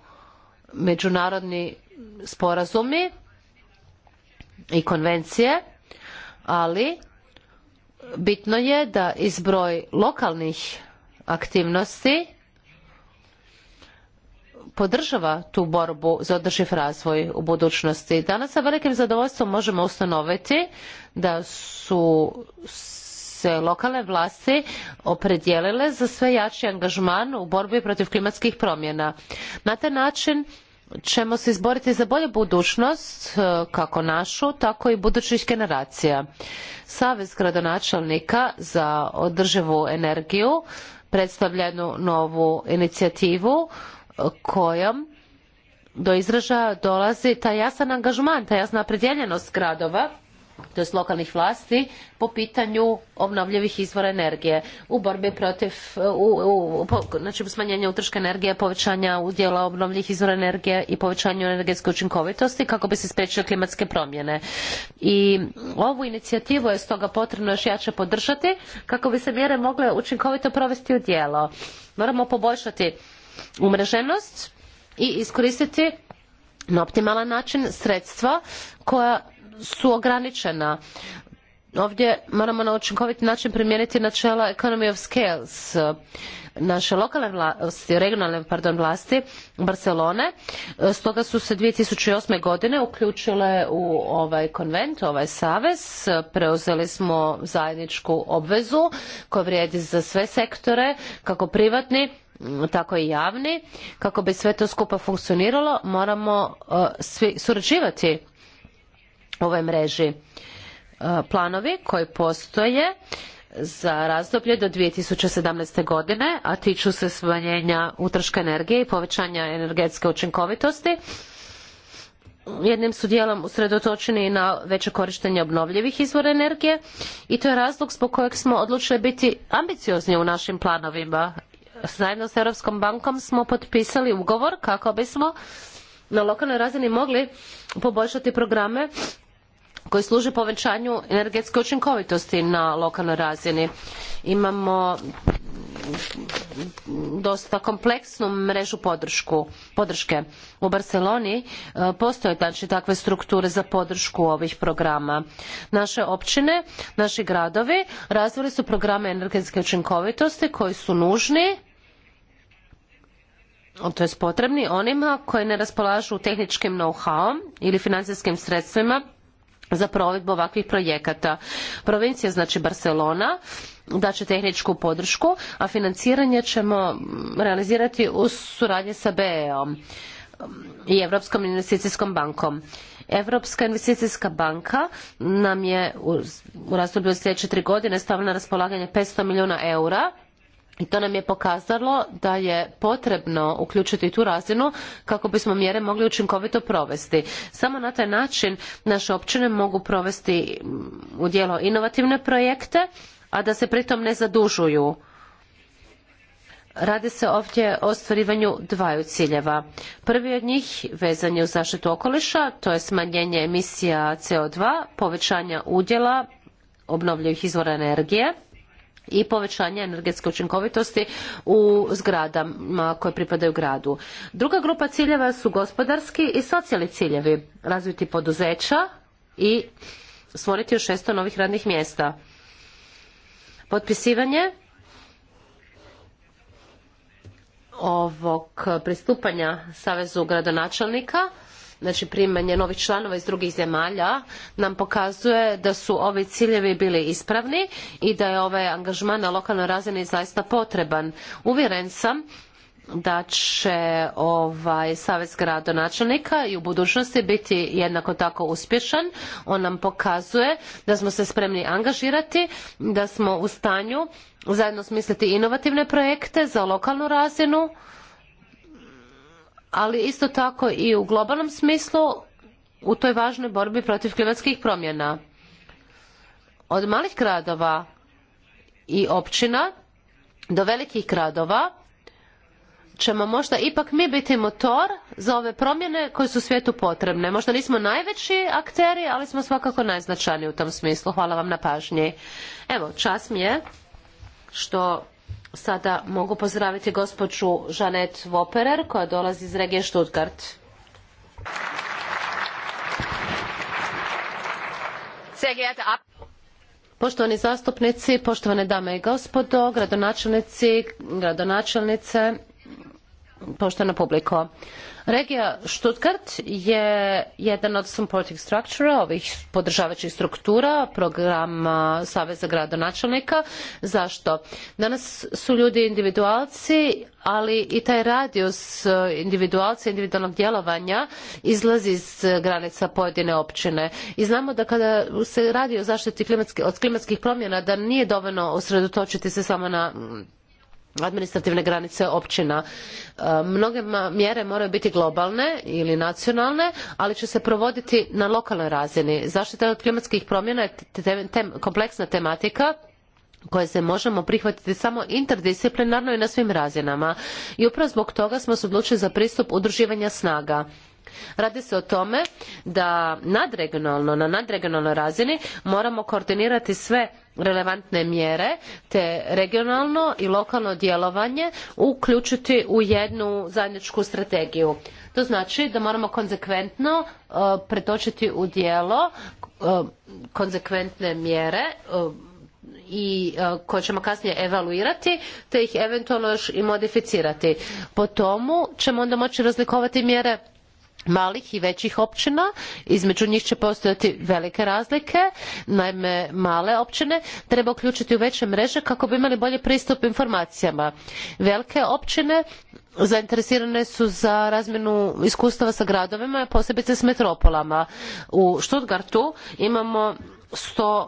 međunarodni sporazumi i konvencije, ali bitno je da izbroj lokalnih aktivnosti podržava tu borbu za održiv razvoj u budućnosti. Danas sa velikim zadovoljstvom možemo ustanoviti da su se lokalne vlasti opredijelile za sve jači angažman u borbi protiv klimatskih promjena. Na taj način ćemo se izboriti za bolju budućnost, e, kako našu, tako i budućih generacija. Savez gradonačelnika za održivu energiju predstavlja jednu novu inicijativu kojom do izražaja dolazi taj jasan angažman, ta jasna opredjeljenost gradova tj. lokalnih vlasti po pitanju obnovljivih izvora energije u borbi protiv u, u, po, znači smanjenja utrška energije, povećanja udjela obnovljivih izvora energije i povećanju energetske učinkovitosti kako bi se spriječile klimatske promjene. I ovu inicijativu je stoga potrebno još jače podržati kako bi se mjere mogle učinkovito provesti u djelo. Moramo poboljšati umreženost i iskoristiti na optimalan način sredstva koja su ograničena. Ovdje moramo na učinkovit način primijeniti načela economy of scales. Eh, naše lokalne vlasti, regionalne pardon, vlasti Barcelone, eh, stoga su se 2008. godine uključile u ovaj konvent, ovaj savez. Eh, preuzeli smo zajedničku obvezu koja vrijedi za sve sektore, kako privatni, tako i javni, kako bi sve to skupa funkcioniralo, moramo e, svi surađivati u ovoj mreži. E, planovi koji postoje za razdoblje do 2017. godine, a tiču se smanjenja utroška energije i povećanja energetske učinkovitosti, jednim su dijelom usredotočeni na veće korištenje obnovljivih izvora energije i to je razlog zbog kojeg smo odlučili biti ambiciozni u našim planovima zajedno s Europskom bankom smo potpisali ugovor kako bismo na lokalnoj razini mogli poboljšati programe koji služe povećanju energetske učinkovitosti na lokalnoj razini. Imamo dosta kompleksnu mrežu podršku, podrške. U Barceloni e, postoje znači takve strukture za podršku ovih programa. Naše općine, naši gradovi razvili su programe energetske učinkovitosti koji su nužni to jest potrebni onima koji ne raspolažu tehničkim know-howom ili financijskim sredstvima za provedbu ovakvih projekata. Provincija, znači Barcelona, daće tehničku podršku, a financiranje ćemo realizirati u suradnji sa BE-om i Europskom investicijskom bankom. Europska investicijska banka nam je u razdoblju od sljedeće tri godine stavila na raspolaganje 500 milijuna eura I to nam je pokazalo da je potrebno uključiti tu razinu kako bismo mjere mogli učinkovito provesti. Samo na taj način naše općine mogu provesti mm, u djelo inovativne projekte, a da se pritom ne zadužuju. Radi se ovdje o ostvarivanju dvaju ciljeva. Prvi od njih vezan je u zaštitu okoliša, to je smanjenje emisija CO2, povećanja udjela obnovljivih izvora energije – i povećanje energetske učinkovitosti u zgradama koje pripadaju gradu. Druga grupa ciljeva su gospodarski i socijalni ciljevi, razviti poduzeća i stvoriti još 600 novih radnih mjesta. Potpisivanje ovog pristupanja Savezu gradonačelnika znači primanje novih članova iz drugih zemalja nam pokazuje da su ovi ciljevi bili ispravni i da je ovaj angažman na lokalnoj razini zaista potreban. Uvjeren sam da će ovaj savez gradonačelnika i u budućnosti biti jednako tako uspješan. On nam pokazuje da smo se spremni angažirati, da smo u stanju zajedno smisliti inovativne projekte za lokalnu razinu, ali isto tako i u globalnom smislu u toj važnoj borbi protiv klimatskih promjena. Od malih gradova i općina do velikih gradova ćemo možda ipak mi biti motor za ove promjene koje su svijetu potrebne. Možda nismo najveći akteri, ali smo svakako najznačajniji u tom smislu. Hvala vam na pažnji. Evo, čas mi je što Sada mogu pozdraviti gospođu Žanet Voperer koja dolazi iz regije Stuttgart. Poštovani zastupnici, poštovane dame i gospodo, gradonačelnici, gradonačelnice, poštovana publiko. Regija Stuttgart je jedan od supporting struktura, ovih podržavajućih struktura, program Saveza gradonačelnika. Zašto? Danas su ljudi individualci, ali i taj radijus individualca, individualnog djelovanja izlazi iz granica pojedine općine. I znamo da kada se radi o zaštiti klimatske, od klimatskih promjena, da nije dovoljno usredotočiti se samo na administrativne granice općina. E, mnoge mjere moraju biti globalne ili nacionalne, ali će se provoditi na lokalnoj razini. Zaštita od klimatskih promjena je tem, tem, kompleksna tematika koje se možemo prihvatiti samo interdisciplinarno i na svim razinama. I upravo zbog toga smo se odlučili za pristup udruživanja snaga Radi se o tome da nadregionalno, na nadregionalnoj razini moramo koordinirati sve relevantne mjere te regionalno i lokalno djelovanje uključiti u jednu zajedničku strategiju. To znači da moramo konzekventno uh, pretočiti u djelo uh, e, konzekventne mjere uh, i koje ćemo kasnije evaluirati te ih eventualno još i modificirati. Po tomu ćemo onda moći razlikovati mjere malih i većih općina. Između njih će postojati velike razlike. Naime, male općine treba uključiti u veće mreže kako bi imali bolji pristup informacijama. Velike općine zainteresirane su za razmjenu iskustava sa gradovima, posebice s metropolama. U Stuttgartu imamo 100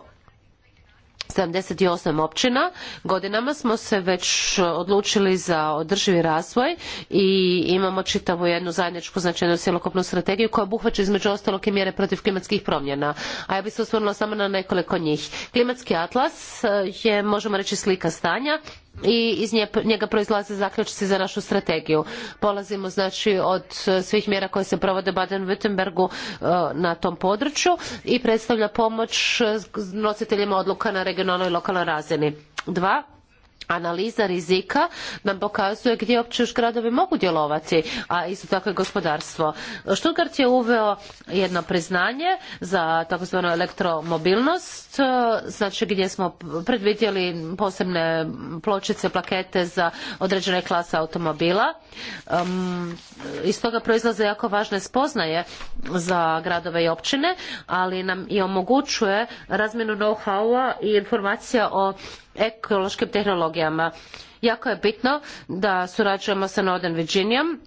78 općina. Godinama smo se već odlučili za održivi razvoj i imamo čitavu jednu zajedničku, znači jednu cjelokupnu strategiju koja obuhvaća između ostalog i mjere protiv klimatskih promjena. A ja bih se osvrnula samo na nekoliko njih. Klimatski atlas eh, je, možemo reći, slika stanja i iz nje, njega proizlaze zaključci za našu strategiju. Polazimo znači od e, svih mjera koje se provode Baden-Württembergu e, na tom području i predstavlja pomoć e, nositeljima odluka na regionalnoj i lokalnoj razini. Dva, analiza rizika nam pokazuje gdje uopće još gradovi mogu djelovati, a isto tako i gospodarstvo. Stuttgart je uveo jedno priznanje za takozvanu elektromobilnost, e, znači gdje smo predvidjeli posebne pločice, plakete za određene klase automobila. Um, iz toga proizlaze jako važne spoznaje za gradove i općine, ali nam i omogućuje razmjenu know-howa i informacija o ekološkim tehnologijama. Jako je bitno da surađujemo sa Northern Virginijom,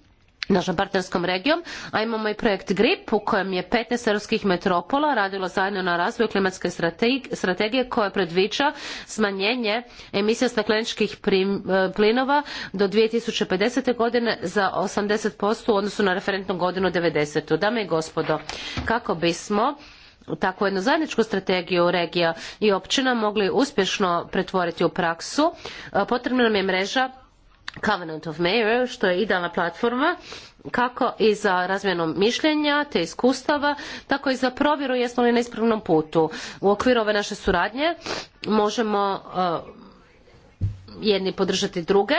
našom partnerskom regijom, a imamo i projekt GRIP u kojem je 15 europskih metropola radilo zajedno na razvoju klimatske strategije koja predviđa smanjenje emisija stakleničkih eh, plinova do 2050. godine za 80% u odnosu na referentnu godinu 90. Dame i gospodo, kako bismo uh, takvu jednu zajedničku strategiju regija i općina mogli uspješno pretvoriti u praksu, e, potrebna nam je mreža Covenant of Mayor, što je idealna platforma kako i za razmjenu mišljenja te iskustava, tako i za provjeru jesmo li na ispravnom putu. U okviru ove naše suradnje možemo e, jedni podržati druge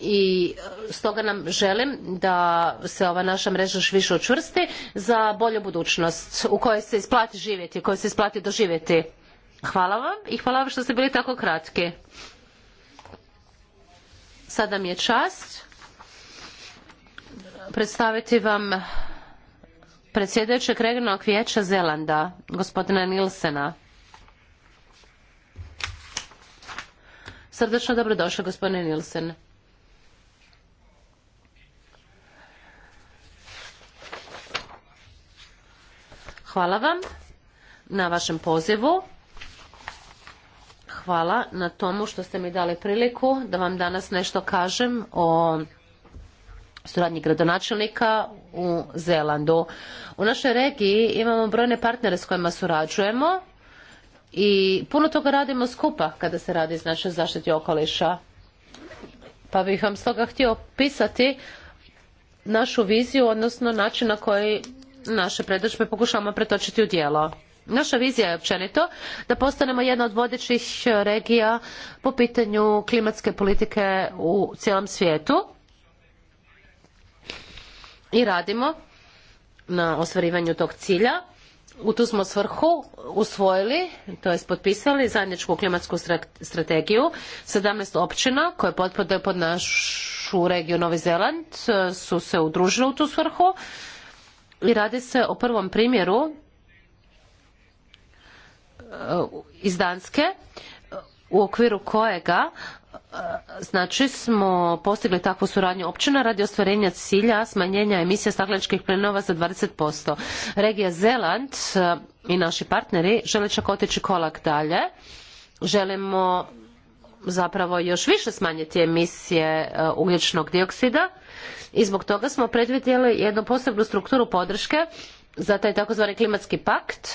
i stoga nam želim da se ova naša mreža još više učvrsti za bolju budućnost u kojoj se isplati živjeti, u kojoj se isplati doživjeti. Hvala vam i hvala vam što ste bili tako kratki. Sada mi je čast predstaviti vam predsjedajućeg regionalnog vijeća Zelanda, gospodina Nilsena. Srdečno dobrodošli, gospodine Nilsen. Hvala vam na vašem pozivu. Hvala na tomu što ste mi dali priliku da vam danas nešto kažem o suradnji gradonačelnika u Zelandu. U našoj regiji imamo brojne partnere s kojima surađujemo i puno toga radimo skupa kada se radi znači o zaštiti okoliša. Pa bih vam stoga htio pisati našu viziju, odnosno način na koji naše predržbe pokušavamo pretočiti u djelo. Naša vizija je općenito da postanemo jedna od vodećih regija po pitanju klimatske politike u cijelom svijetu i radimo na ostvarivanju tog cilja. U tu smo svrhu usvojili, to jest potpisali zajedničku klimatsku strategiju. 17 općina koje potpadaju pod našu regiju Novi Zeland eh, su se udružile u tu svrhu i radi se o prvom primjeru e, iz Danske u okviru kojega e, znači smo postigli takvu suradnju općina radi ostvarenja cilja smanjenja emisija stakleničkih plinova za 20%. Regija Zeland e, i naši partneri žele čak otići kolak dalje. Želimo zapravo još više smanjiti emisije ugljičnog dioksida i zbog toga smo predvidjeli jednu posebnu strukturu podrške za taj takozvani klimatski pakt.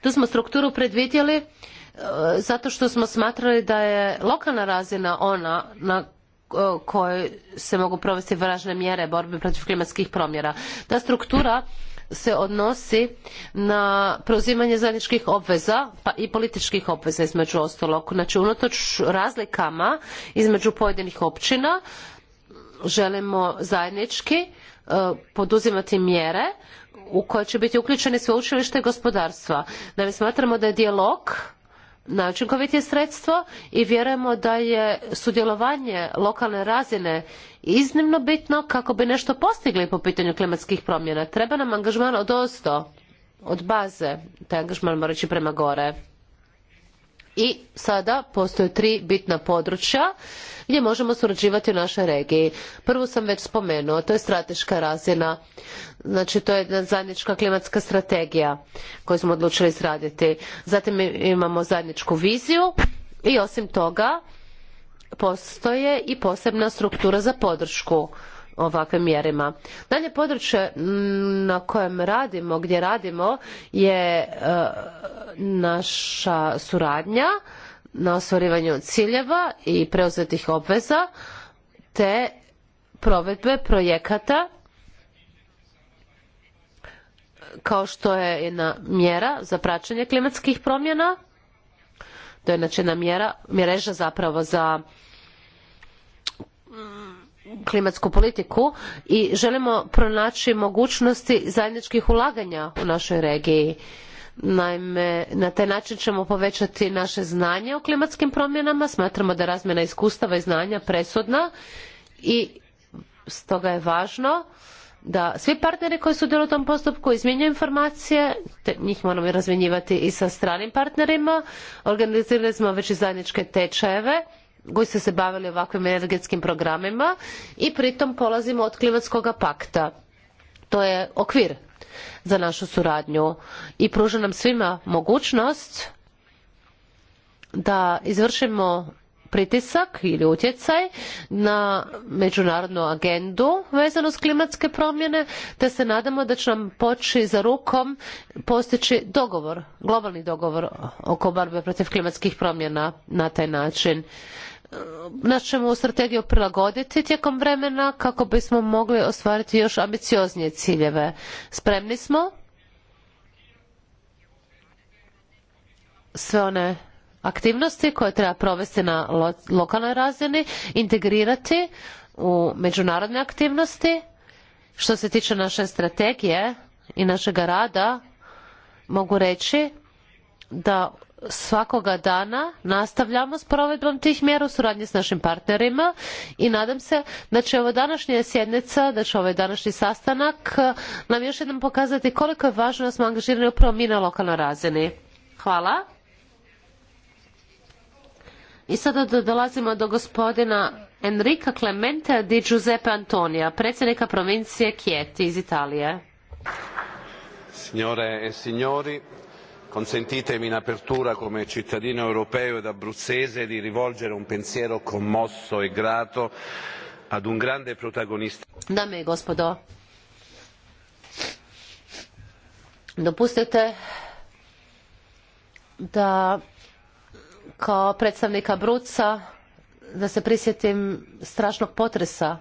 Tu smo strukturu predvidjeli e, zato što smo smatrali da je lokalna razina ona na e, kojoj se mogu provesti važne mjere borbe protiv klimatskih promjera. Ta struktura se odnosi na preuzimanje zajedničkih obveza pa i političkih obveza između ostalog. Znači unatoč razlikama između pojedinih općina želimo zajednički e, poduzimati mjere u koje će biti uključeni sveučilište i gospodarstva. Naime, smatramo da je dijalog najučinkovitije sredstvo i vjerujemo da je sudjelovanje lokalne razine iznimno bitno kako bi nešto postigli po pitanju klimatskih promjena. Treba nam angažman od ozdo, od baze, taj angažman mora ići prema gore i sada postoje tri bitna područja gdje možemo surađivati u našoj regiji. Prvo sam već spomenuo, to je strateška razina. Znači to je jedna zajednička klimatska strategija koju smo odlučili izraditi. Zatim imamo zajedničku viziju i osim toga postoje i posebna struktura za podršku. Uh, ovakvim mjerima. Dalje područje mm, na kojem radimo, gdje radimo je e, naša suradnja na ostvarivanju ciljeva i preuzetih obveza te provedbe projekata kao što je jedna mjera za praćenje klimatskih promjena, to je znači jedna mjera, mreža zapravo za klimatsku politiku i želimo pronaći mogućnosti zajedničkih ulaganja u našoj regiji. Naime, na taj način ćemo povećati naše znanje o klimatskim promjenama. Smatramo da je razmjena iskustava i znanja presudna i stoga je važno da svi partneri koji sudjeluju su u tom postupku izmjenjuju informacije, te njih moramo razmjenjivati i sa stranim partnerima. Organizirali smo već i zajedničke tečajeve koji su se bavili ovakvim energetskim programima i pritom polazimo od klimatskog pakta. To je okvir za našu suradnju i pruža nam svima mogućnost da izvršimo pritisak ili utjecaj na međunarodnu agendu vezano s klimatske promjene, te se nadamo da će nam poći za rukom postići dogovor, globalni dogovor oko borbe protiv klimatskih promjena na taj način. Uh, našemu strategiju prilagoditi tijekom vremena kako bismo mogli ostvariti još ambicioznije ciljeve. Spremni smo sve one aktivnosti koje treba provesti na lo lokalnoj razini, integrirati u međunarodne aktivnosti. Što se tiče naše strategije i našega rada, mogu reći da svakoga dana nastavljamo s provedbom tih mjera u suradnji s našim partnerima i nadam se da će ova današnja sjednica, da će ovaj današnji sastanak eh, nam još jednom pokazati koliko je važno da smo angažirani upravo mi na lokalnoj razini. Hvala. I sada dolazimo do gospodina Enrica Clemente di Giuseppe Antonija, predsjednika provincije Chieti iz Italije. Signore e signori, consentitemi in apertura come cittadino europeo ed abruzzese di rivolgere un pensiero commosso e grato ad un grande protagonista. Dame i e gospodo, dopustite da kao predstavnika Bruca da se prisjetim strašnog potresa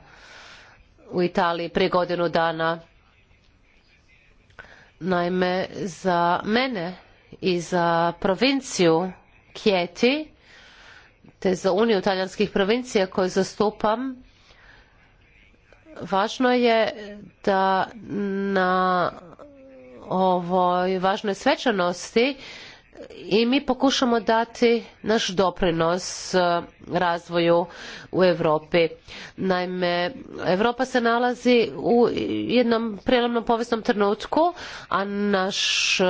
u Italiji prije godinu dana. Naime, za mene i za provinciju Kjeti, te za Uniju talijanskih provincija koju zastupam, važno je da na ovoj važnoj svečanosti i mi pokušamo dati naš doprinos e, razvoju u Europi. Naime, Europa se nalazi u jednom prelomnom povijesnom trenutku, a naš e,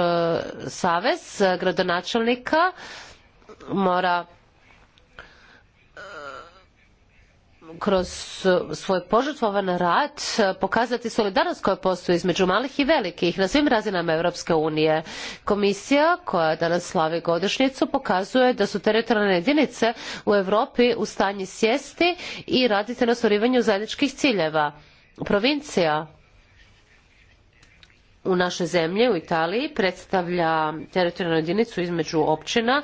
savez e, gradonačelnika mora kroz svoj požrtvovan rad pokazati solidarnost koja postoji između malih i velikih na svim razinama Europske unije. Komisija koja danas slavi godišnjicu pokazuje da su teritorijalne jedinice u Europi u stanju sjesti i raditi na ostvarivanju zajedničkih ciljeva. Provincija u našoj zemlji, u Italiji, predstavlja teritorijalnu jedinicu između općina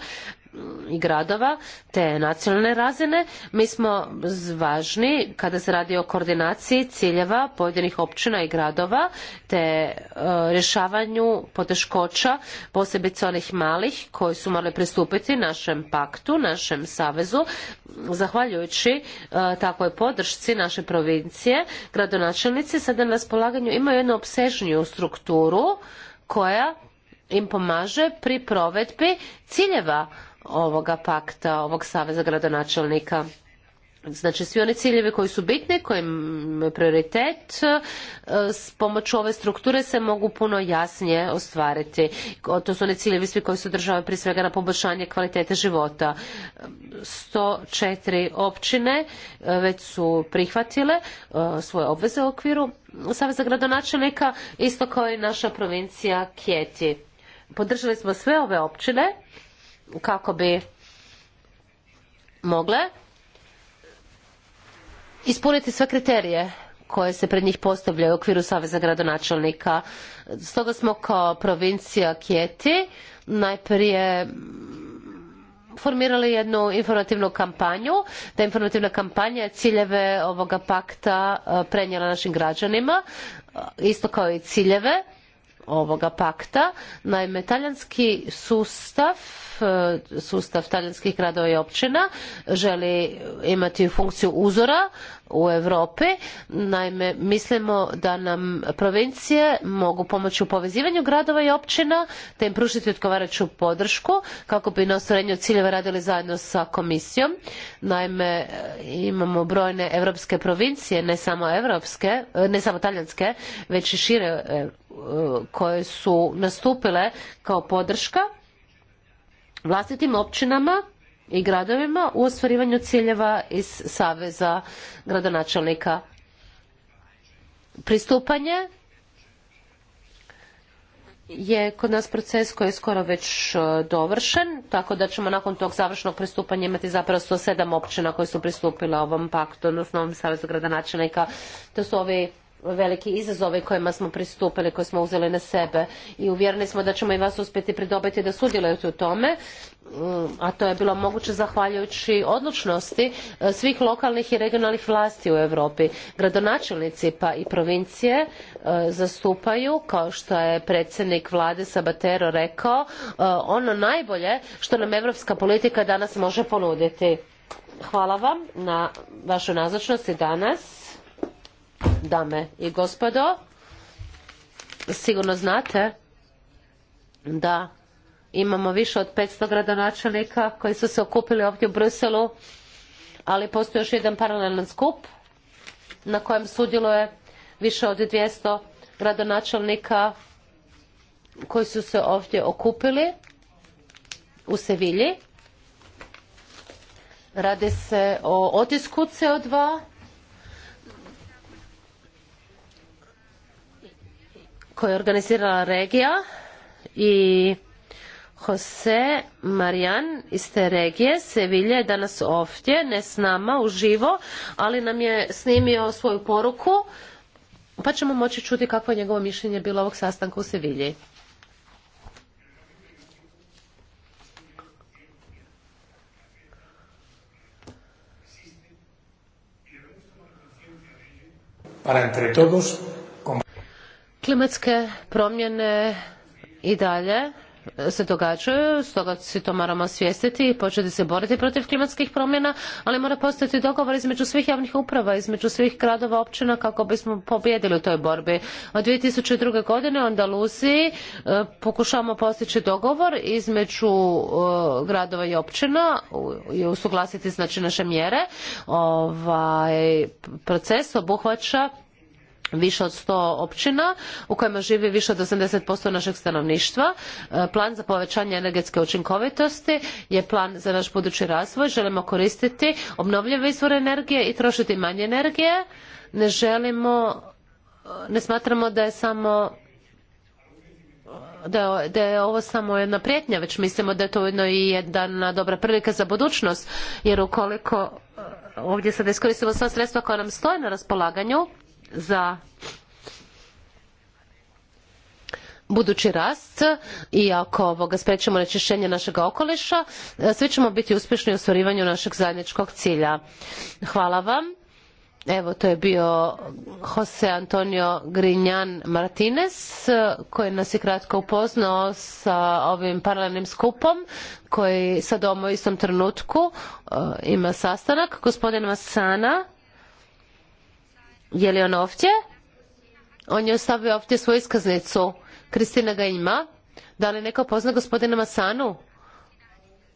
i gradova te nacionalne razine. Mi smo važni kada se radi o koordinaciji ciljeva pojedinih općina i gradova te e, rješavanju poteškoća, posebice onih malih koji su morali pristupiti našem paktu, našem savezu. Zahvaljujući e, takvoj podršci naše provincije, gradonačelnici sada na raspolaganju imaju jednu opsežniju strukturu koja im pomaže pri provedbi ciljeva ovoga pakta, ovog saveza gradonačelnika. Znači svi oni ciljevi koji su bitni, koji je prioritet, e, s pomoću ove strukture se mogu puno jasnije ostvariti. To su oni ciljevi svi koji su države prije svega na poboljšanje kvalitete života. 104 općine e, već su prihvatile e, svoje obveze u okviru Saveza gradonačelnika, isto kao i naša provincija Kjeti. Podržali smo sve ove općine kako bi mogle ispuniti sve kriterije koje se pred njih postavljaju u okviru Saveza gradonačelnika. Stoga smo kao provincija Kjeti najprije formirali jednu informativnu kampanju. Ta informativna kampanja je ciljeve ovoga pakta e, prenijela našim građanima, e, isto kao i ciljeve ovoga pakta. Naime, talijanski sustav, e, sustav talijanskih gradova i općina želi imati funkciju uzora u Europi. Naime, mislimo da nam provincije mogu pomoći u povezivanju gradova i općina, te im pružiti odgovarajuću podršku kako bi na ostvarenju ciljeva radili zajedno sa komisijom. Naime, imamo brojne europske provincije, ne samo europske, e, ne samo talijanske, već i šire e, koje su nastupile kao podrška vlastitim općinama i gradovima u ostvarivanju ciljeva iz Saveza gradonačelnika. Pristupanje je kod nas proces koji je skoro već e, dovršen, tako da ćemo nakon tog završnog pristupanja imati zapravo 107 općina koje su pristupile ovom paktu, odnosno ovom savezu gradonačelnika. To su ovi veliki izazove kojima smo pristupili, koje smo uzeli na sebe i uvjereni smo da ćemo i vas uspjeti pridobiti da sudjelujete u tome, mm, a to je bilo moguće zahvaljujući odlučnosti e, svih lokalnih i regionalnih vlasti u Europi. Gradonačelnici pa i provincije e, zastupaju, kao što je predsjednik vlade Sabatero rekao, e, ono najbolje što nam europska politika danas može ponuditi. Hvala vam na vašoj nazočnosti danas dame i gospodo. Sigurno znate da imamo više od 500 gradonačelnika koji su se okupili ovdje u Briselu, ali postoji još jedan paralelan skup na kojem sudjeluje više od 200 gradonačelnika koji su se ovdje okupili u Sevilji. Radi se o otisku CO2 koje je organizirala regija i Jose Marijan iz te regije Sevilje je danas ovdje, ne s nama uživo, ali nam je snimio svoju poruku pa ćemo moći čuti kakvo je njegovo mišljenje bilo ovog sastanka u Sevilji. Para entre todos Klimatske promjene i dalje e, se događaju, stoga si to moramo svijestiti i početi se boriti protiv klimatskih promjena, ali mora postojati dogovor između svih javnih uprava, između svih gradova, općina kako bismo pobjedili u toj borbi. Od 2002. godine u Andaluziji e, pokušavamo postići dogovor između e, gradova i općina i usuglasiti znači naše mjere. Ovaj proces obuhvaća više od 100 općina u kojima živi više od 80% našeg stanovništva. E, plan za povećanje energetske učinkovitosti je plan za naš budući razvoj. Želimo koristiti obnovljive izvore energije i trošiti manje energije. Ne želimo, ne smatramo da je samo da je, da je ovo samo jedna prijetnja, već mislimo da je to ujedno i jedna dobra prilika za budućnost, jer ukoliko e, ovdje sada iskoristimo sva sredstva koja nam stoje na raspolaganju, za budući rast i ako ovoga sprečimo onečišćenje našeg okoliša, e, svi ćemo biti uspješni u ostvarivanju našeg zajedničkog cilja. Hvala vam. Evo, to je bio Jose Antonio Grinjan Martinez, e, koji nas je kratko upoznao sa ovim paralelnim skupom, koji sad u ovom istom trenutku e, ima sastanak. Gospodin Masana, Je li on ovdje? On je ostavio ovdje svoju iskaznicu. Kristina ga ima. Da li neko pozna gospodina Masanu?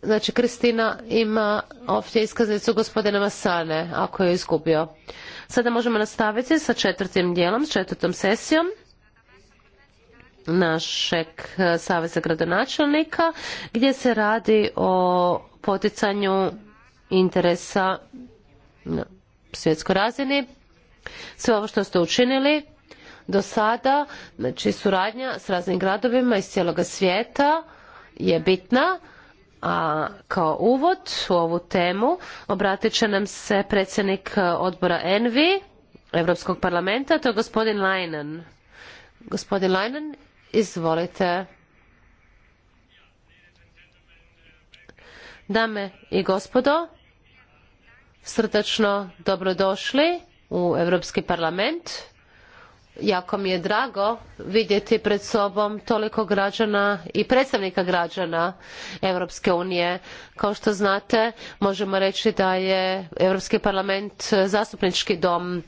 Znači, Kristina ima ovdje iskaznicu gospodina Masane, ako je izgubio. Sada možemo nastaviti sa četvrtim dijelom, s četvrtom sesijom našeg eh, saveza gradonačelnika, gdje se radi o poticanju interesa na svjetskoj razini Sve ovo što ste učinili do sada, znači suradnja s raznim gradovima iz cijeloga svijeta je bitna, a kao uvod u ovu temu obratit će nam se predsjednik odbora Envi Europskog parlamenta, to je gospodin Leinen. Gospodin Leinen, izvolite. Dame i gospodo, srdačno dobrodošli u Europski parlament. Jako mi je drago vidjeti pred sobom toliko građana i predstavnika građana Europske unije. Kao što znate, možemo reći da je Europski parlament zastupnički dom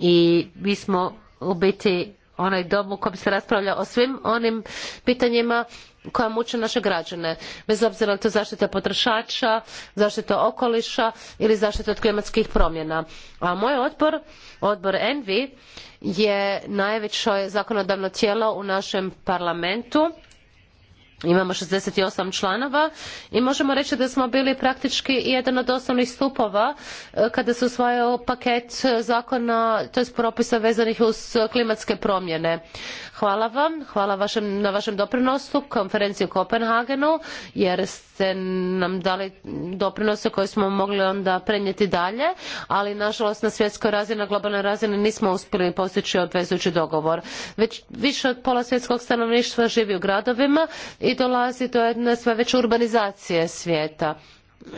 i mi smo u biti onaj dom u kojem se raspravlja o svim onim pitanjima koja muče naše građane, bez obzira li to zaštita potrošača, zaštita okoliša ili zaštita od klimatskih promjena. A moj odbor, odbor Envi, je najveće zakonodavno tijelo u našem parlamentu imamo 68 članova i možemo reći da smo bili praktički jedan od osnovnih stupova e, kada se usvajao paket zakona, to je propisa vezanih uz klimatske promjene. Hvala vam, hvala vašem, na vašem doprinosu konferenciji u Kopenhagenu jer ste nam dali doprinose koje smo mogli onda prenijeti dalje, ali nažalost na svjetskoj razini, na globalnoj razini nismo uspjeli postići obvezujući dogovor. Već više od pola svjetskog stanovništva živi u gradovima i i dolazi do jedne sve veće urbanizacije svijeta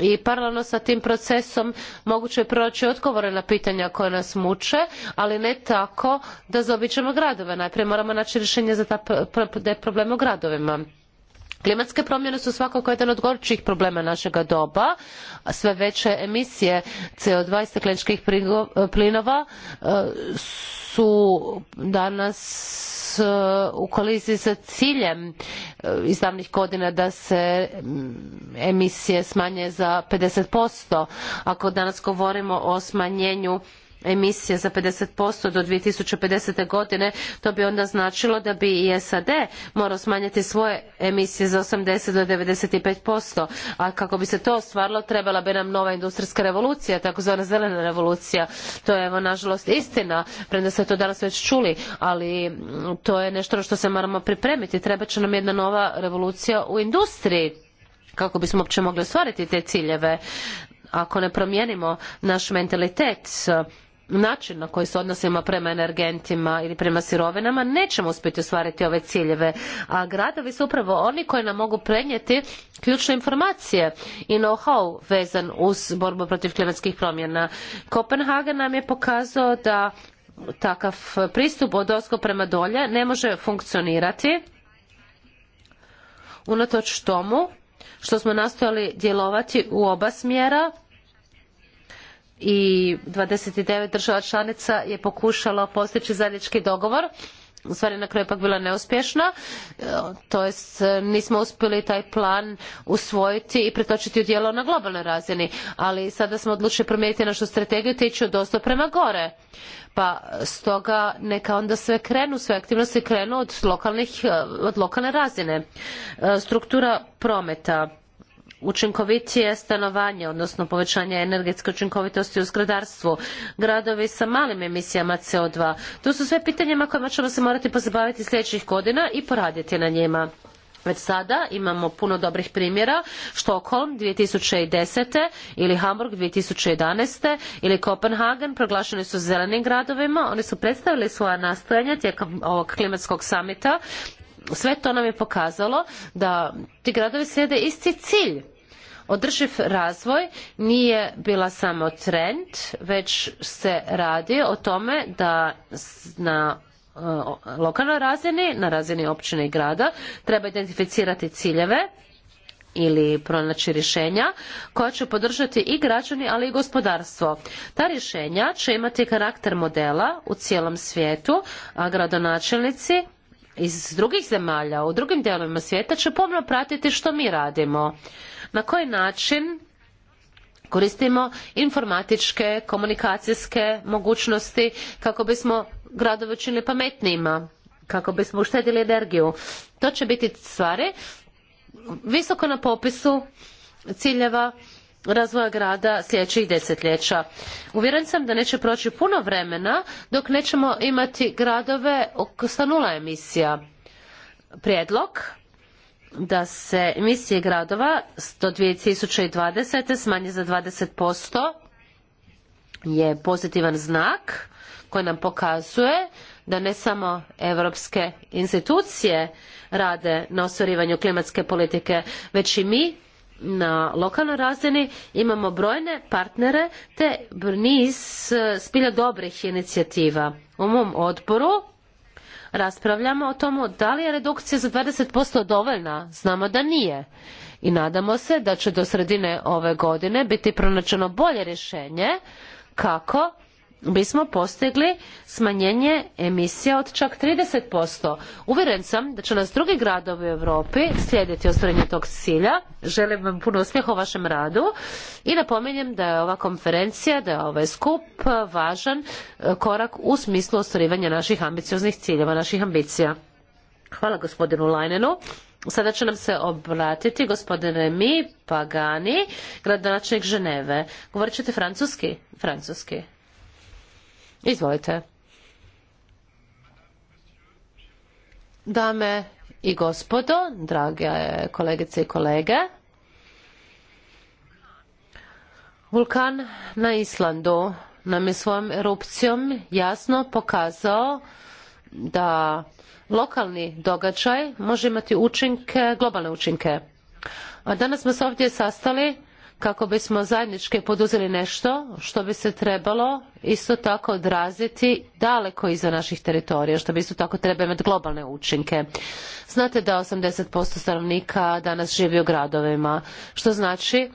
i paralelno sa tim procesom moguće je pronaći odgovore na pitanja koja nas muče, ali ne tako da zaobiđemo gradove. Najprije moramo naći rješenje za te probleme u gradovima. Klimatske promjene su svakako jedan od gorčih problema našega doba. Sve veće emisije CO2 i stakleničkih plinova e, su danas e, u koliziji sa ciljem e, iz davnih godina da se emisije smanje za 50%. Ako danas govorimo o smanjenju emisije za 50% do 2050. godine, to bi onda značilo da bi i SAD morao smanjiti svoje emisije za 80 do 95%, a kako bi se to ostvarilo trebala bi nam nova industrijska revolucija, takozvana zelena revolucija. To je evo nažalost istina, premda ste to danas već čuli, ali mm, to je nešto na što se moramo pripremiti. Treba će nam jedna nova revolucija u industriji kako bismo uopće mogli ostvariti te ciljeve ako ne promijenimo naš mentalitet način na koji se odnosimo prema energentima ili prema sirovinama nećemo uspjeti ostvariti ove ciljeve a gradovi su upravo oni koji nam mogu prenijeti ključne informacije i know how vezan uz borbu protiv klimatskih promjena. kopenhagen nam je pokazao da takav pristup odozgo prema dolje ne može funkcionirati unatoč tomu što smo nastojali djelovati u oba smjera i 29 država članica je pokušalo postići zajednički dogovor u stvari na kraju ipak bila neuspješna, e, to jest nismo e, uspjeli taj plan usvojiti i pretočiti u djelo na globalnoj razini, ali sada smo odlučili promijeniti našu strategiju te ići odozdo prema gore. Pa stoga neka onda sve krenu, sve aktivnosti krenu od, lokalnih, e, od lokalne razine. Struktura prometa učinkovitije stanovanje, odnosno povećanje energetske učinkovitosti u zgradarstvu, gradovi sa malim emisijama CO2. To su sve pitanjima kojima ćemo se morati pozabaviti sljedećih godina i poraditi na njima. Već sada imamo puno dobrih primjera, Štokholm 2010. ili Hamburg 2011. ili Kopenhagen proglašeni su zelenim gradovima, oni su predstavili svoja nastojanja tijekom ovog klimatskog samita. Sve to nam je pokazalo da ti gradovi slijede isti cilj, Održiv razvoj nije bila samo trend, već se radi o tome da na e, lokalnoj razini, na razini općine i grada, treba identificirati ciljeve ili pronaći rješenja koja će podržati i građani, ali i gospodarstvo. Ta rješenja će imati karakter modela u cijelom svijetu, a gradonačelnici iz drugih zemalja u drugim dijelovima svijeta će pomno pratiti što mi radimo na koji način koristimo informatičke komunikacijske mogućnosti kako bismo gradove učinili pametnijima kako bismo uštedili energiju to će biti stvari visoko na popisu ciljeva razvoja grada sljedećih desetljeća. Uvjeren sam da neće proći puno vremena dok nećemo imati gradove sa nula emisija. Prijedlog da se emisije gradova do 2020. smanje za 20% je pozitivan znak koji nam pokazuje da ne samo europske institucije rade na ostvarivanju klimatske politike, već i mi na lokalnoj razini imamo brojne partnere te niz eh, spilja dobrih inicijativa. U mom odboru raspravljamo o tomu da li je redukcija za 20% dovoljna. Znamo da nije. I nadamo se da će do sredine ove godine biti pronađeno bolje rješenje kako bismo postigli smanjenje emisija od čak 30%. Uvjeren sam da će nas drugi gradovi u Europi slijediti ostvarenje tog cilja. Želim vam puno uspjeha u vašem radu i napominjem da je ova konferencija, da je ovaj skup važan e, korak u smislu ostvarivanja naših ambicioznih ciljeva, naših ambicija. Hvala gospodinu Lajnenu. Sada će nam se obratiti gospodin Remi Pagani, gradonačelnik Ženeve. Govorit ćete francuski? Francuski. Izvolite. Dame i gospodo, drage kolegice i kolege, vulkan na Islandu nam je svojom erupcijom jasno pokazao da lokalni događaj može imati učinke, globalne učinke. A danas smo se ovdje sastali kako bismo zajednički poduzeli nešto što bi se trebalo isto tako odraziti daleko iza naših teritorija, što bi isto tako trebalo imati globalne učinke. Znate da 80% stanovnika danas živi u gradovima, što znači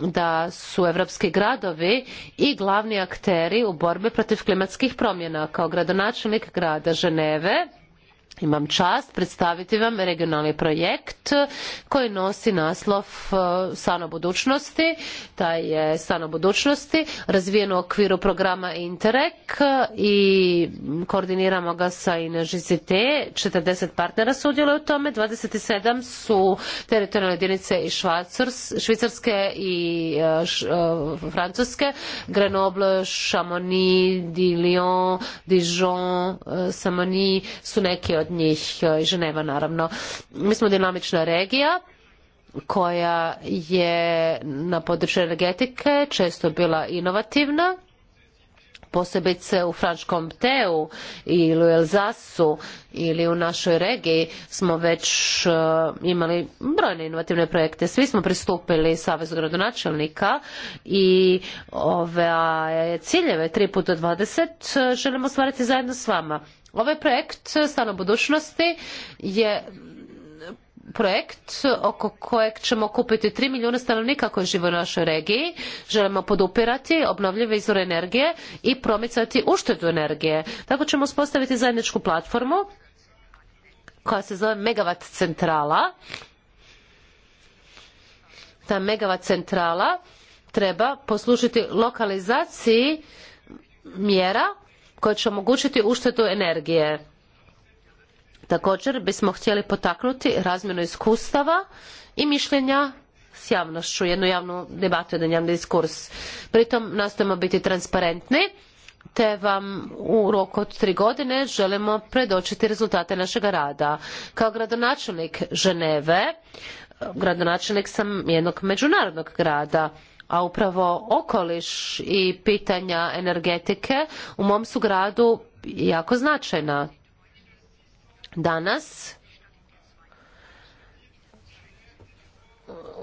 da su evropski gradovi i glavni akteri u borbi protiv klimatskih promjena. Kao gradonačelnik grada Ženeve Imam čast predstaviti vam regionalni projekt koji nosi naslov eh, Sano budućnosti. Taj je Sano budućnosti razvijen u okviru programa Interreg eh, i koordiniramo ga sa INŽCT. 40 partnera sudjeluje su u tome, 27 su teritorijalne jedinice iz Švicarske i eh, š, Francuske, Grenoble, Chamonix, Lyon, Dijon, Samoni su neki od od njih i eh, Ženeva naravno. Mi smo dinamična regija koja je na području energetike često bila inovativna posebice u Frančkom Teu ili u Elzasu ili u našoj regiji smo već uh, imali brojne inovativne projekte. Svi smo pristupili Savezu gradonačelnika i ove ciljeve 3 puta 20 eh, želimo stvariti zajedno s vama. Ovaj projekt Stano budućnosti je projekt oko kojeg ćemo kupiti 3 milijuna stanovnika koji žive u našoj regiji. Želimo podupirati obnovljive izvore energije i promicati uštedu energije. Tako ćemo uspostaviti zajedničku platformu koja se zove Megavat centrala. Ta Megavat centrala treba poslužiti lokalizaciji mjera koje će omogućiti uštedu energije. Također bismo htjeli potaknuti razmjenu iskustava i mišljenja s javnošću, jednu javnu debatu, jedan javni diskurs. Pritom nastojimo biti transparentni te vam u roku od tri godine želimo predočiti rezultate našega rada. Kao gradonačelnik Ženeve, gradonačelnik sam jednog međunarodnog grada, a upravo okoliš i pitanja energetike u mom su gradu jako značajna. Danas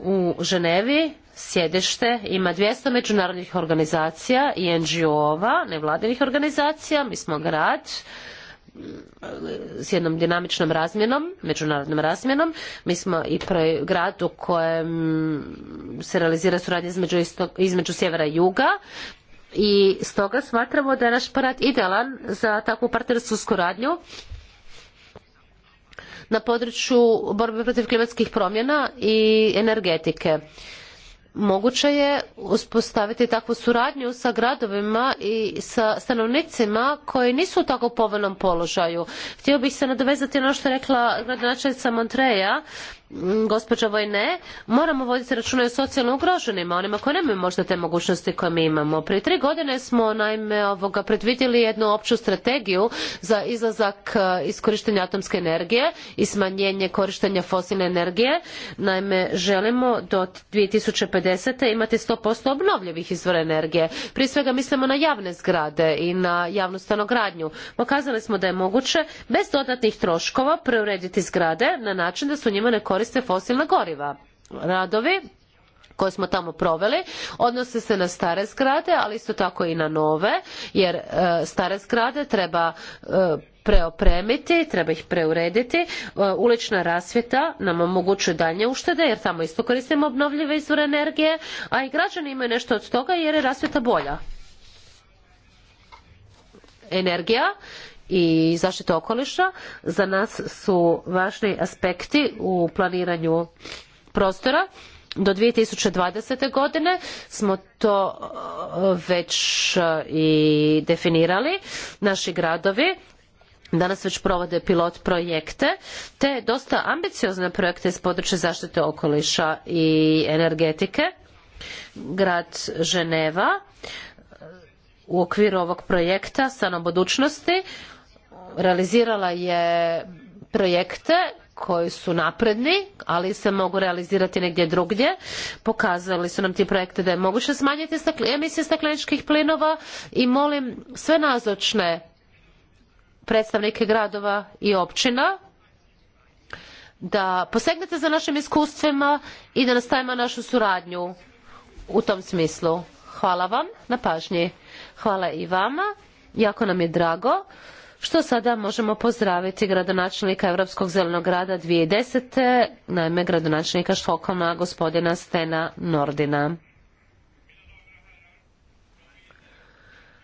u Ženevi sjedište ima 200 međunarodnih organizacija i NGO-ova, nevladinih organizacija, mi smo grad s jednom dinamičnom razmjenom, međunarodnom razmjenom. Mi smo i grad u kojem se realizira suradnja između, istok, između sjevera i juga i stoga smatramo da je naš parat idealan za takvu partnersku suradnju na području borbe protiv klimatskih promjena i energetike moguće je uspostaviti takvu suradnju sa gradovima i sa stanovnicima koji nisu u tako povoljnom položaju. Htio bih se nadovezati na ono što je rekla gradonačelnica Montreja Mm, gospođa Vojne, moramo voditi računa i o socijalno ugroženima, onima koji nemaju možda te mogućnosti koje mi imamo. Prije tri godine smo naime ovoga predvidjeli jednu opću strategiju za izlazak e, iz korištenja atomske energije i smanjenje korištenja fosilne energije. Naime, želimo do 2050. imati 100% obnovljivih izvora energije. Prije svega mislimo na javne zgrade i na javnu stanogradnju. Pokazali smo da je moguće bez dodatnih troškova preurediti zgrade na način da su njima ne koristili koriste fosilna goriva. Radovi koje smo tamo proveli odnose se na stare zgrade, ali isto tako i na nove, jer e, stare zgrade treba e, preopremiti, treba ih preurediti. E, ulična rasvjeta nam omogućuje daljnje uštede, jer tamo isto koristimo obnovljive izvore energije, a i građani imaju nešto od toga jer je rasvjeta bolja energija i zaštitu okoliša za nas su važni aspekti u planiranju prostora. Do 2020. godine smo to uh, već uh, i definirali. Naši gradovi danas već provode pilot projekte te dosta ambiciozne projekte iz područja zaštite okoliša i energetike. Grad Ženeva uh, u okviru ovog projekta Stanom budućnosti realizirala je projekte koji su napredni, ali se mogu realizirati negdje drugdje. Pokazali su nam ti projekte da je moguće smanjiti stakle, emisije stakleničkih plinova i molim sve nazočne predstavnike gradova i općina da posegnete za našim iskustvima i da nastavimo našu suradnju u tom smislu. Hvala vam na pažnji. Hvala i vama. Jako nam je drago što sada možemo pozdraviti gradonačelnika Europskog zelenog rada 2010. naime gradonačelnika Štokholma gospodina Stena Nordina.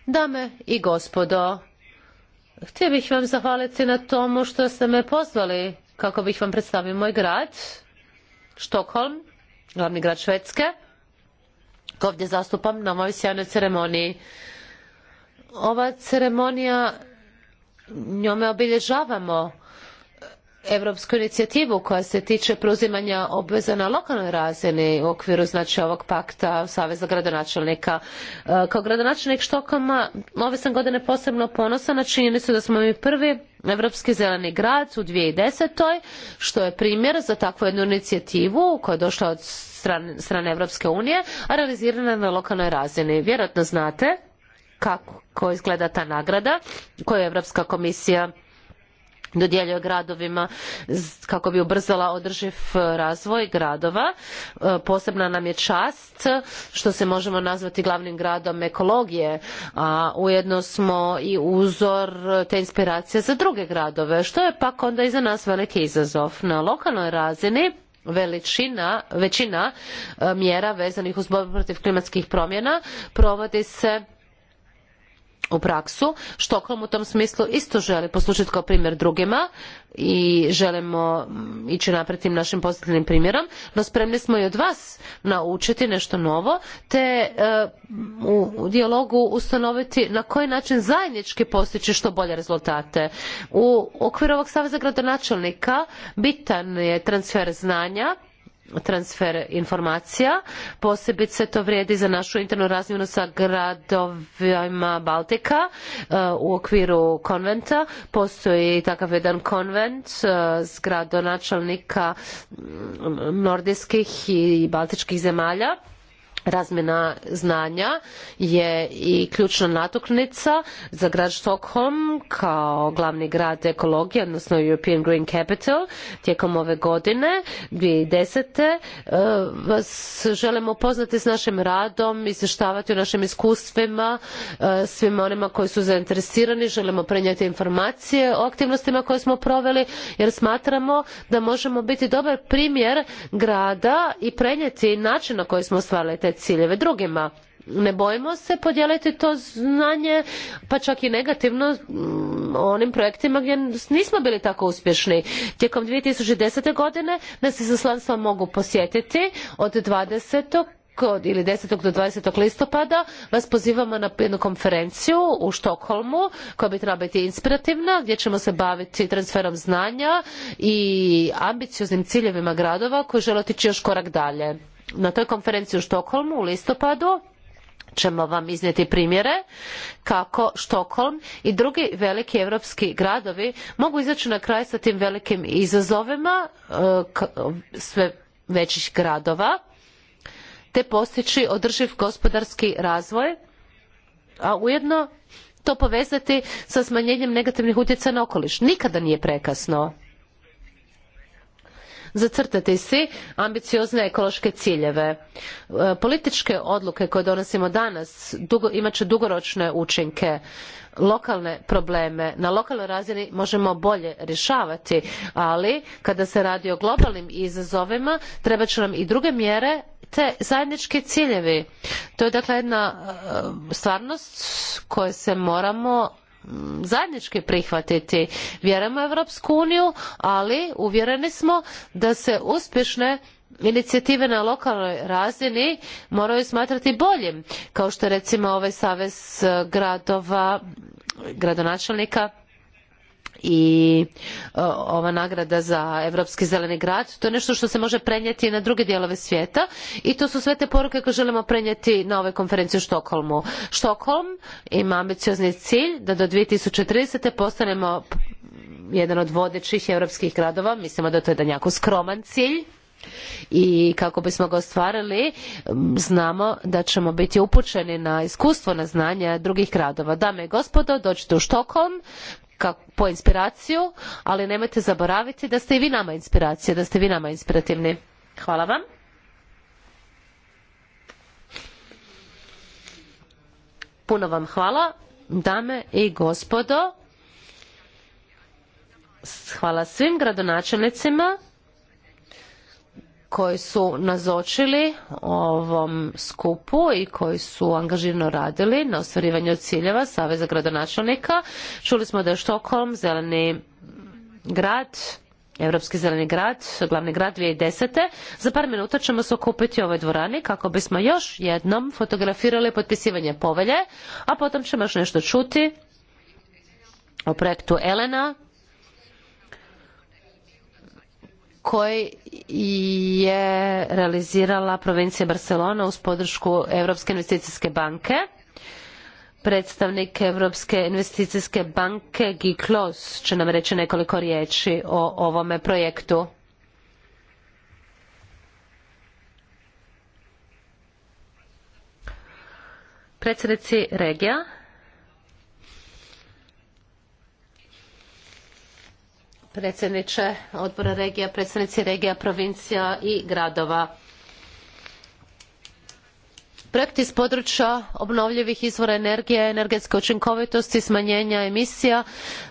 Dame i gospodo, htio bih vam zahvaliti na tomu što ste me pozvali kako bih vam predstavio moj grad, Štokholm, glavni grad Švedske, ovdje zastupam na mojoj sjajnoj ceremoniji. Ova ceremonija njome obilježavamo europsku inicijativu koja se tiče preuzimanja obveza na lokalnoj razini u okviru znači ovog pakta Saveza gradonačelnika. E, kao gradonačelnik Štokoma ove sam godine posebno ponosan na činjenicu da smo mi prvi Evropski zeleni grad u 2010. što je primjer za takvu jednu inicijativu koja je došla od strane, strane Evropske unije, a realizirana na lokalnoj razini. Vjerojatno znate kako izgleda ta nagrada koju je Europska komisija dodjeljuje gradovima kako bi ubrzala održiv razvoj gradova. E, posebna nam je čast što se možemo nazvati glavnim gradom ekologije, a ujedno smo i uzor te inspiracije za druge gradove, što je pak onda i za nas veliki izazov. Na lokalnoj razini veličina, većina e, mjera vezanih uz borbu protiv klimatskih promjena provodi se u praksu. Štokholm u tom smislu isto želi poslušati kao primjer drugima i želimo ići naprijed tim našim pozitivnim primjerom, no spremni smo i od vas naučiti nešto novo te e, u, u dijalogu ustanoviti na koji način zajednički postići što bolje rezultate. U okviru ovog Saveza gradonačelnika bitan je transfer znanja transfer informacija. Posebice to vrijedi za našu internu razmjenu sa gradovima Baltika e, u okviru konventa. Postoji takav jedan konvent e, s gradonačelnika nordijskih i baltičkih zemalja Razmjena znanja je i ključna natuknica za grad Stockholm kao glavni grad ekologije, odnosno European Green Capital. Tijekom ove godine, 2010. E, vas želimo upoznati s našim radom, izvještavati o našim iskustvima, e, svima onima koji su zainteresirani, želimo prenijeti informacije o aktivnostima koje smo proveli, jer smatramo da možemo biti dobar primjer grada i prenijeti način na koji smo stvarali te te ciljeve drugima. Ne bojimo se podijeliti to znanje, pa čak i negativno mm, onim projektima gdje nismo bili tako uspješni. Tijekom 2010. godine nas izaslanstva mogu posjetiti od 20 od ili 10. do 20. listopada vas pozivamo na jednu konferenciju u Štokholmu koja bi trebala biti inspirativna gdje ćemo se baviti transferom znanja i ambicioznim ciljevima gradova koji žele otići još korak dalje na toj konferenciji u Štokholmu u listopadu ćemo vam iznijeti primjere kako Štokholm i drugi veliki europski gradovi mogu izaći na kraj sa tim velikim izazovima e, sve većih gradova te postići održiv gospodarski razvoj, a ujedno to povezati sa smanjenjem negativnih utjecaja na okoliš. Nikada nije prekasno zacrtati si ambiciozne ekološke ciljeve. E, političke odluke koje donosimo danas dugo, imat će dugoročne učinke lokalne probleme na lokalnoj razini možemo bolje rješavati ali kada se radi o globalnim izazovima trebat će nam i druge mjere te zajednički ciljevi. To je dakle jedna e, stvarnost koje se moramo zajednički prihvatiti. Vjerujemo Europsku uniju, ali uvjereni smo da se uspješne inicijative na lokalnoj razini moraju smatrati boljim, kao što recimo ovaj savez gradova, gradonačelnika i e, ova nagrada za Europski zeleni grad, to je nešto što se može prenijeti na druge dijelove svijeta i to su sve te poruke koje želimo prenijeti na ove konferencije u Štokholmu. Štokholm ima ambiciozni cilj da do 2030. postanemo jedan od vodećih europskih gradova. Mislimo da je to jedan jako skroman cilj, i kako bismo ga ostvarili znamo da ćemo biti upućeni na iskustvo, na znanja drugih gradova. Dame i gospodo, dođite u Štokholm, po inspiraciju, ali nemojte zaboraviti da ste i vi nama inspiracija, da ste vi nama inspirativni. Hvala vam. Puno vam hvala, dame i gospodo. Hvala svim gradonačelnicima koji su nazočili ovom skupu i koji su angažirano radili na ostvarivanju ciljeva Saveza gradonačelnika. Čuli smo da je Štokholm zeleni grad Europski zeleni grad, glavni grad 2010. Za par minuta ćemo se okupiti u ovoj dvorani kako bismo još jednom fotografirali potpisivanje povelje, a potom ćemo još nešto čuti o projektu Elena koji je realizirala provincija Barcelona uz podršku Europske investicijske banke. Predstavnik Europske investicijske banke Guy Klos će nam reći nekoliko riječi o ovome projektu. Predsjednici regija, predsjedniče odbora regija, predsjednici regija, provincija i gradova. Projekti iz područja obnovljivih izvora energije, energetske učinkovitosti, smanjenja emisija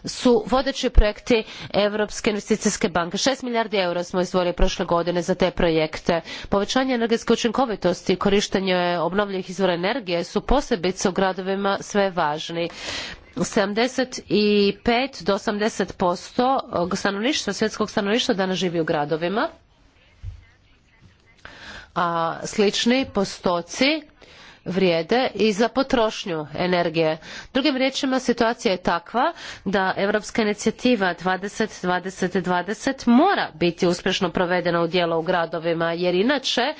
su vodeći projekti Europske investicijske banke. 6 milijardi eura smo izdvojili prošle godine za te projekte. Povećanje energetske učinkovitosti i korištenje obnovljivih izvora energije su posebice u gradovima sve važni 75 do 80% stanovništva, svjetskog stanovništva danas živi u gradovima, a slični postoci vrijede i za potrošnju energije. Drugim riječima situacija je takva da Europska inicijativa 20-20-20 mora biti uspješno provedena u djelo u gradovima jer inače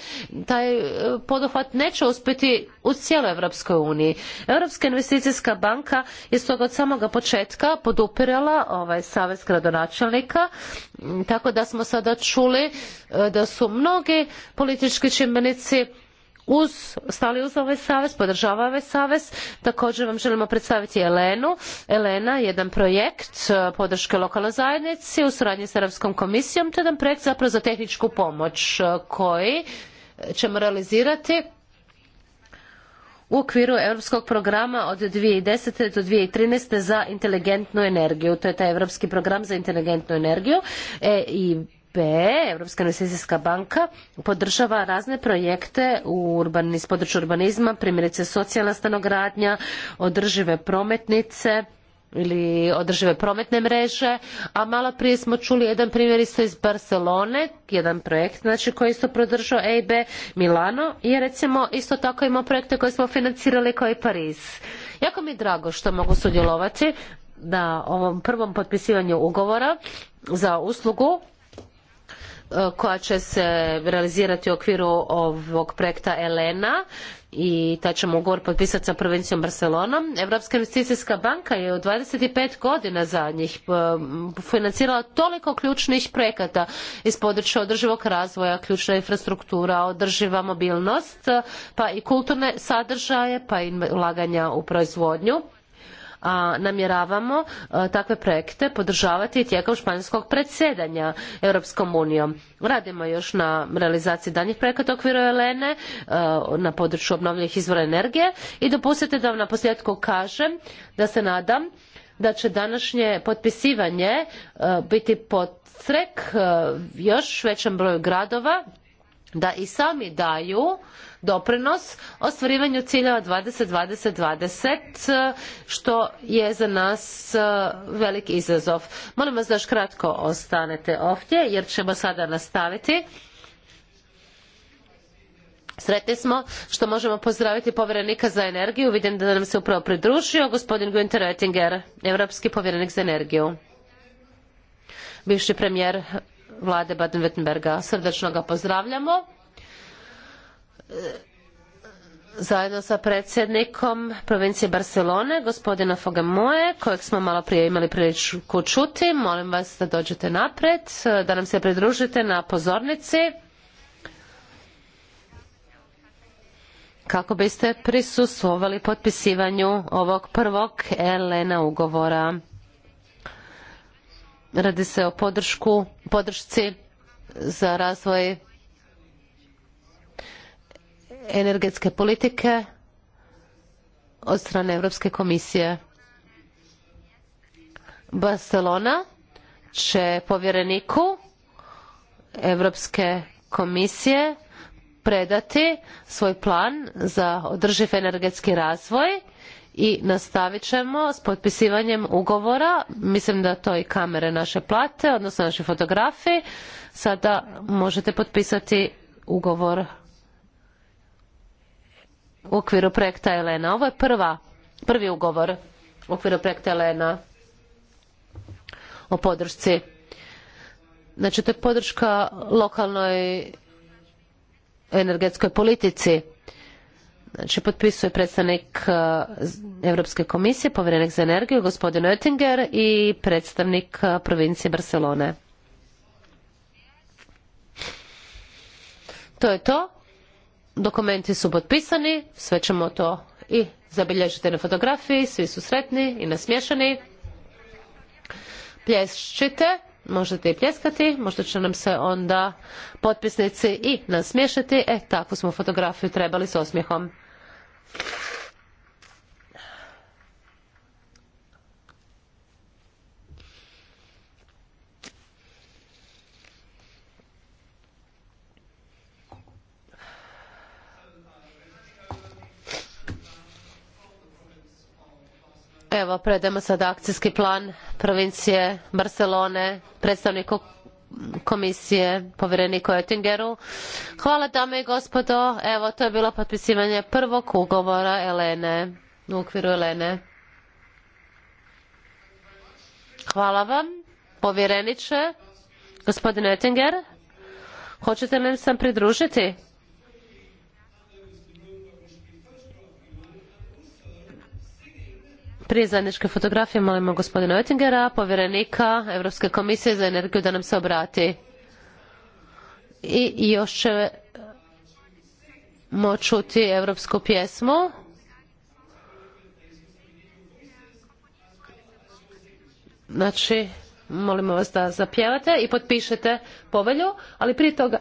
taj e, poduhvat neće uspjeti u cijeloj Europskoj uniji. Europska investicijska banka je stoga od samoga početka podupirala ovaj savez gradonačelnika tako da smo sada čuli e, da su mnogi politički čimbenici uz, stali uz ovaj savez, podržava ovaj savez. Također vam želimo predstaviti Elenu. Elena je jedan projekt e, podrške lokalnoj zajednici u suradnji s Europskom komisijom, to je jedan projekt zapravo za tehničku pomoć e, koji ćemo realizirati u okviru europskog programa od 2010. do 2013. za inteligentnu energiju. To je taj europski program za inteligentnu energiju e, i Europska investicijska banka, podržava razne projekte u urban, iz područja urbanizma, primjerice socijalna stanogradnja, održive prometnice ili održive prometne mreže, a malo prije smo čuli jedan primjer isto iz Barcelone, jedan projekt znači, koji isto prodržao EIB Milano je recimo isto tako imao projekte koje smo financirali kao i Pariz. Jako mi je drago što mogu sudjelovati na ovom prvom potpisivanju ugovora za uslugu Eh, koja će se realizirati u okviru ovog projekta Elena i taj ćemo ugovor potpisati sa provincijom Barcelonom. Europska investicijska banka je u 25 godina za njih eh, financirala toliko ključnih projekata iz područja održivog razvoja, ključna infrastruktura, održiva mobilnost, eh, pa i kulturne sadržaje, pa i ulaganja u proizvodnju a, namjeravamo a, e, takve projekte podržavati tijekom španjolskog predsjedanja Europskom unijom. Radimo još na realizaciji danjih projekata u okviru Elene a, e, na području obnovljivih izvora energije i dopustite da vam na posljedku kažem da se nadam da će današnje potpisivanje e, biti podstrek još većem broju gradova da i sami daju uh, doprinos ostvarivanju ciljeva 20-20-20 eh, što je za nas eh, velik izazov. Molim vas da još kratko ostanete ovdje jer ćemo sada nastaviti. Sretni smo što možemo pozdraviti povjerenika za energiju. Vidim da nam se upravo pridružio gospodin Günther Oettinger, europski povjerenik za energiju. Bivši premijer vlade Baden-Württemberga. Srdačno ga pozdravljamo zajedno sa predsjednikom provincije Barcelone, gospodina Fogamoje, kojeg smo malo prije imali priliku čuti. Molim vas da dođete napred, da nam se pridružite na pozornici. kako biste prisustvovali potpisivanju ovog prvog Elena ugovora. Radi se o podršku, podršci za razvoj energetske politike od strane Europske komisije. Barcelona će povjereniku Europske komisije predati svoj plan za održiv energetski razvoj i nastavit ćemo s potpisivanjem ugovora. Mislim da to i kamere naše plate, odnosno naši fotografi. Sada možete potpisati ugovor u okviru projekta Elena. Ovo je prva, prvi ugovor u okviru projekta Elena o podršci. Znači, to je podrška lokalnoj energetskoj politici. Znači, potpisuje predstavnik Europske eh, komisije, povjerenik za energiju, gospodin Oettinger i predstavnik eh, provincije Barcelone. To je to dokumenti su potpisani, sve ćemo to i zabilježiti na fotografiji, svi su sretni i nasmješani. Plješćite, možete i pljeskati, možda će nam se onda potpisnici i nasmiješati. E, takvu smo fotografiju trebali s osmijehom. Evo, predajemo sada akcijski plan provincije Barcelone, predstavniku komisije povjereniku Oettingeru. Hvala dame i gospodo, evo to je bilo potpisivanje prvog ugovora Elene, u okviru Elene. Hvala vam, povjereniče, gospodin Oettinger. Hoćete li nam se pridružiti? Prije zajedničke fotografije molimo gospodina Oettingera, povjerenika Europske komisije za energiju da nam se obrati. I još ćemo čuti europsku pjesmu. Znači, molimo vas da zapjevate i potpišete povelju, ali prije toga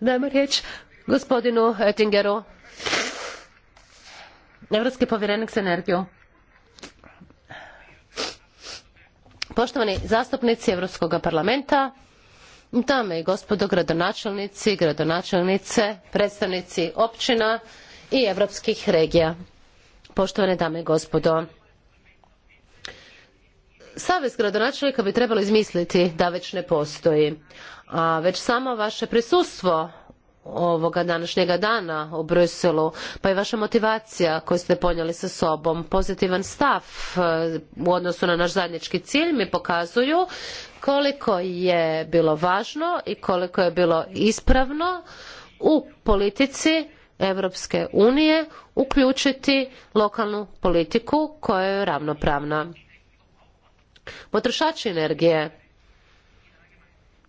dajmo riječ gospodinu Oettingeru. Europski povjerenik za energiju. Poštovani zastupnici Europskog parlamenta, dame i gospodo gradonačelnici, gradonačelnice, predstavnici općina i europskih regija. Poštovane dame i gospodo, Savez gradonačelnika bi trebalo izmisliti da već ne postoji, a već samo vaše prisustvo ovoga današnjega dana u Briselu, pa i vaša motivacija koju ste ponijeli sa sobom, pozitivan stav eh, u odnosu na naš zajednički cilj mi pokazuju koliko je bilo važno i koliko je bilo ispravno u politici Europske unije uključiti lokalnu politiku koja je ravnopravna. Potrošači energije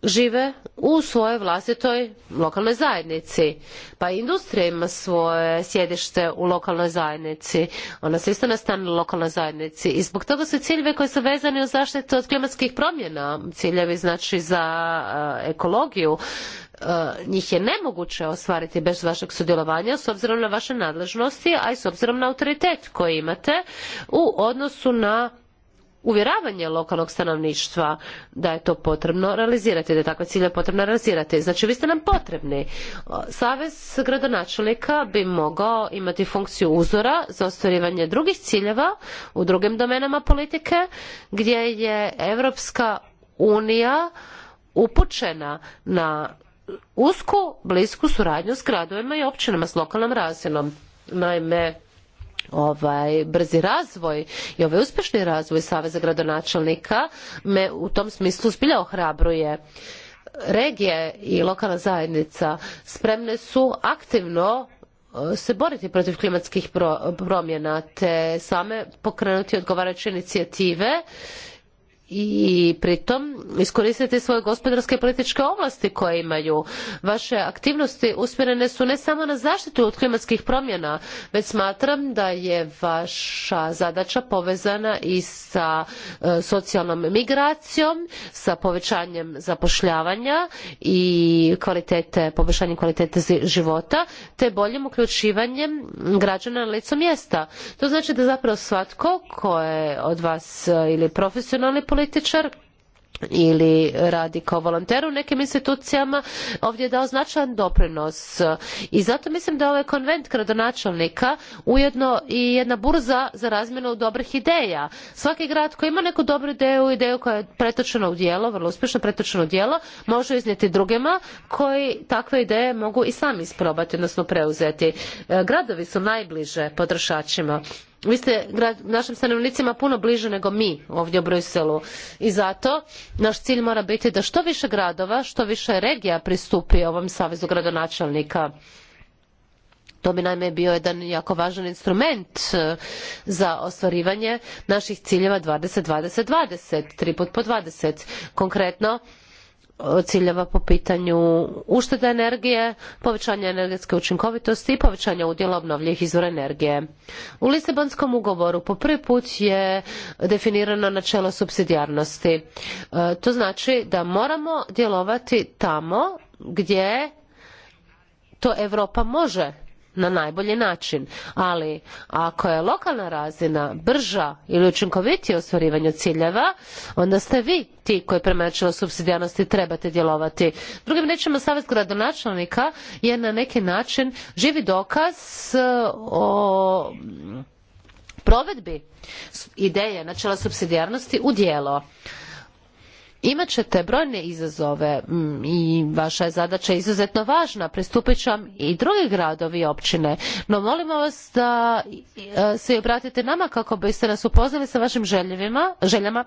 žive u svojoj vlastitoj lokalnoj zajednici. Pa industrija ima svoje sjedište u lokalnoj zajednici. Ona se isto nastane u lokalnoj zajednici. I zbog toga su ciljeve koji su vezani u zaštitu od klimatskih promjena, ciljevi znači za uh, ekologiju, uh, njih je nemoguće ostvariti bez vašeg sudjelovanja s obzirom na vaše nadležnosti, a i s obzirom na autoritet koji imate u odnosu na uvjeravanje lokalnog stanovništva da je to potrebno realizirati, da je takve cilje potrebno realizirati. Znači vi ste nam potrebni. Savez gradonačelnika bi mogao imati funkciju uzora za ostvarivanje drugih ciljeva u drugim domenama politike gdje je Europska unija upućena na usku, blisku suradnju s gradovima i općinama s lokalnom razinom. Naime, ovaj brzi razvoj i ovaj uspješni razvoj Saveza gradonačelnika me u tom smislu zbilja ohrabruje. Regije i lokalna zajednica spremne su aktivno eh, se boriti protiv klimatskih promjena te same pokrenuti odgovarajuće inicijative i pritom iskoristiti svoje gospodarske i političke ovlasti koje imaju. Vaše aktivnosti usmjerene su ne samo na zaštitu od klimatskih promjena, već smatram da je vaša zadaća povezana i sa e, socijalnom migracijom, sa povećanjem zapošljavanja i kvalitete, poboljšanjem kvalitete života, te boljim uključivanjem građana na licu mjesta. To znači da zapravo svatko ko je od vas e, ili profesionalni političar ili radi kao volonter u nekim institucijama ovdje je dao značajan doprinos i zato mislim da je ovaj konvent gradonačelnika ujedno i jedna burza za razmjenu dobrih ideja svaki grad koji ima neku dobru ideju ideju koja je pretočena u djelo vrlo uspješno pretočena u djelo može iznijeti drugima koji takve ideje mogu i sami isprobati odnosno preuzeti e, gradovi su najbliže potrošačima vi ste našim stanovnicima puno bliže nego mi ovdje u Briselu i zato naš cilj mora biti da što više gradova, što više regija pristupi ovom savezu gradonačelnika. To bi naime bio jedan jako važan instrument e, za ostvarivanje naših ciljeva 20-20-20, triput po 20. Konkretno, ciljeva po pitanju uštede energije, povećanja energetske učinkovitosti i povećanja udjela obnovljivih izvora energije. U Lisabonskom ugovoru po prvi put je definirano načelo subsidijarnosti. E, to znači da moramo djelovati tamo gdje to Europa može na najbolji način. Ali ako je lokalna razina brža ili učinkovitije u ostvarivanju ciljeva, onda ste vi ti koji prema načelu subsidijarnosti trebate djelovati. Drugim rečima, savjet gradonačelnika je na neki način živi dokaz eh, o provedbi ideje načela subsidijarnosti u djelo. Uh, imat ćete brojne izazove mm, i vaša je zadaća izuzetno važna. Pristupit će vam i drugi gradovi i općine. No molimo vas da e, se obratite nama kako biste nas upoznali sa vašim željevima, željama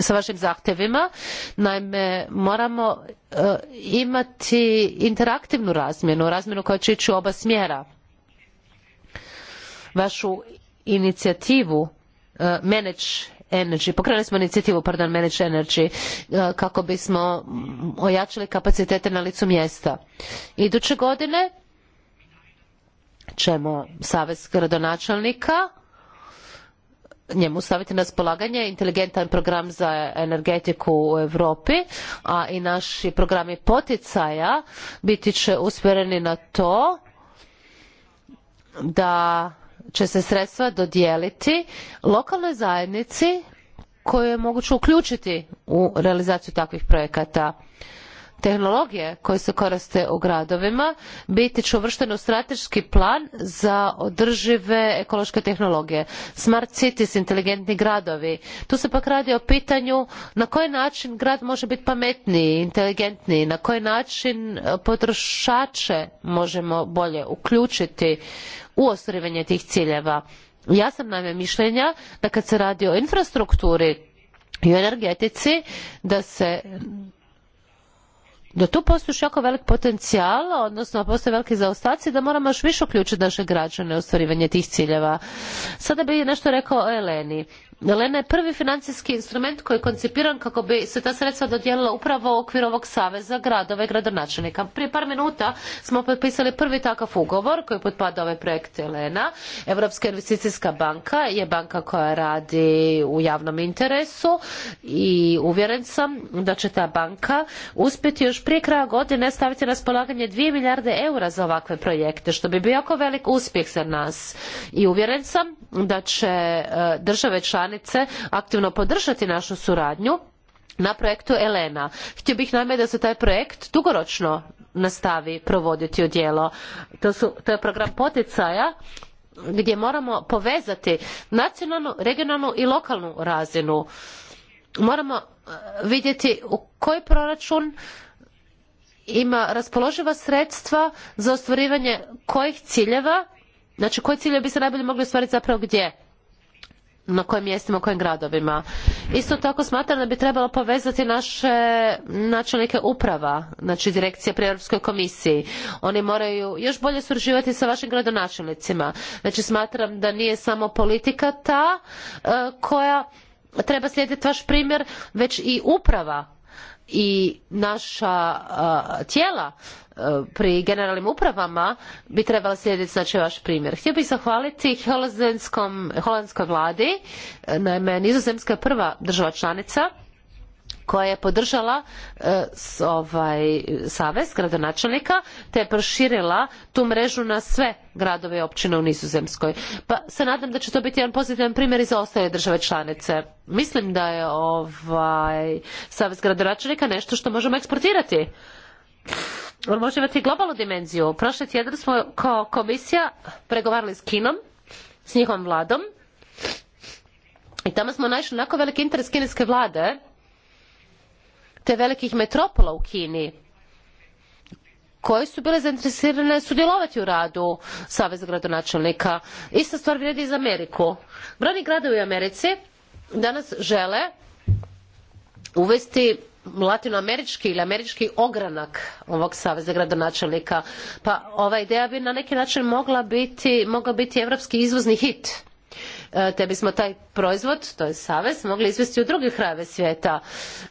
sa vašim zahtjevima. Naime, moramo e, imati interaktivnu razmjenu, razmjenu koja će ići u oba smjera. Vašu inicijativu e, Manage Energy. Pokrenuli smo inicijativu, pardon, Managed Energy, e, kako bismo ojačali kapacitete na licu mjesta. Iduće godine ćemo Savez gradonačelnika njemu staviti na raspolaganje inteligentan program za energetiku u Europi, a i naši programi poticaja biti će usmjereni na to da će se sredstva dodijeliti lokalnoj zajednici koju je moguće uključiti u realizaciju takvih projekata. Tehnologije koje se koriste u gradovima biti će uvrštene u strateški plan za održive ekološke tehnologije. Smart cities, inteligentni gradovi. Tu se pak radi o pitanju na koji način grad može biti pametniji, inteligentniji, na koji način potrošače možemo bolje uključiti u ostvarivanju tih ciljeva. Ja sam naime mišljenja da kad se radi o infrastrukturi i o energetici, da se da tu postoji još jako velik potencijal, odnosno postoje veliki zaostaci, da moramo još više uključiti naše građane u ostvarivanje tih ciljeva. Sada bi nešto rekao o Eleni. Lena je prvi financijski instrument koji je koncipiran kako bi se ta sredstva dodijelila upravo u okviru ovog saveza gradova i gradonačelnika. Prije par minuta smo potpisali prvi takav ugovor koji potpada ovaj projekt Lena. Europska investicijska banka je banka koja radi u javnom interesu i uvjeren sam da će ta banka uspjeti još prije kraja godine staviti na raspolaganje 2 milijarde eura za ovakve projekte što bi bio jako velik uspjeh za nas. I uvjeren sam da će e, države članice članice aktivno podržati našu suradnju na projektu Elena. Htio bih najme da se taj projekt dugoročno nastavi provoditi u djelo. To, su, to je program poticaja gdje moramo povezati nacionalnu, regionalnu i lokalnu razinu. Moramo e, vidjeti u koji proračun ima raspoloživa sredstva za ostvarivanje kojih ciljeva, znači koji ciljevi bi se najbolje mogli ostvariti zapravo gdje na kojim mjestima, u kojim gradovima. Isto tako smatram da bi trebalo povezati naše načelnike uprava, znači direkcije pri Europskoj komisiji. Oni moraju još bolje surađivati sa vašim gradonačelnicima. Znači smatram da nije samo politika ta e, koja treba slijediti vaš primjer, već i uprava i naša uh, tijela uh, pri generalnim upravama bi trebala slijediti znači vaš primjer. Htio bih zahvaliti holandskom, holandskoj vladi, naime Nizozemska je prva država članica koja je podržala e, s, ovaj savez gradonačelnika te je proširila tu mrežu na sve gradove i općine u Nizozemskoj. Pa se nadam da će to biti jedan pozitivan primjer i za ostale države članice. Mislim da je ovaj savez gradonačelnika nešto što možemo eksportirati. On može imati globalnu dimenziju. Prošli tjedan smo kao komisija pregovarali s Kinom, s njihovom vladom i tamo smo našli onako veliki interes kineske vlade te velikih metropola u Kini koje su bile zainteresirane sudjelovati u radu Saveza gradonačelnika. Ista stvar vrijedi i za Ameriku. Brojni gradovi u Americi danas žele uvesti latinoamerički ili američki ogranak ovog saveza gradonačelnika. Pa ova ideja bi na neki način mogla biti, mogla biti evropski izvozni hit. E, te bismo taj proizvod, to je savez, mogli izvesti u druge krajeve svijeta.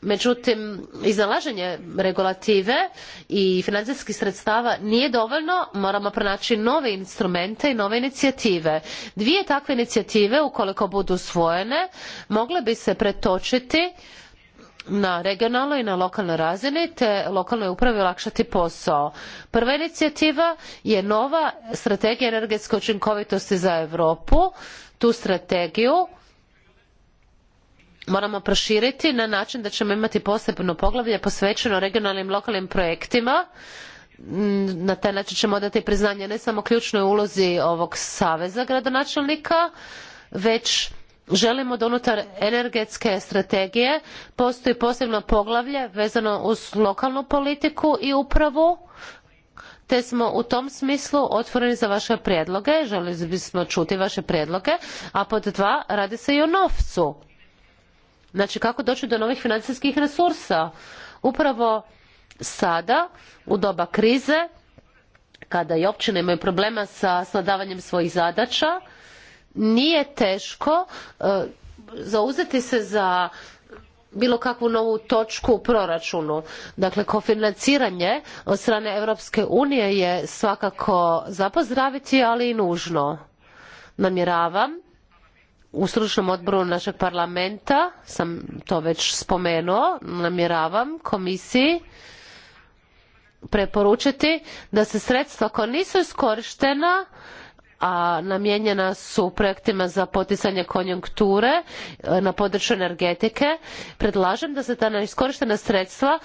Međutim, iznalaženje regulative i financijskih sredstava nije dovoljno, moramo pronaći nove instrumente i nove inicijative. Dvije takve inicijative, ukoliko budu usvojene, mogle bi se pretočiti na regionalnoj i na lokalnoj razini te lokalnoj upravi olakšati posao. Prva inicijativa je nova strategija energetske učinkovitosti za Europu tu strategiju moramo proširiti na način da ćemo imati posebno poglavlje posvećeno regionalnim lokalnim projektima na taj način ćemo odati priznanje ne samo ključnoj ulozi ovog saveza gradonačelnika već želimo da unutar energetske strategije postoji posebno poglavlje vezano uz lokalnu politiku i upravu te smo u tom smislu otvoreni za vaše prijedloge, željeli bismo čuti vaše prijedloge, a pod dva radi se i o novcu. Znači kako doći do novih financijskih resursa. Upravo sada, u doba krize, kada i općine imaju problema sa sladavanjem svojih zadaća, nije teško e, zauzeti se za e, bilo kakvu novu točku u proračunu. Dakle, kofinanciranje od strane Europske unije je svakako za pozdraviti, ali i nužno. Namjeravam u stručnom odboru našeg parlamenta, sam to već spomenuo, namjeravam komisiji preporučiti da se sredstva koja nisu iskorištena a namijenjena su projektima za poticanje konjunkture e, na području energetike. Predlažem da se ta neiskorištena sredstva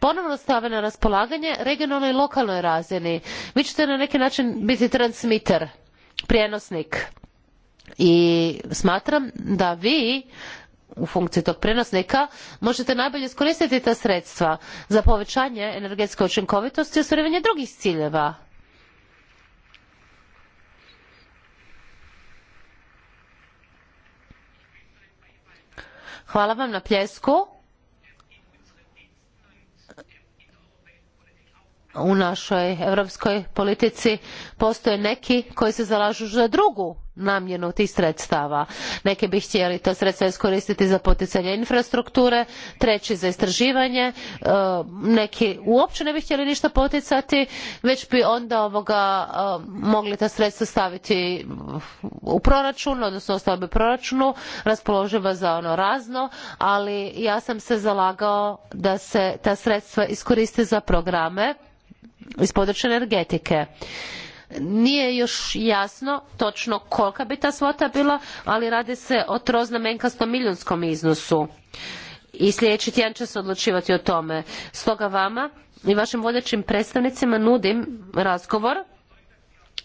ponovno stave na raspolaganje regionalnoj i lokalnoj razini. Vi ćete na neki način biti transmiter, prijenosnik. I smatram da vi u funkciji tog prenosnika možete najbolje iskoristiti ta sredstva za povećanje energetske učinkovitosti i ostvarivanje drugih ciljeva Hvala vam na pljesku. U našoj europskoj politici postoje neki koji se zalažu za drugu namjenu tih sredstava. Neki bi htjeli to sredstva iskoristiti za poticanje infrastrukture, treći za istraživanje, neki uopće ne bi htjeli ništa poticati, već bi onda ovoga e, mogli ta sredstva staviti u proračun, odnosno ostao bi proračunu, raspoloživa za ono razno, ali ja sam se zalagao da se ta sredstva iskoriste za programe iz područja energetike. Uh, Nije još jasno točno kolika bi ta svota bila, ali radi se o troznamenkastom milijunskom iznosu. I sljedeći tjedan će se odlučivati o tome. Stoga vama i vašim vodećim predstavnicima nudim razgovor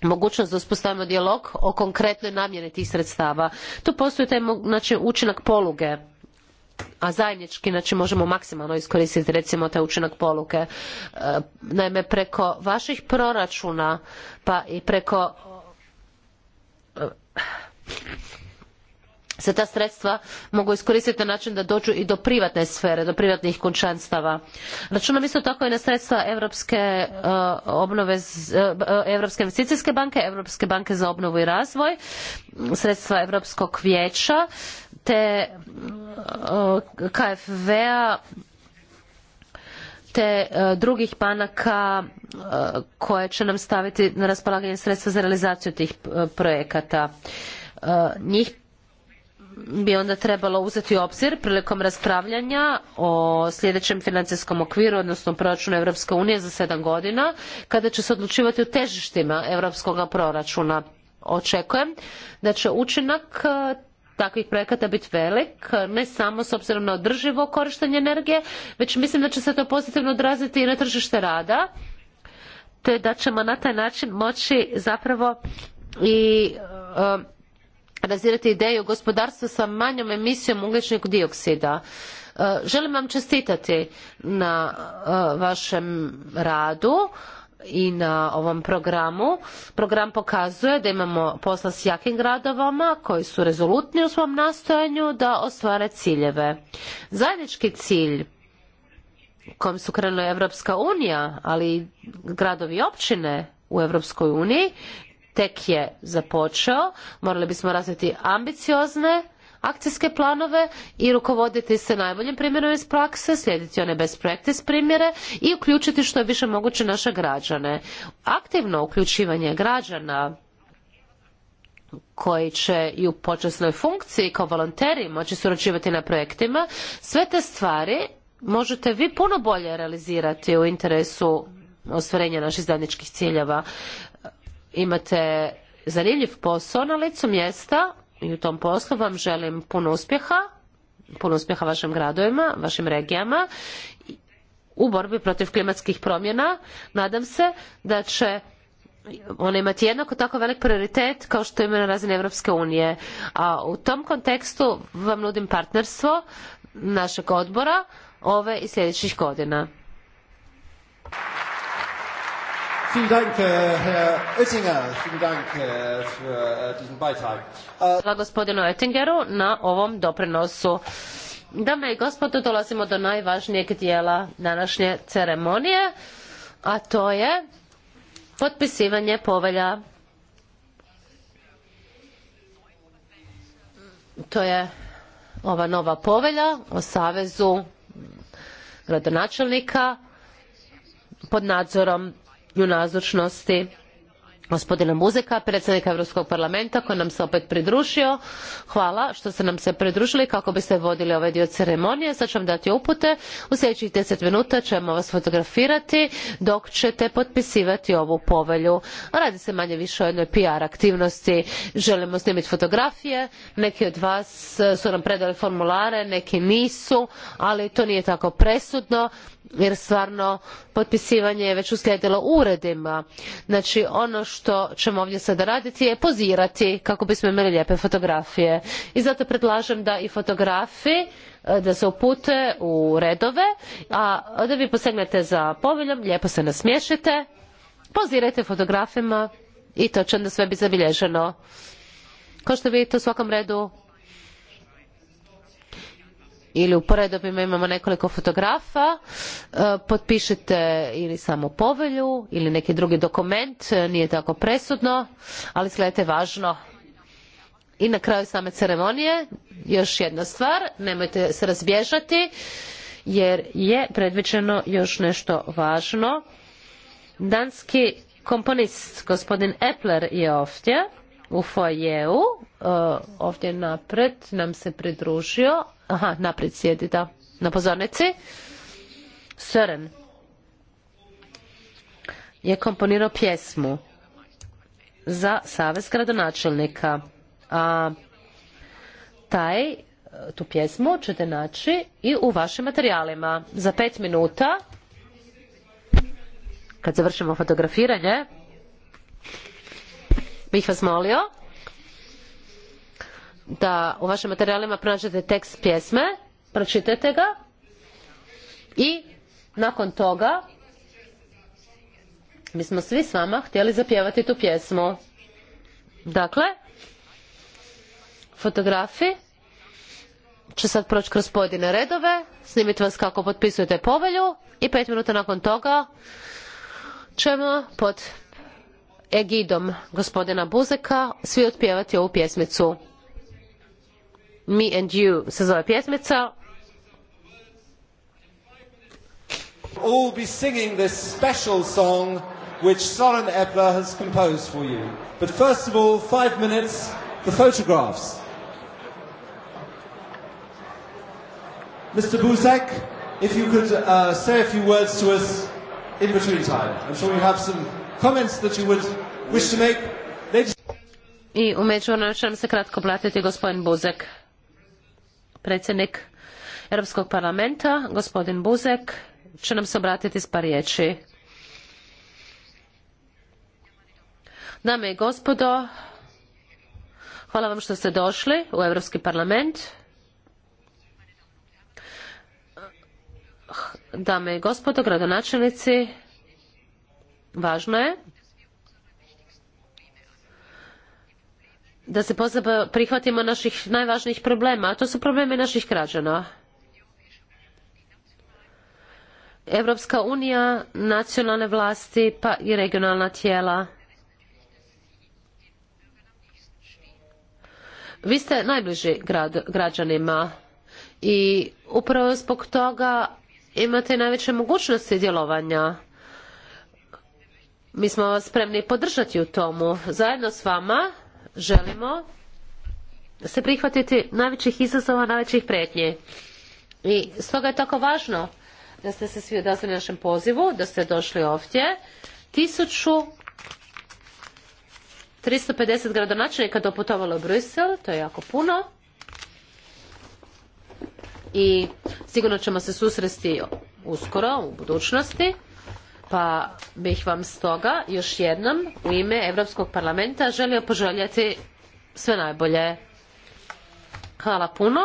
mogućnost da uspostavimo dijalog o konkretnoj namjeni tih sredstava. Tu postoji taj znači, učinak poluge a zajednički znači možemo maksimalno iskoristiti recimo taj učinak poluke. E, Naime, preko vaših proračuna pa i preko se ta sredstva mogu iskoristiti na način da dođu i do privatne sfere, do privatnih kućanstava. Računam isto tako i na sredstva Europske uh, e, obnove, e, Europske investicijske banke, Europske banke za obnovu i razvoj, sredstva Europskog vijeća. Uh, те КФВ-а, te drugih banaka koje će nam staviti na raspolaganje sredstva za realizaciju tih projekata. Njih bi onda trebalo uzeti u obzir prilikom raspravljanja o sljedećem financijskom okviru, odnosno proračunu Europske unije za sedam godina, kada će se odlučivati o težištima europskog proračuna. Očekujem da će učinak takvih projekata biti velik, ne samo s obzirom na održivo korištenje energije, već mislim da će se to pozitivno odraziti i na tržište rada, te da ćemo na taj način moći zapravo i e, razvijati ideju gospodarstva sa manjom emisijom ugljičnog dioksida. E, želim vam čestitati na e, vašem radu. E, i na ovom programu. Program pokazuje da imamo posla s jakim gradovama koji su rezolutni u svom nastojanju da ostvare ciljeve. Zajednički cilj kom su krenule Evropska unija, ali i gradovi i općine u Evropskoj uniji, tek je započeo. Morali bismo razviti ambiciozne akcijske planove i rukovoditi se najboljim primjerom iz prakse, slijediti one best practice primjere i uključiti što je više moguće naše građane. Aktivno uključivanje građana koji će i u počasnoj funkciji kao volonteri moći surađivati na projektima, sve te stvari možete vi puno bolje realizirati u interesu ostvarenja naših zajedničkih ciljeva. Imate zanimljiv posao na licu mjesta i u tom poslu vam želim puno uspjeha, puno uspjeha vašim gradovima, vašim regijama u borbi protiv klimatskih promjena. Nadam se da će ona imati jednako tako velik prioritet kao što ima na razini Europske unije. A u tom kontekstu vam nudim partnerstvo našeg odbora ove i sljedećih godina. Thank you. Vielen Dank, äh, Herr Oettinger. Vielen Dank äh, für äh, diesen Beitrag. Hvala gospodinu Oettingeru na ovom doprinosu. Dame i gospodo, dolazimo do najvažnijeg dijela današnje ceremonije, a to je potpisivanje povelja. To je ova nova povelja o Savezu gradonačelnika pod nadzorom u nazočnosti gospodina Muzeka, predsjednika Europskog parlamenta koji nam se opet pridružio. Hvala što ste nam se pridružili kako biste vodili ovaj dio ceremonije. Sad ću vam dati upute. U sljedećih 10 minuta ćemo vas fotografirati dok ćete potpisivati ovu povelju. Radi se manje više o jednoj PR aktivnosti. Želimo snimiti fotografije. Neki od vas su nam predali formulare, neki nisu, ali to nije tako presudno jer stvarno potpisivanje je već uslijedilo uredima. Znači ono što ćemo ovdje sada raditi je pozirati kako bismo imali lijepe fotografije. I zato predlažem da i fotografi e, da se upute u redove, a da vi posegnete za poveljom, lijepo se nasmiješite, pozirajte fotografima i to će onda sve biti zabilježeno. Kao što vidite u svakom redu ili u poredobima imamo nekoliko fotografa, e, potpišete ili samo povelju ili neki drugi dokument, e, nije tako presudno, ali gledajte je važno. I na kraju same ceremonije, još jedna stvar, nemojte se razbježati, jer je predviđeno još nešto važno. Danski komponist, gospodin Epler je ovdje u foajeu. E, ovdje napred nam se pridružio. Aha, napred sjedi, da. Na pozornici. Sören je komponirao pjesmu za savez gradonačelnika. A taj, e, tu pjesmu ćete naći i u vašim materijalima. Za pet minuta, kad završimo fotografiranje, bih vas molio da u vašim materijalima pronađete tekst pjesme, pročitajte ga i nakon toga mi smo svi s vama htjeli zapjevati tu pjesmu. Dakle, fotografi će sad proći kroz pojedine redove, snimiti vas kako potpisujete povelju i pet minuta nakon toga ćemo pod egidom gospodina Buzeka svi otpjevati ovu pjesmicu. Me and You se zove pjesmica. All be singing this special song which Soren Epler has composed for you. But first of all, five minutes, the photographs. Mr. Buzek, if you could uh, say a few words to us in between time. I'm sure you have some comments that you would I umeđu našem se kratko platiti gospodin Buzek, predsjednik Europskog parlamenta. Gospodin Buzek će nam se obratiti s par riječi. Dame i gospodo, hvala vam što ste došli u Europski parlament. Dame i gospodo, gradonačelnici, važno je da se posebno prihvatimo naših najvažnijih problema, a to su problemi naših građana. Europska unija, nacionalne vlasti pa i regionalna tijela. Vi ste najbliži grad, građanima i upravo zbog toga imate najveće mogućnosti djelovanja. Mi smo spremni podržati u tomu zajedno s vama želimo se prihvatiti najvećih izazova, najvećih pretnje. I stoga je tako važno da ste se svi odazvali našem pozivu, da ste došli ovdje. 1350 gradonačelnika doputovalo u Brisel, to je jako puno. I sigurno ćemo se susresti uskoro u budućnosti pa bih vam stoga još jednom u ime Europskog parlamenta želio poželjeti sve najbolje. Hvala puno.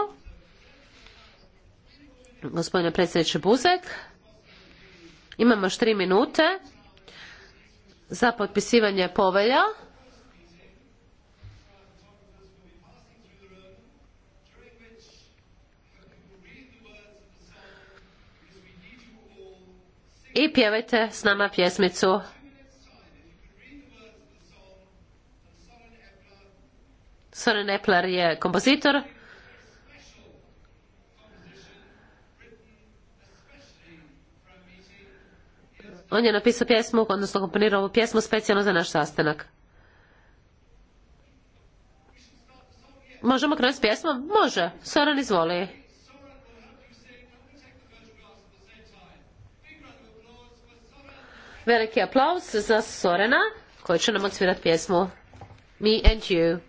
Gospodine predsjedniče Buzek, imamo još tri minute za potpisivanje povelja. i pjevajte s nama pjesmicu. Soren Epler je kompozitor. On je napisao pjesmu, odnosno komponirao ovu pjesmu specijalno za naš sastanak. Možemo krenuti s pjesmom? Može. Soren, izvoli. Veliki aplaus za Sorena koji će nam odsvirati pjesmu Me and You.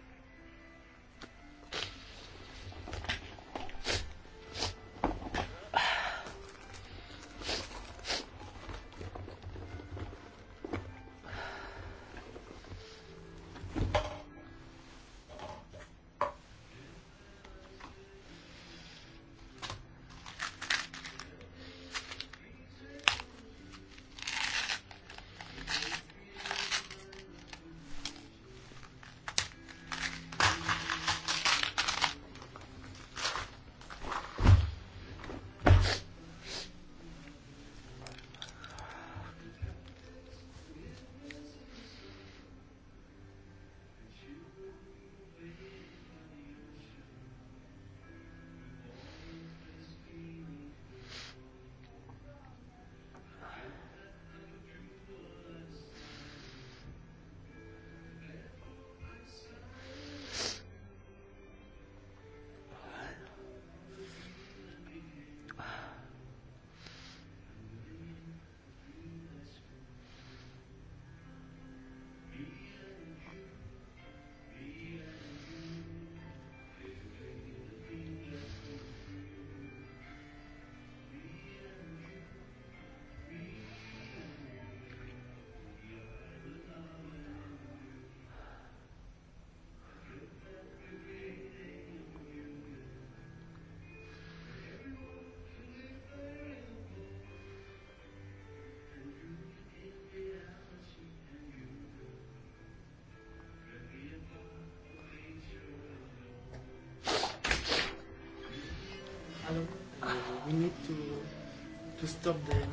stop there.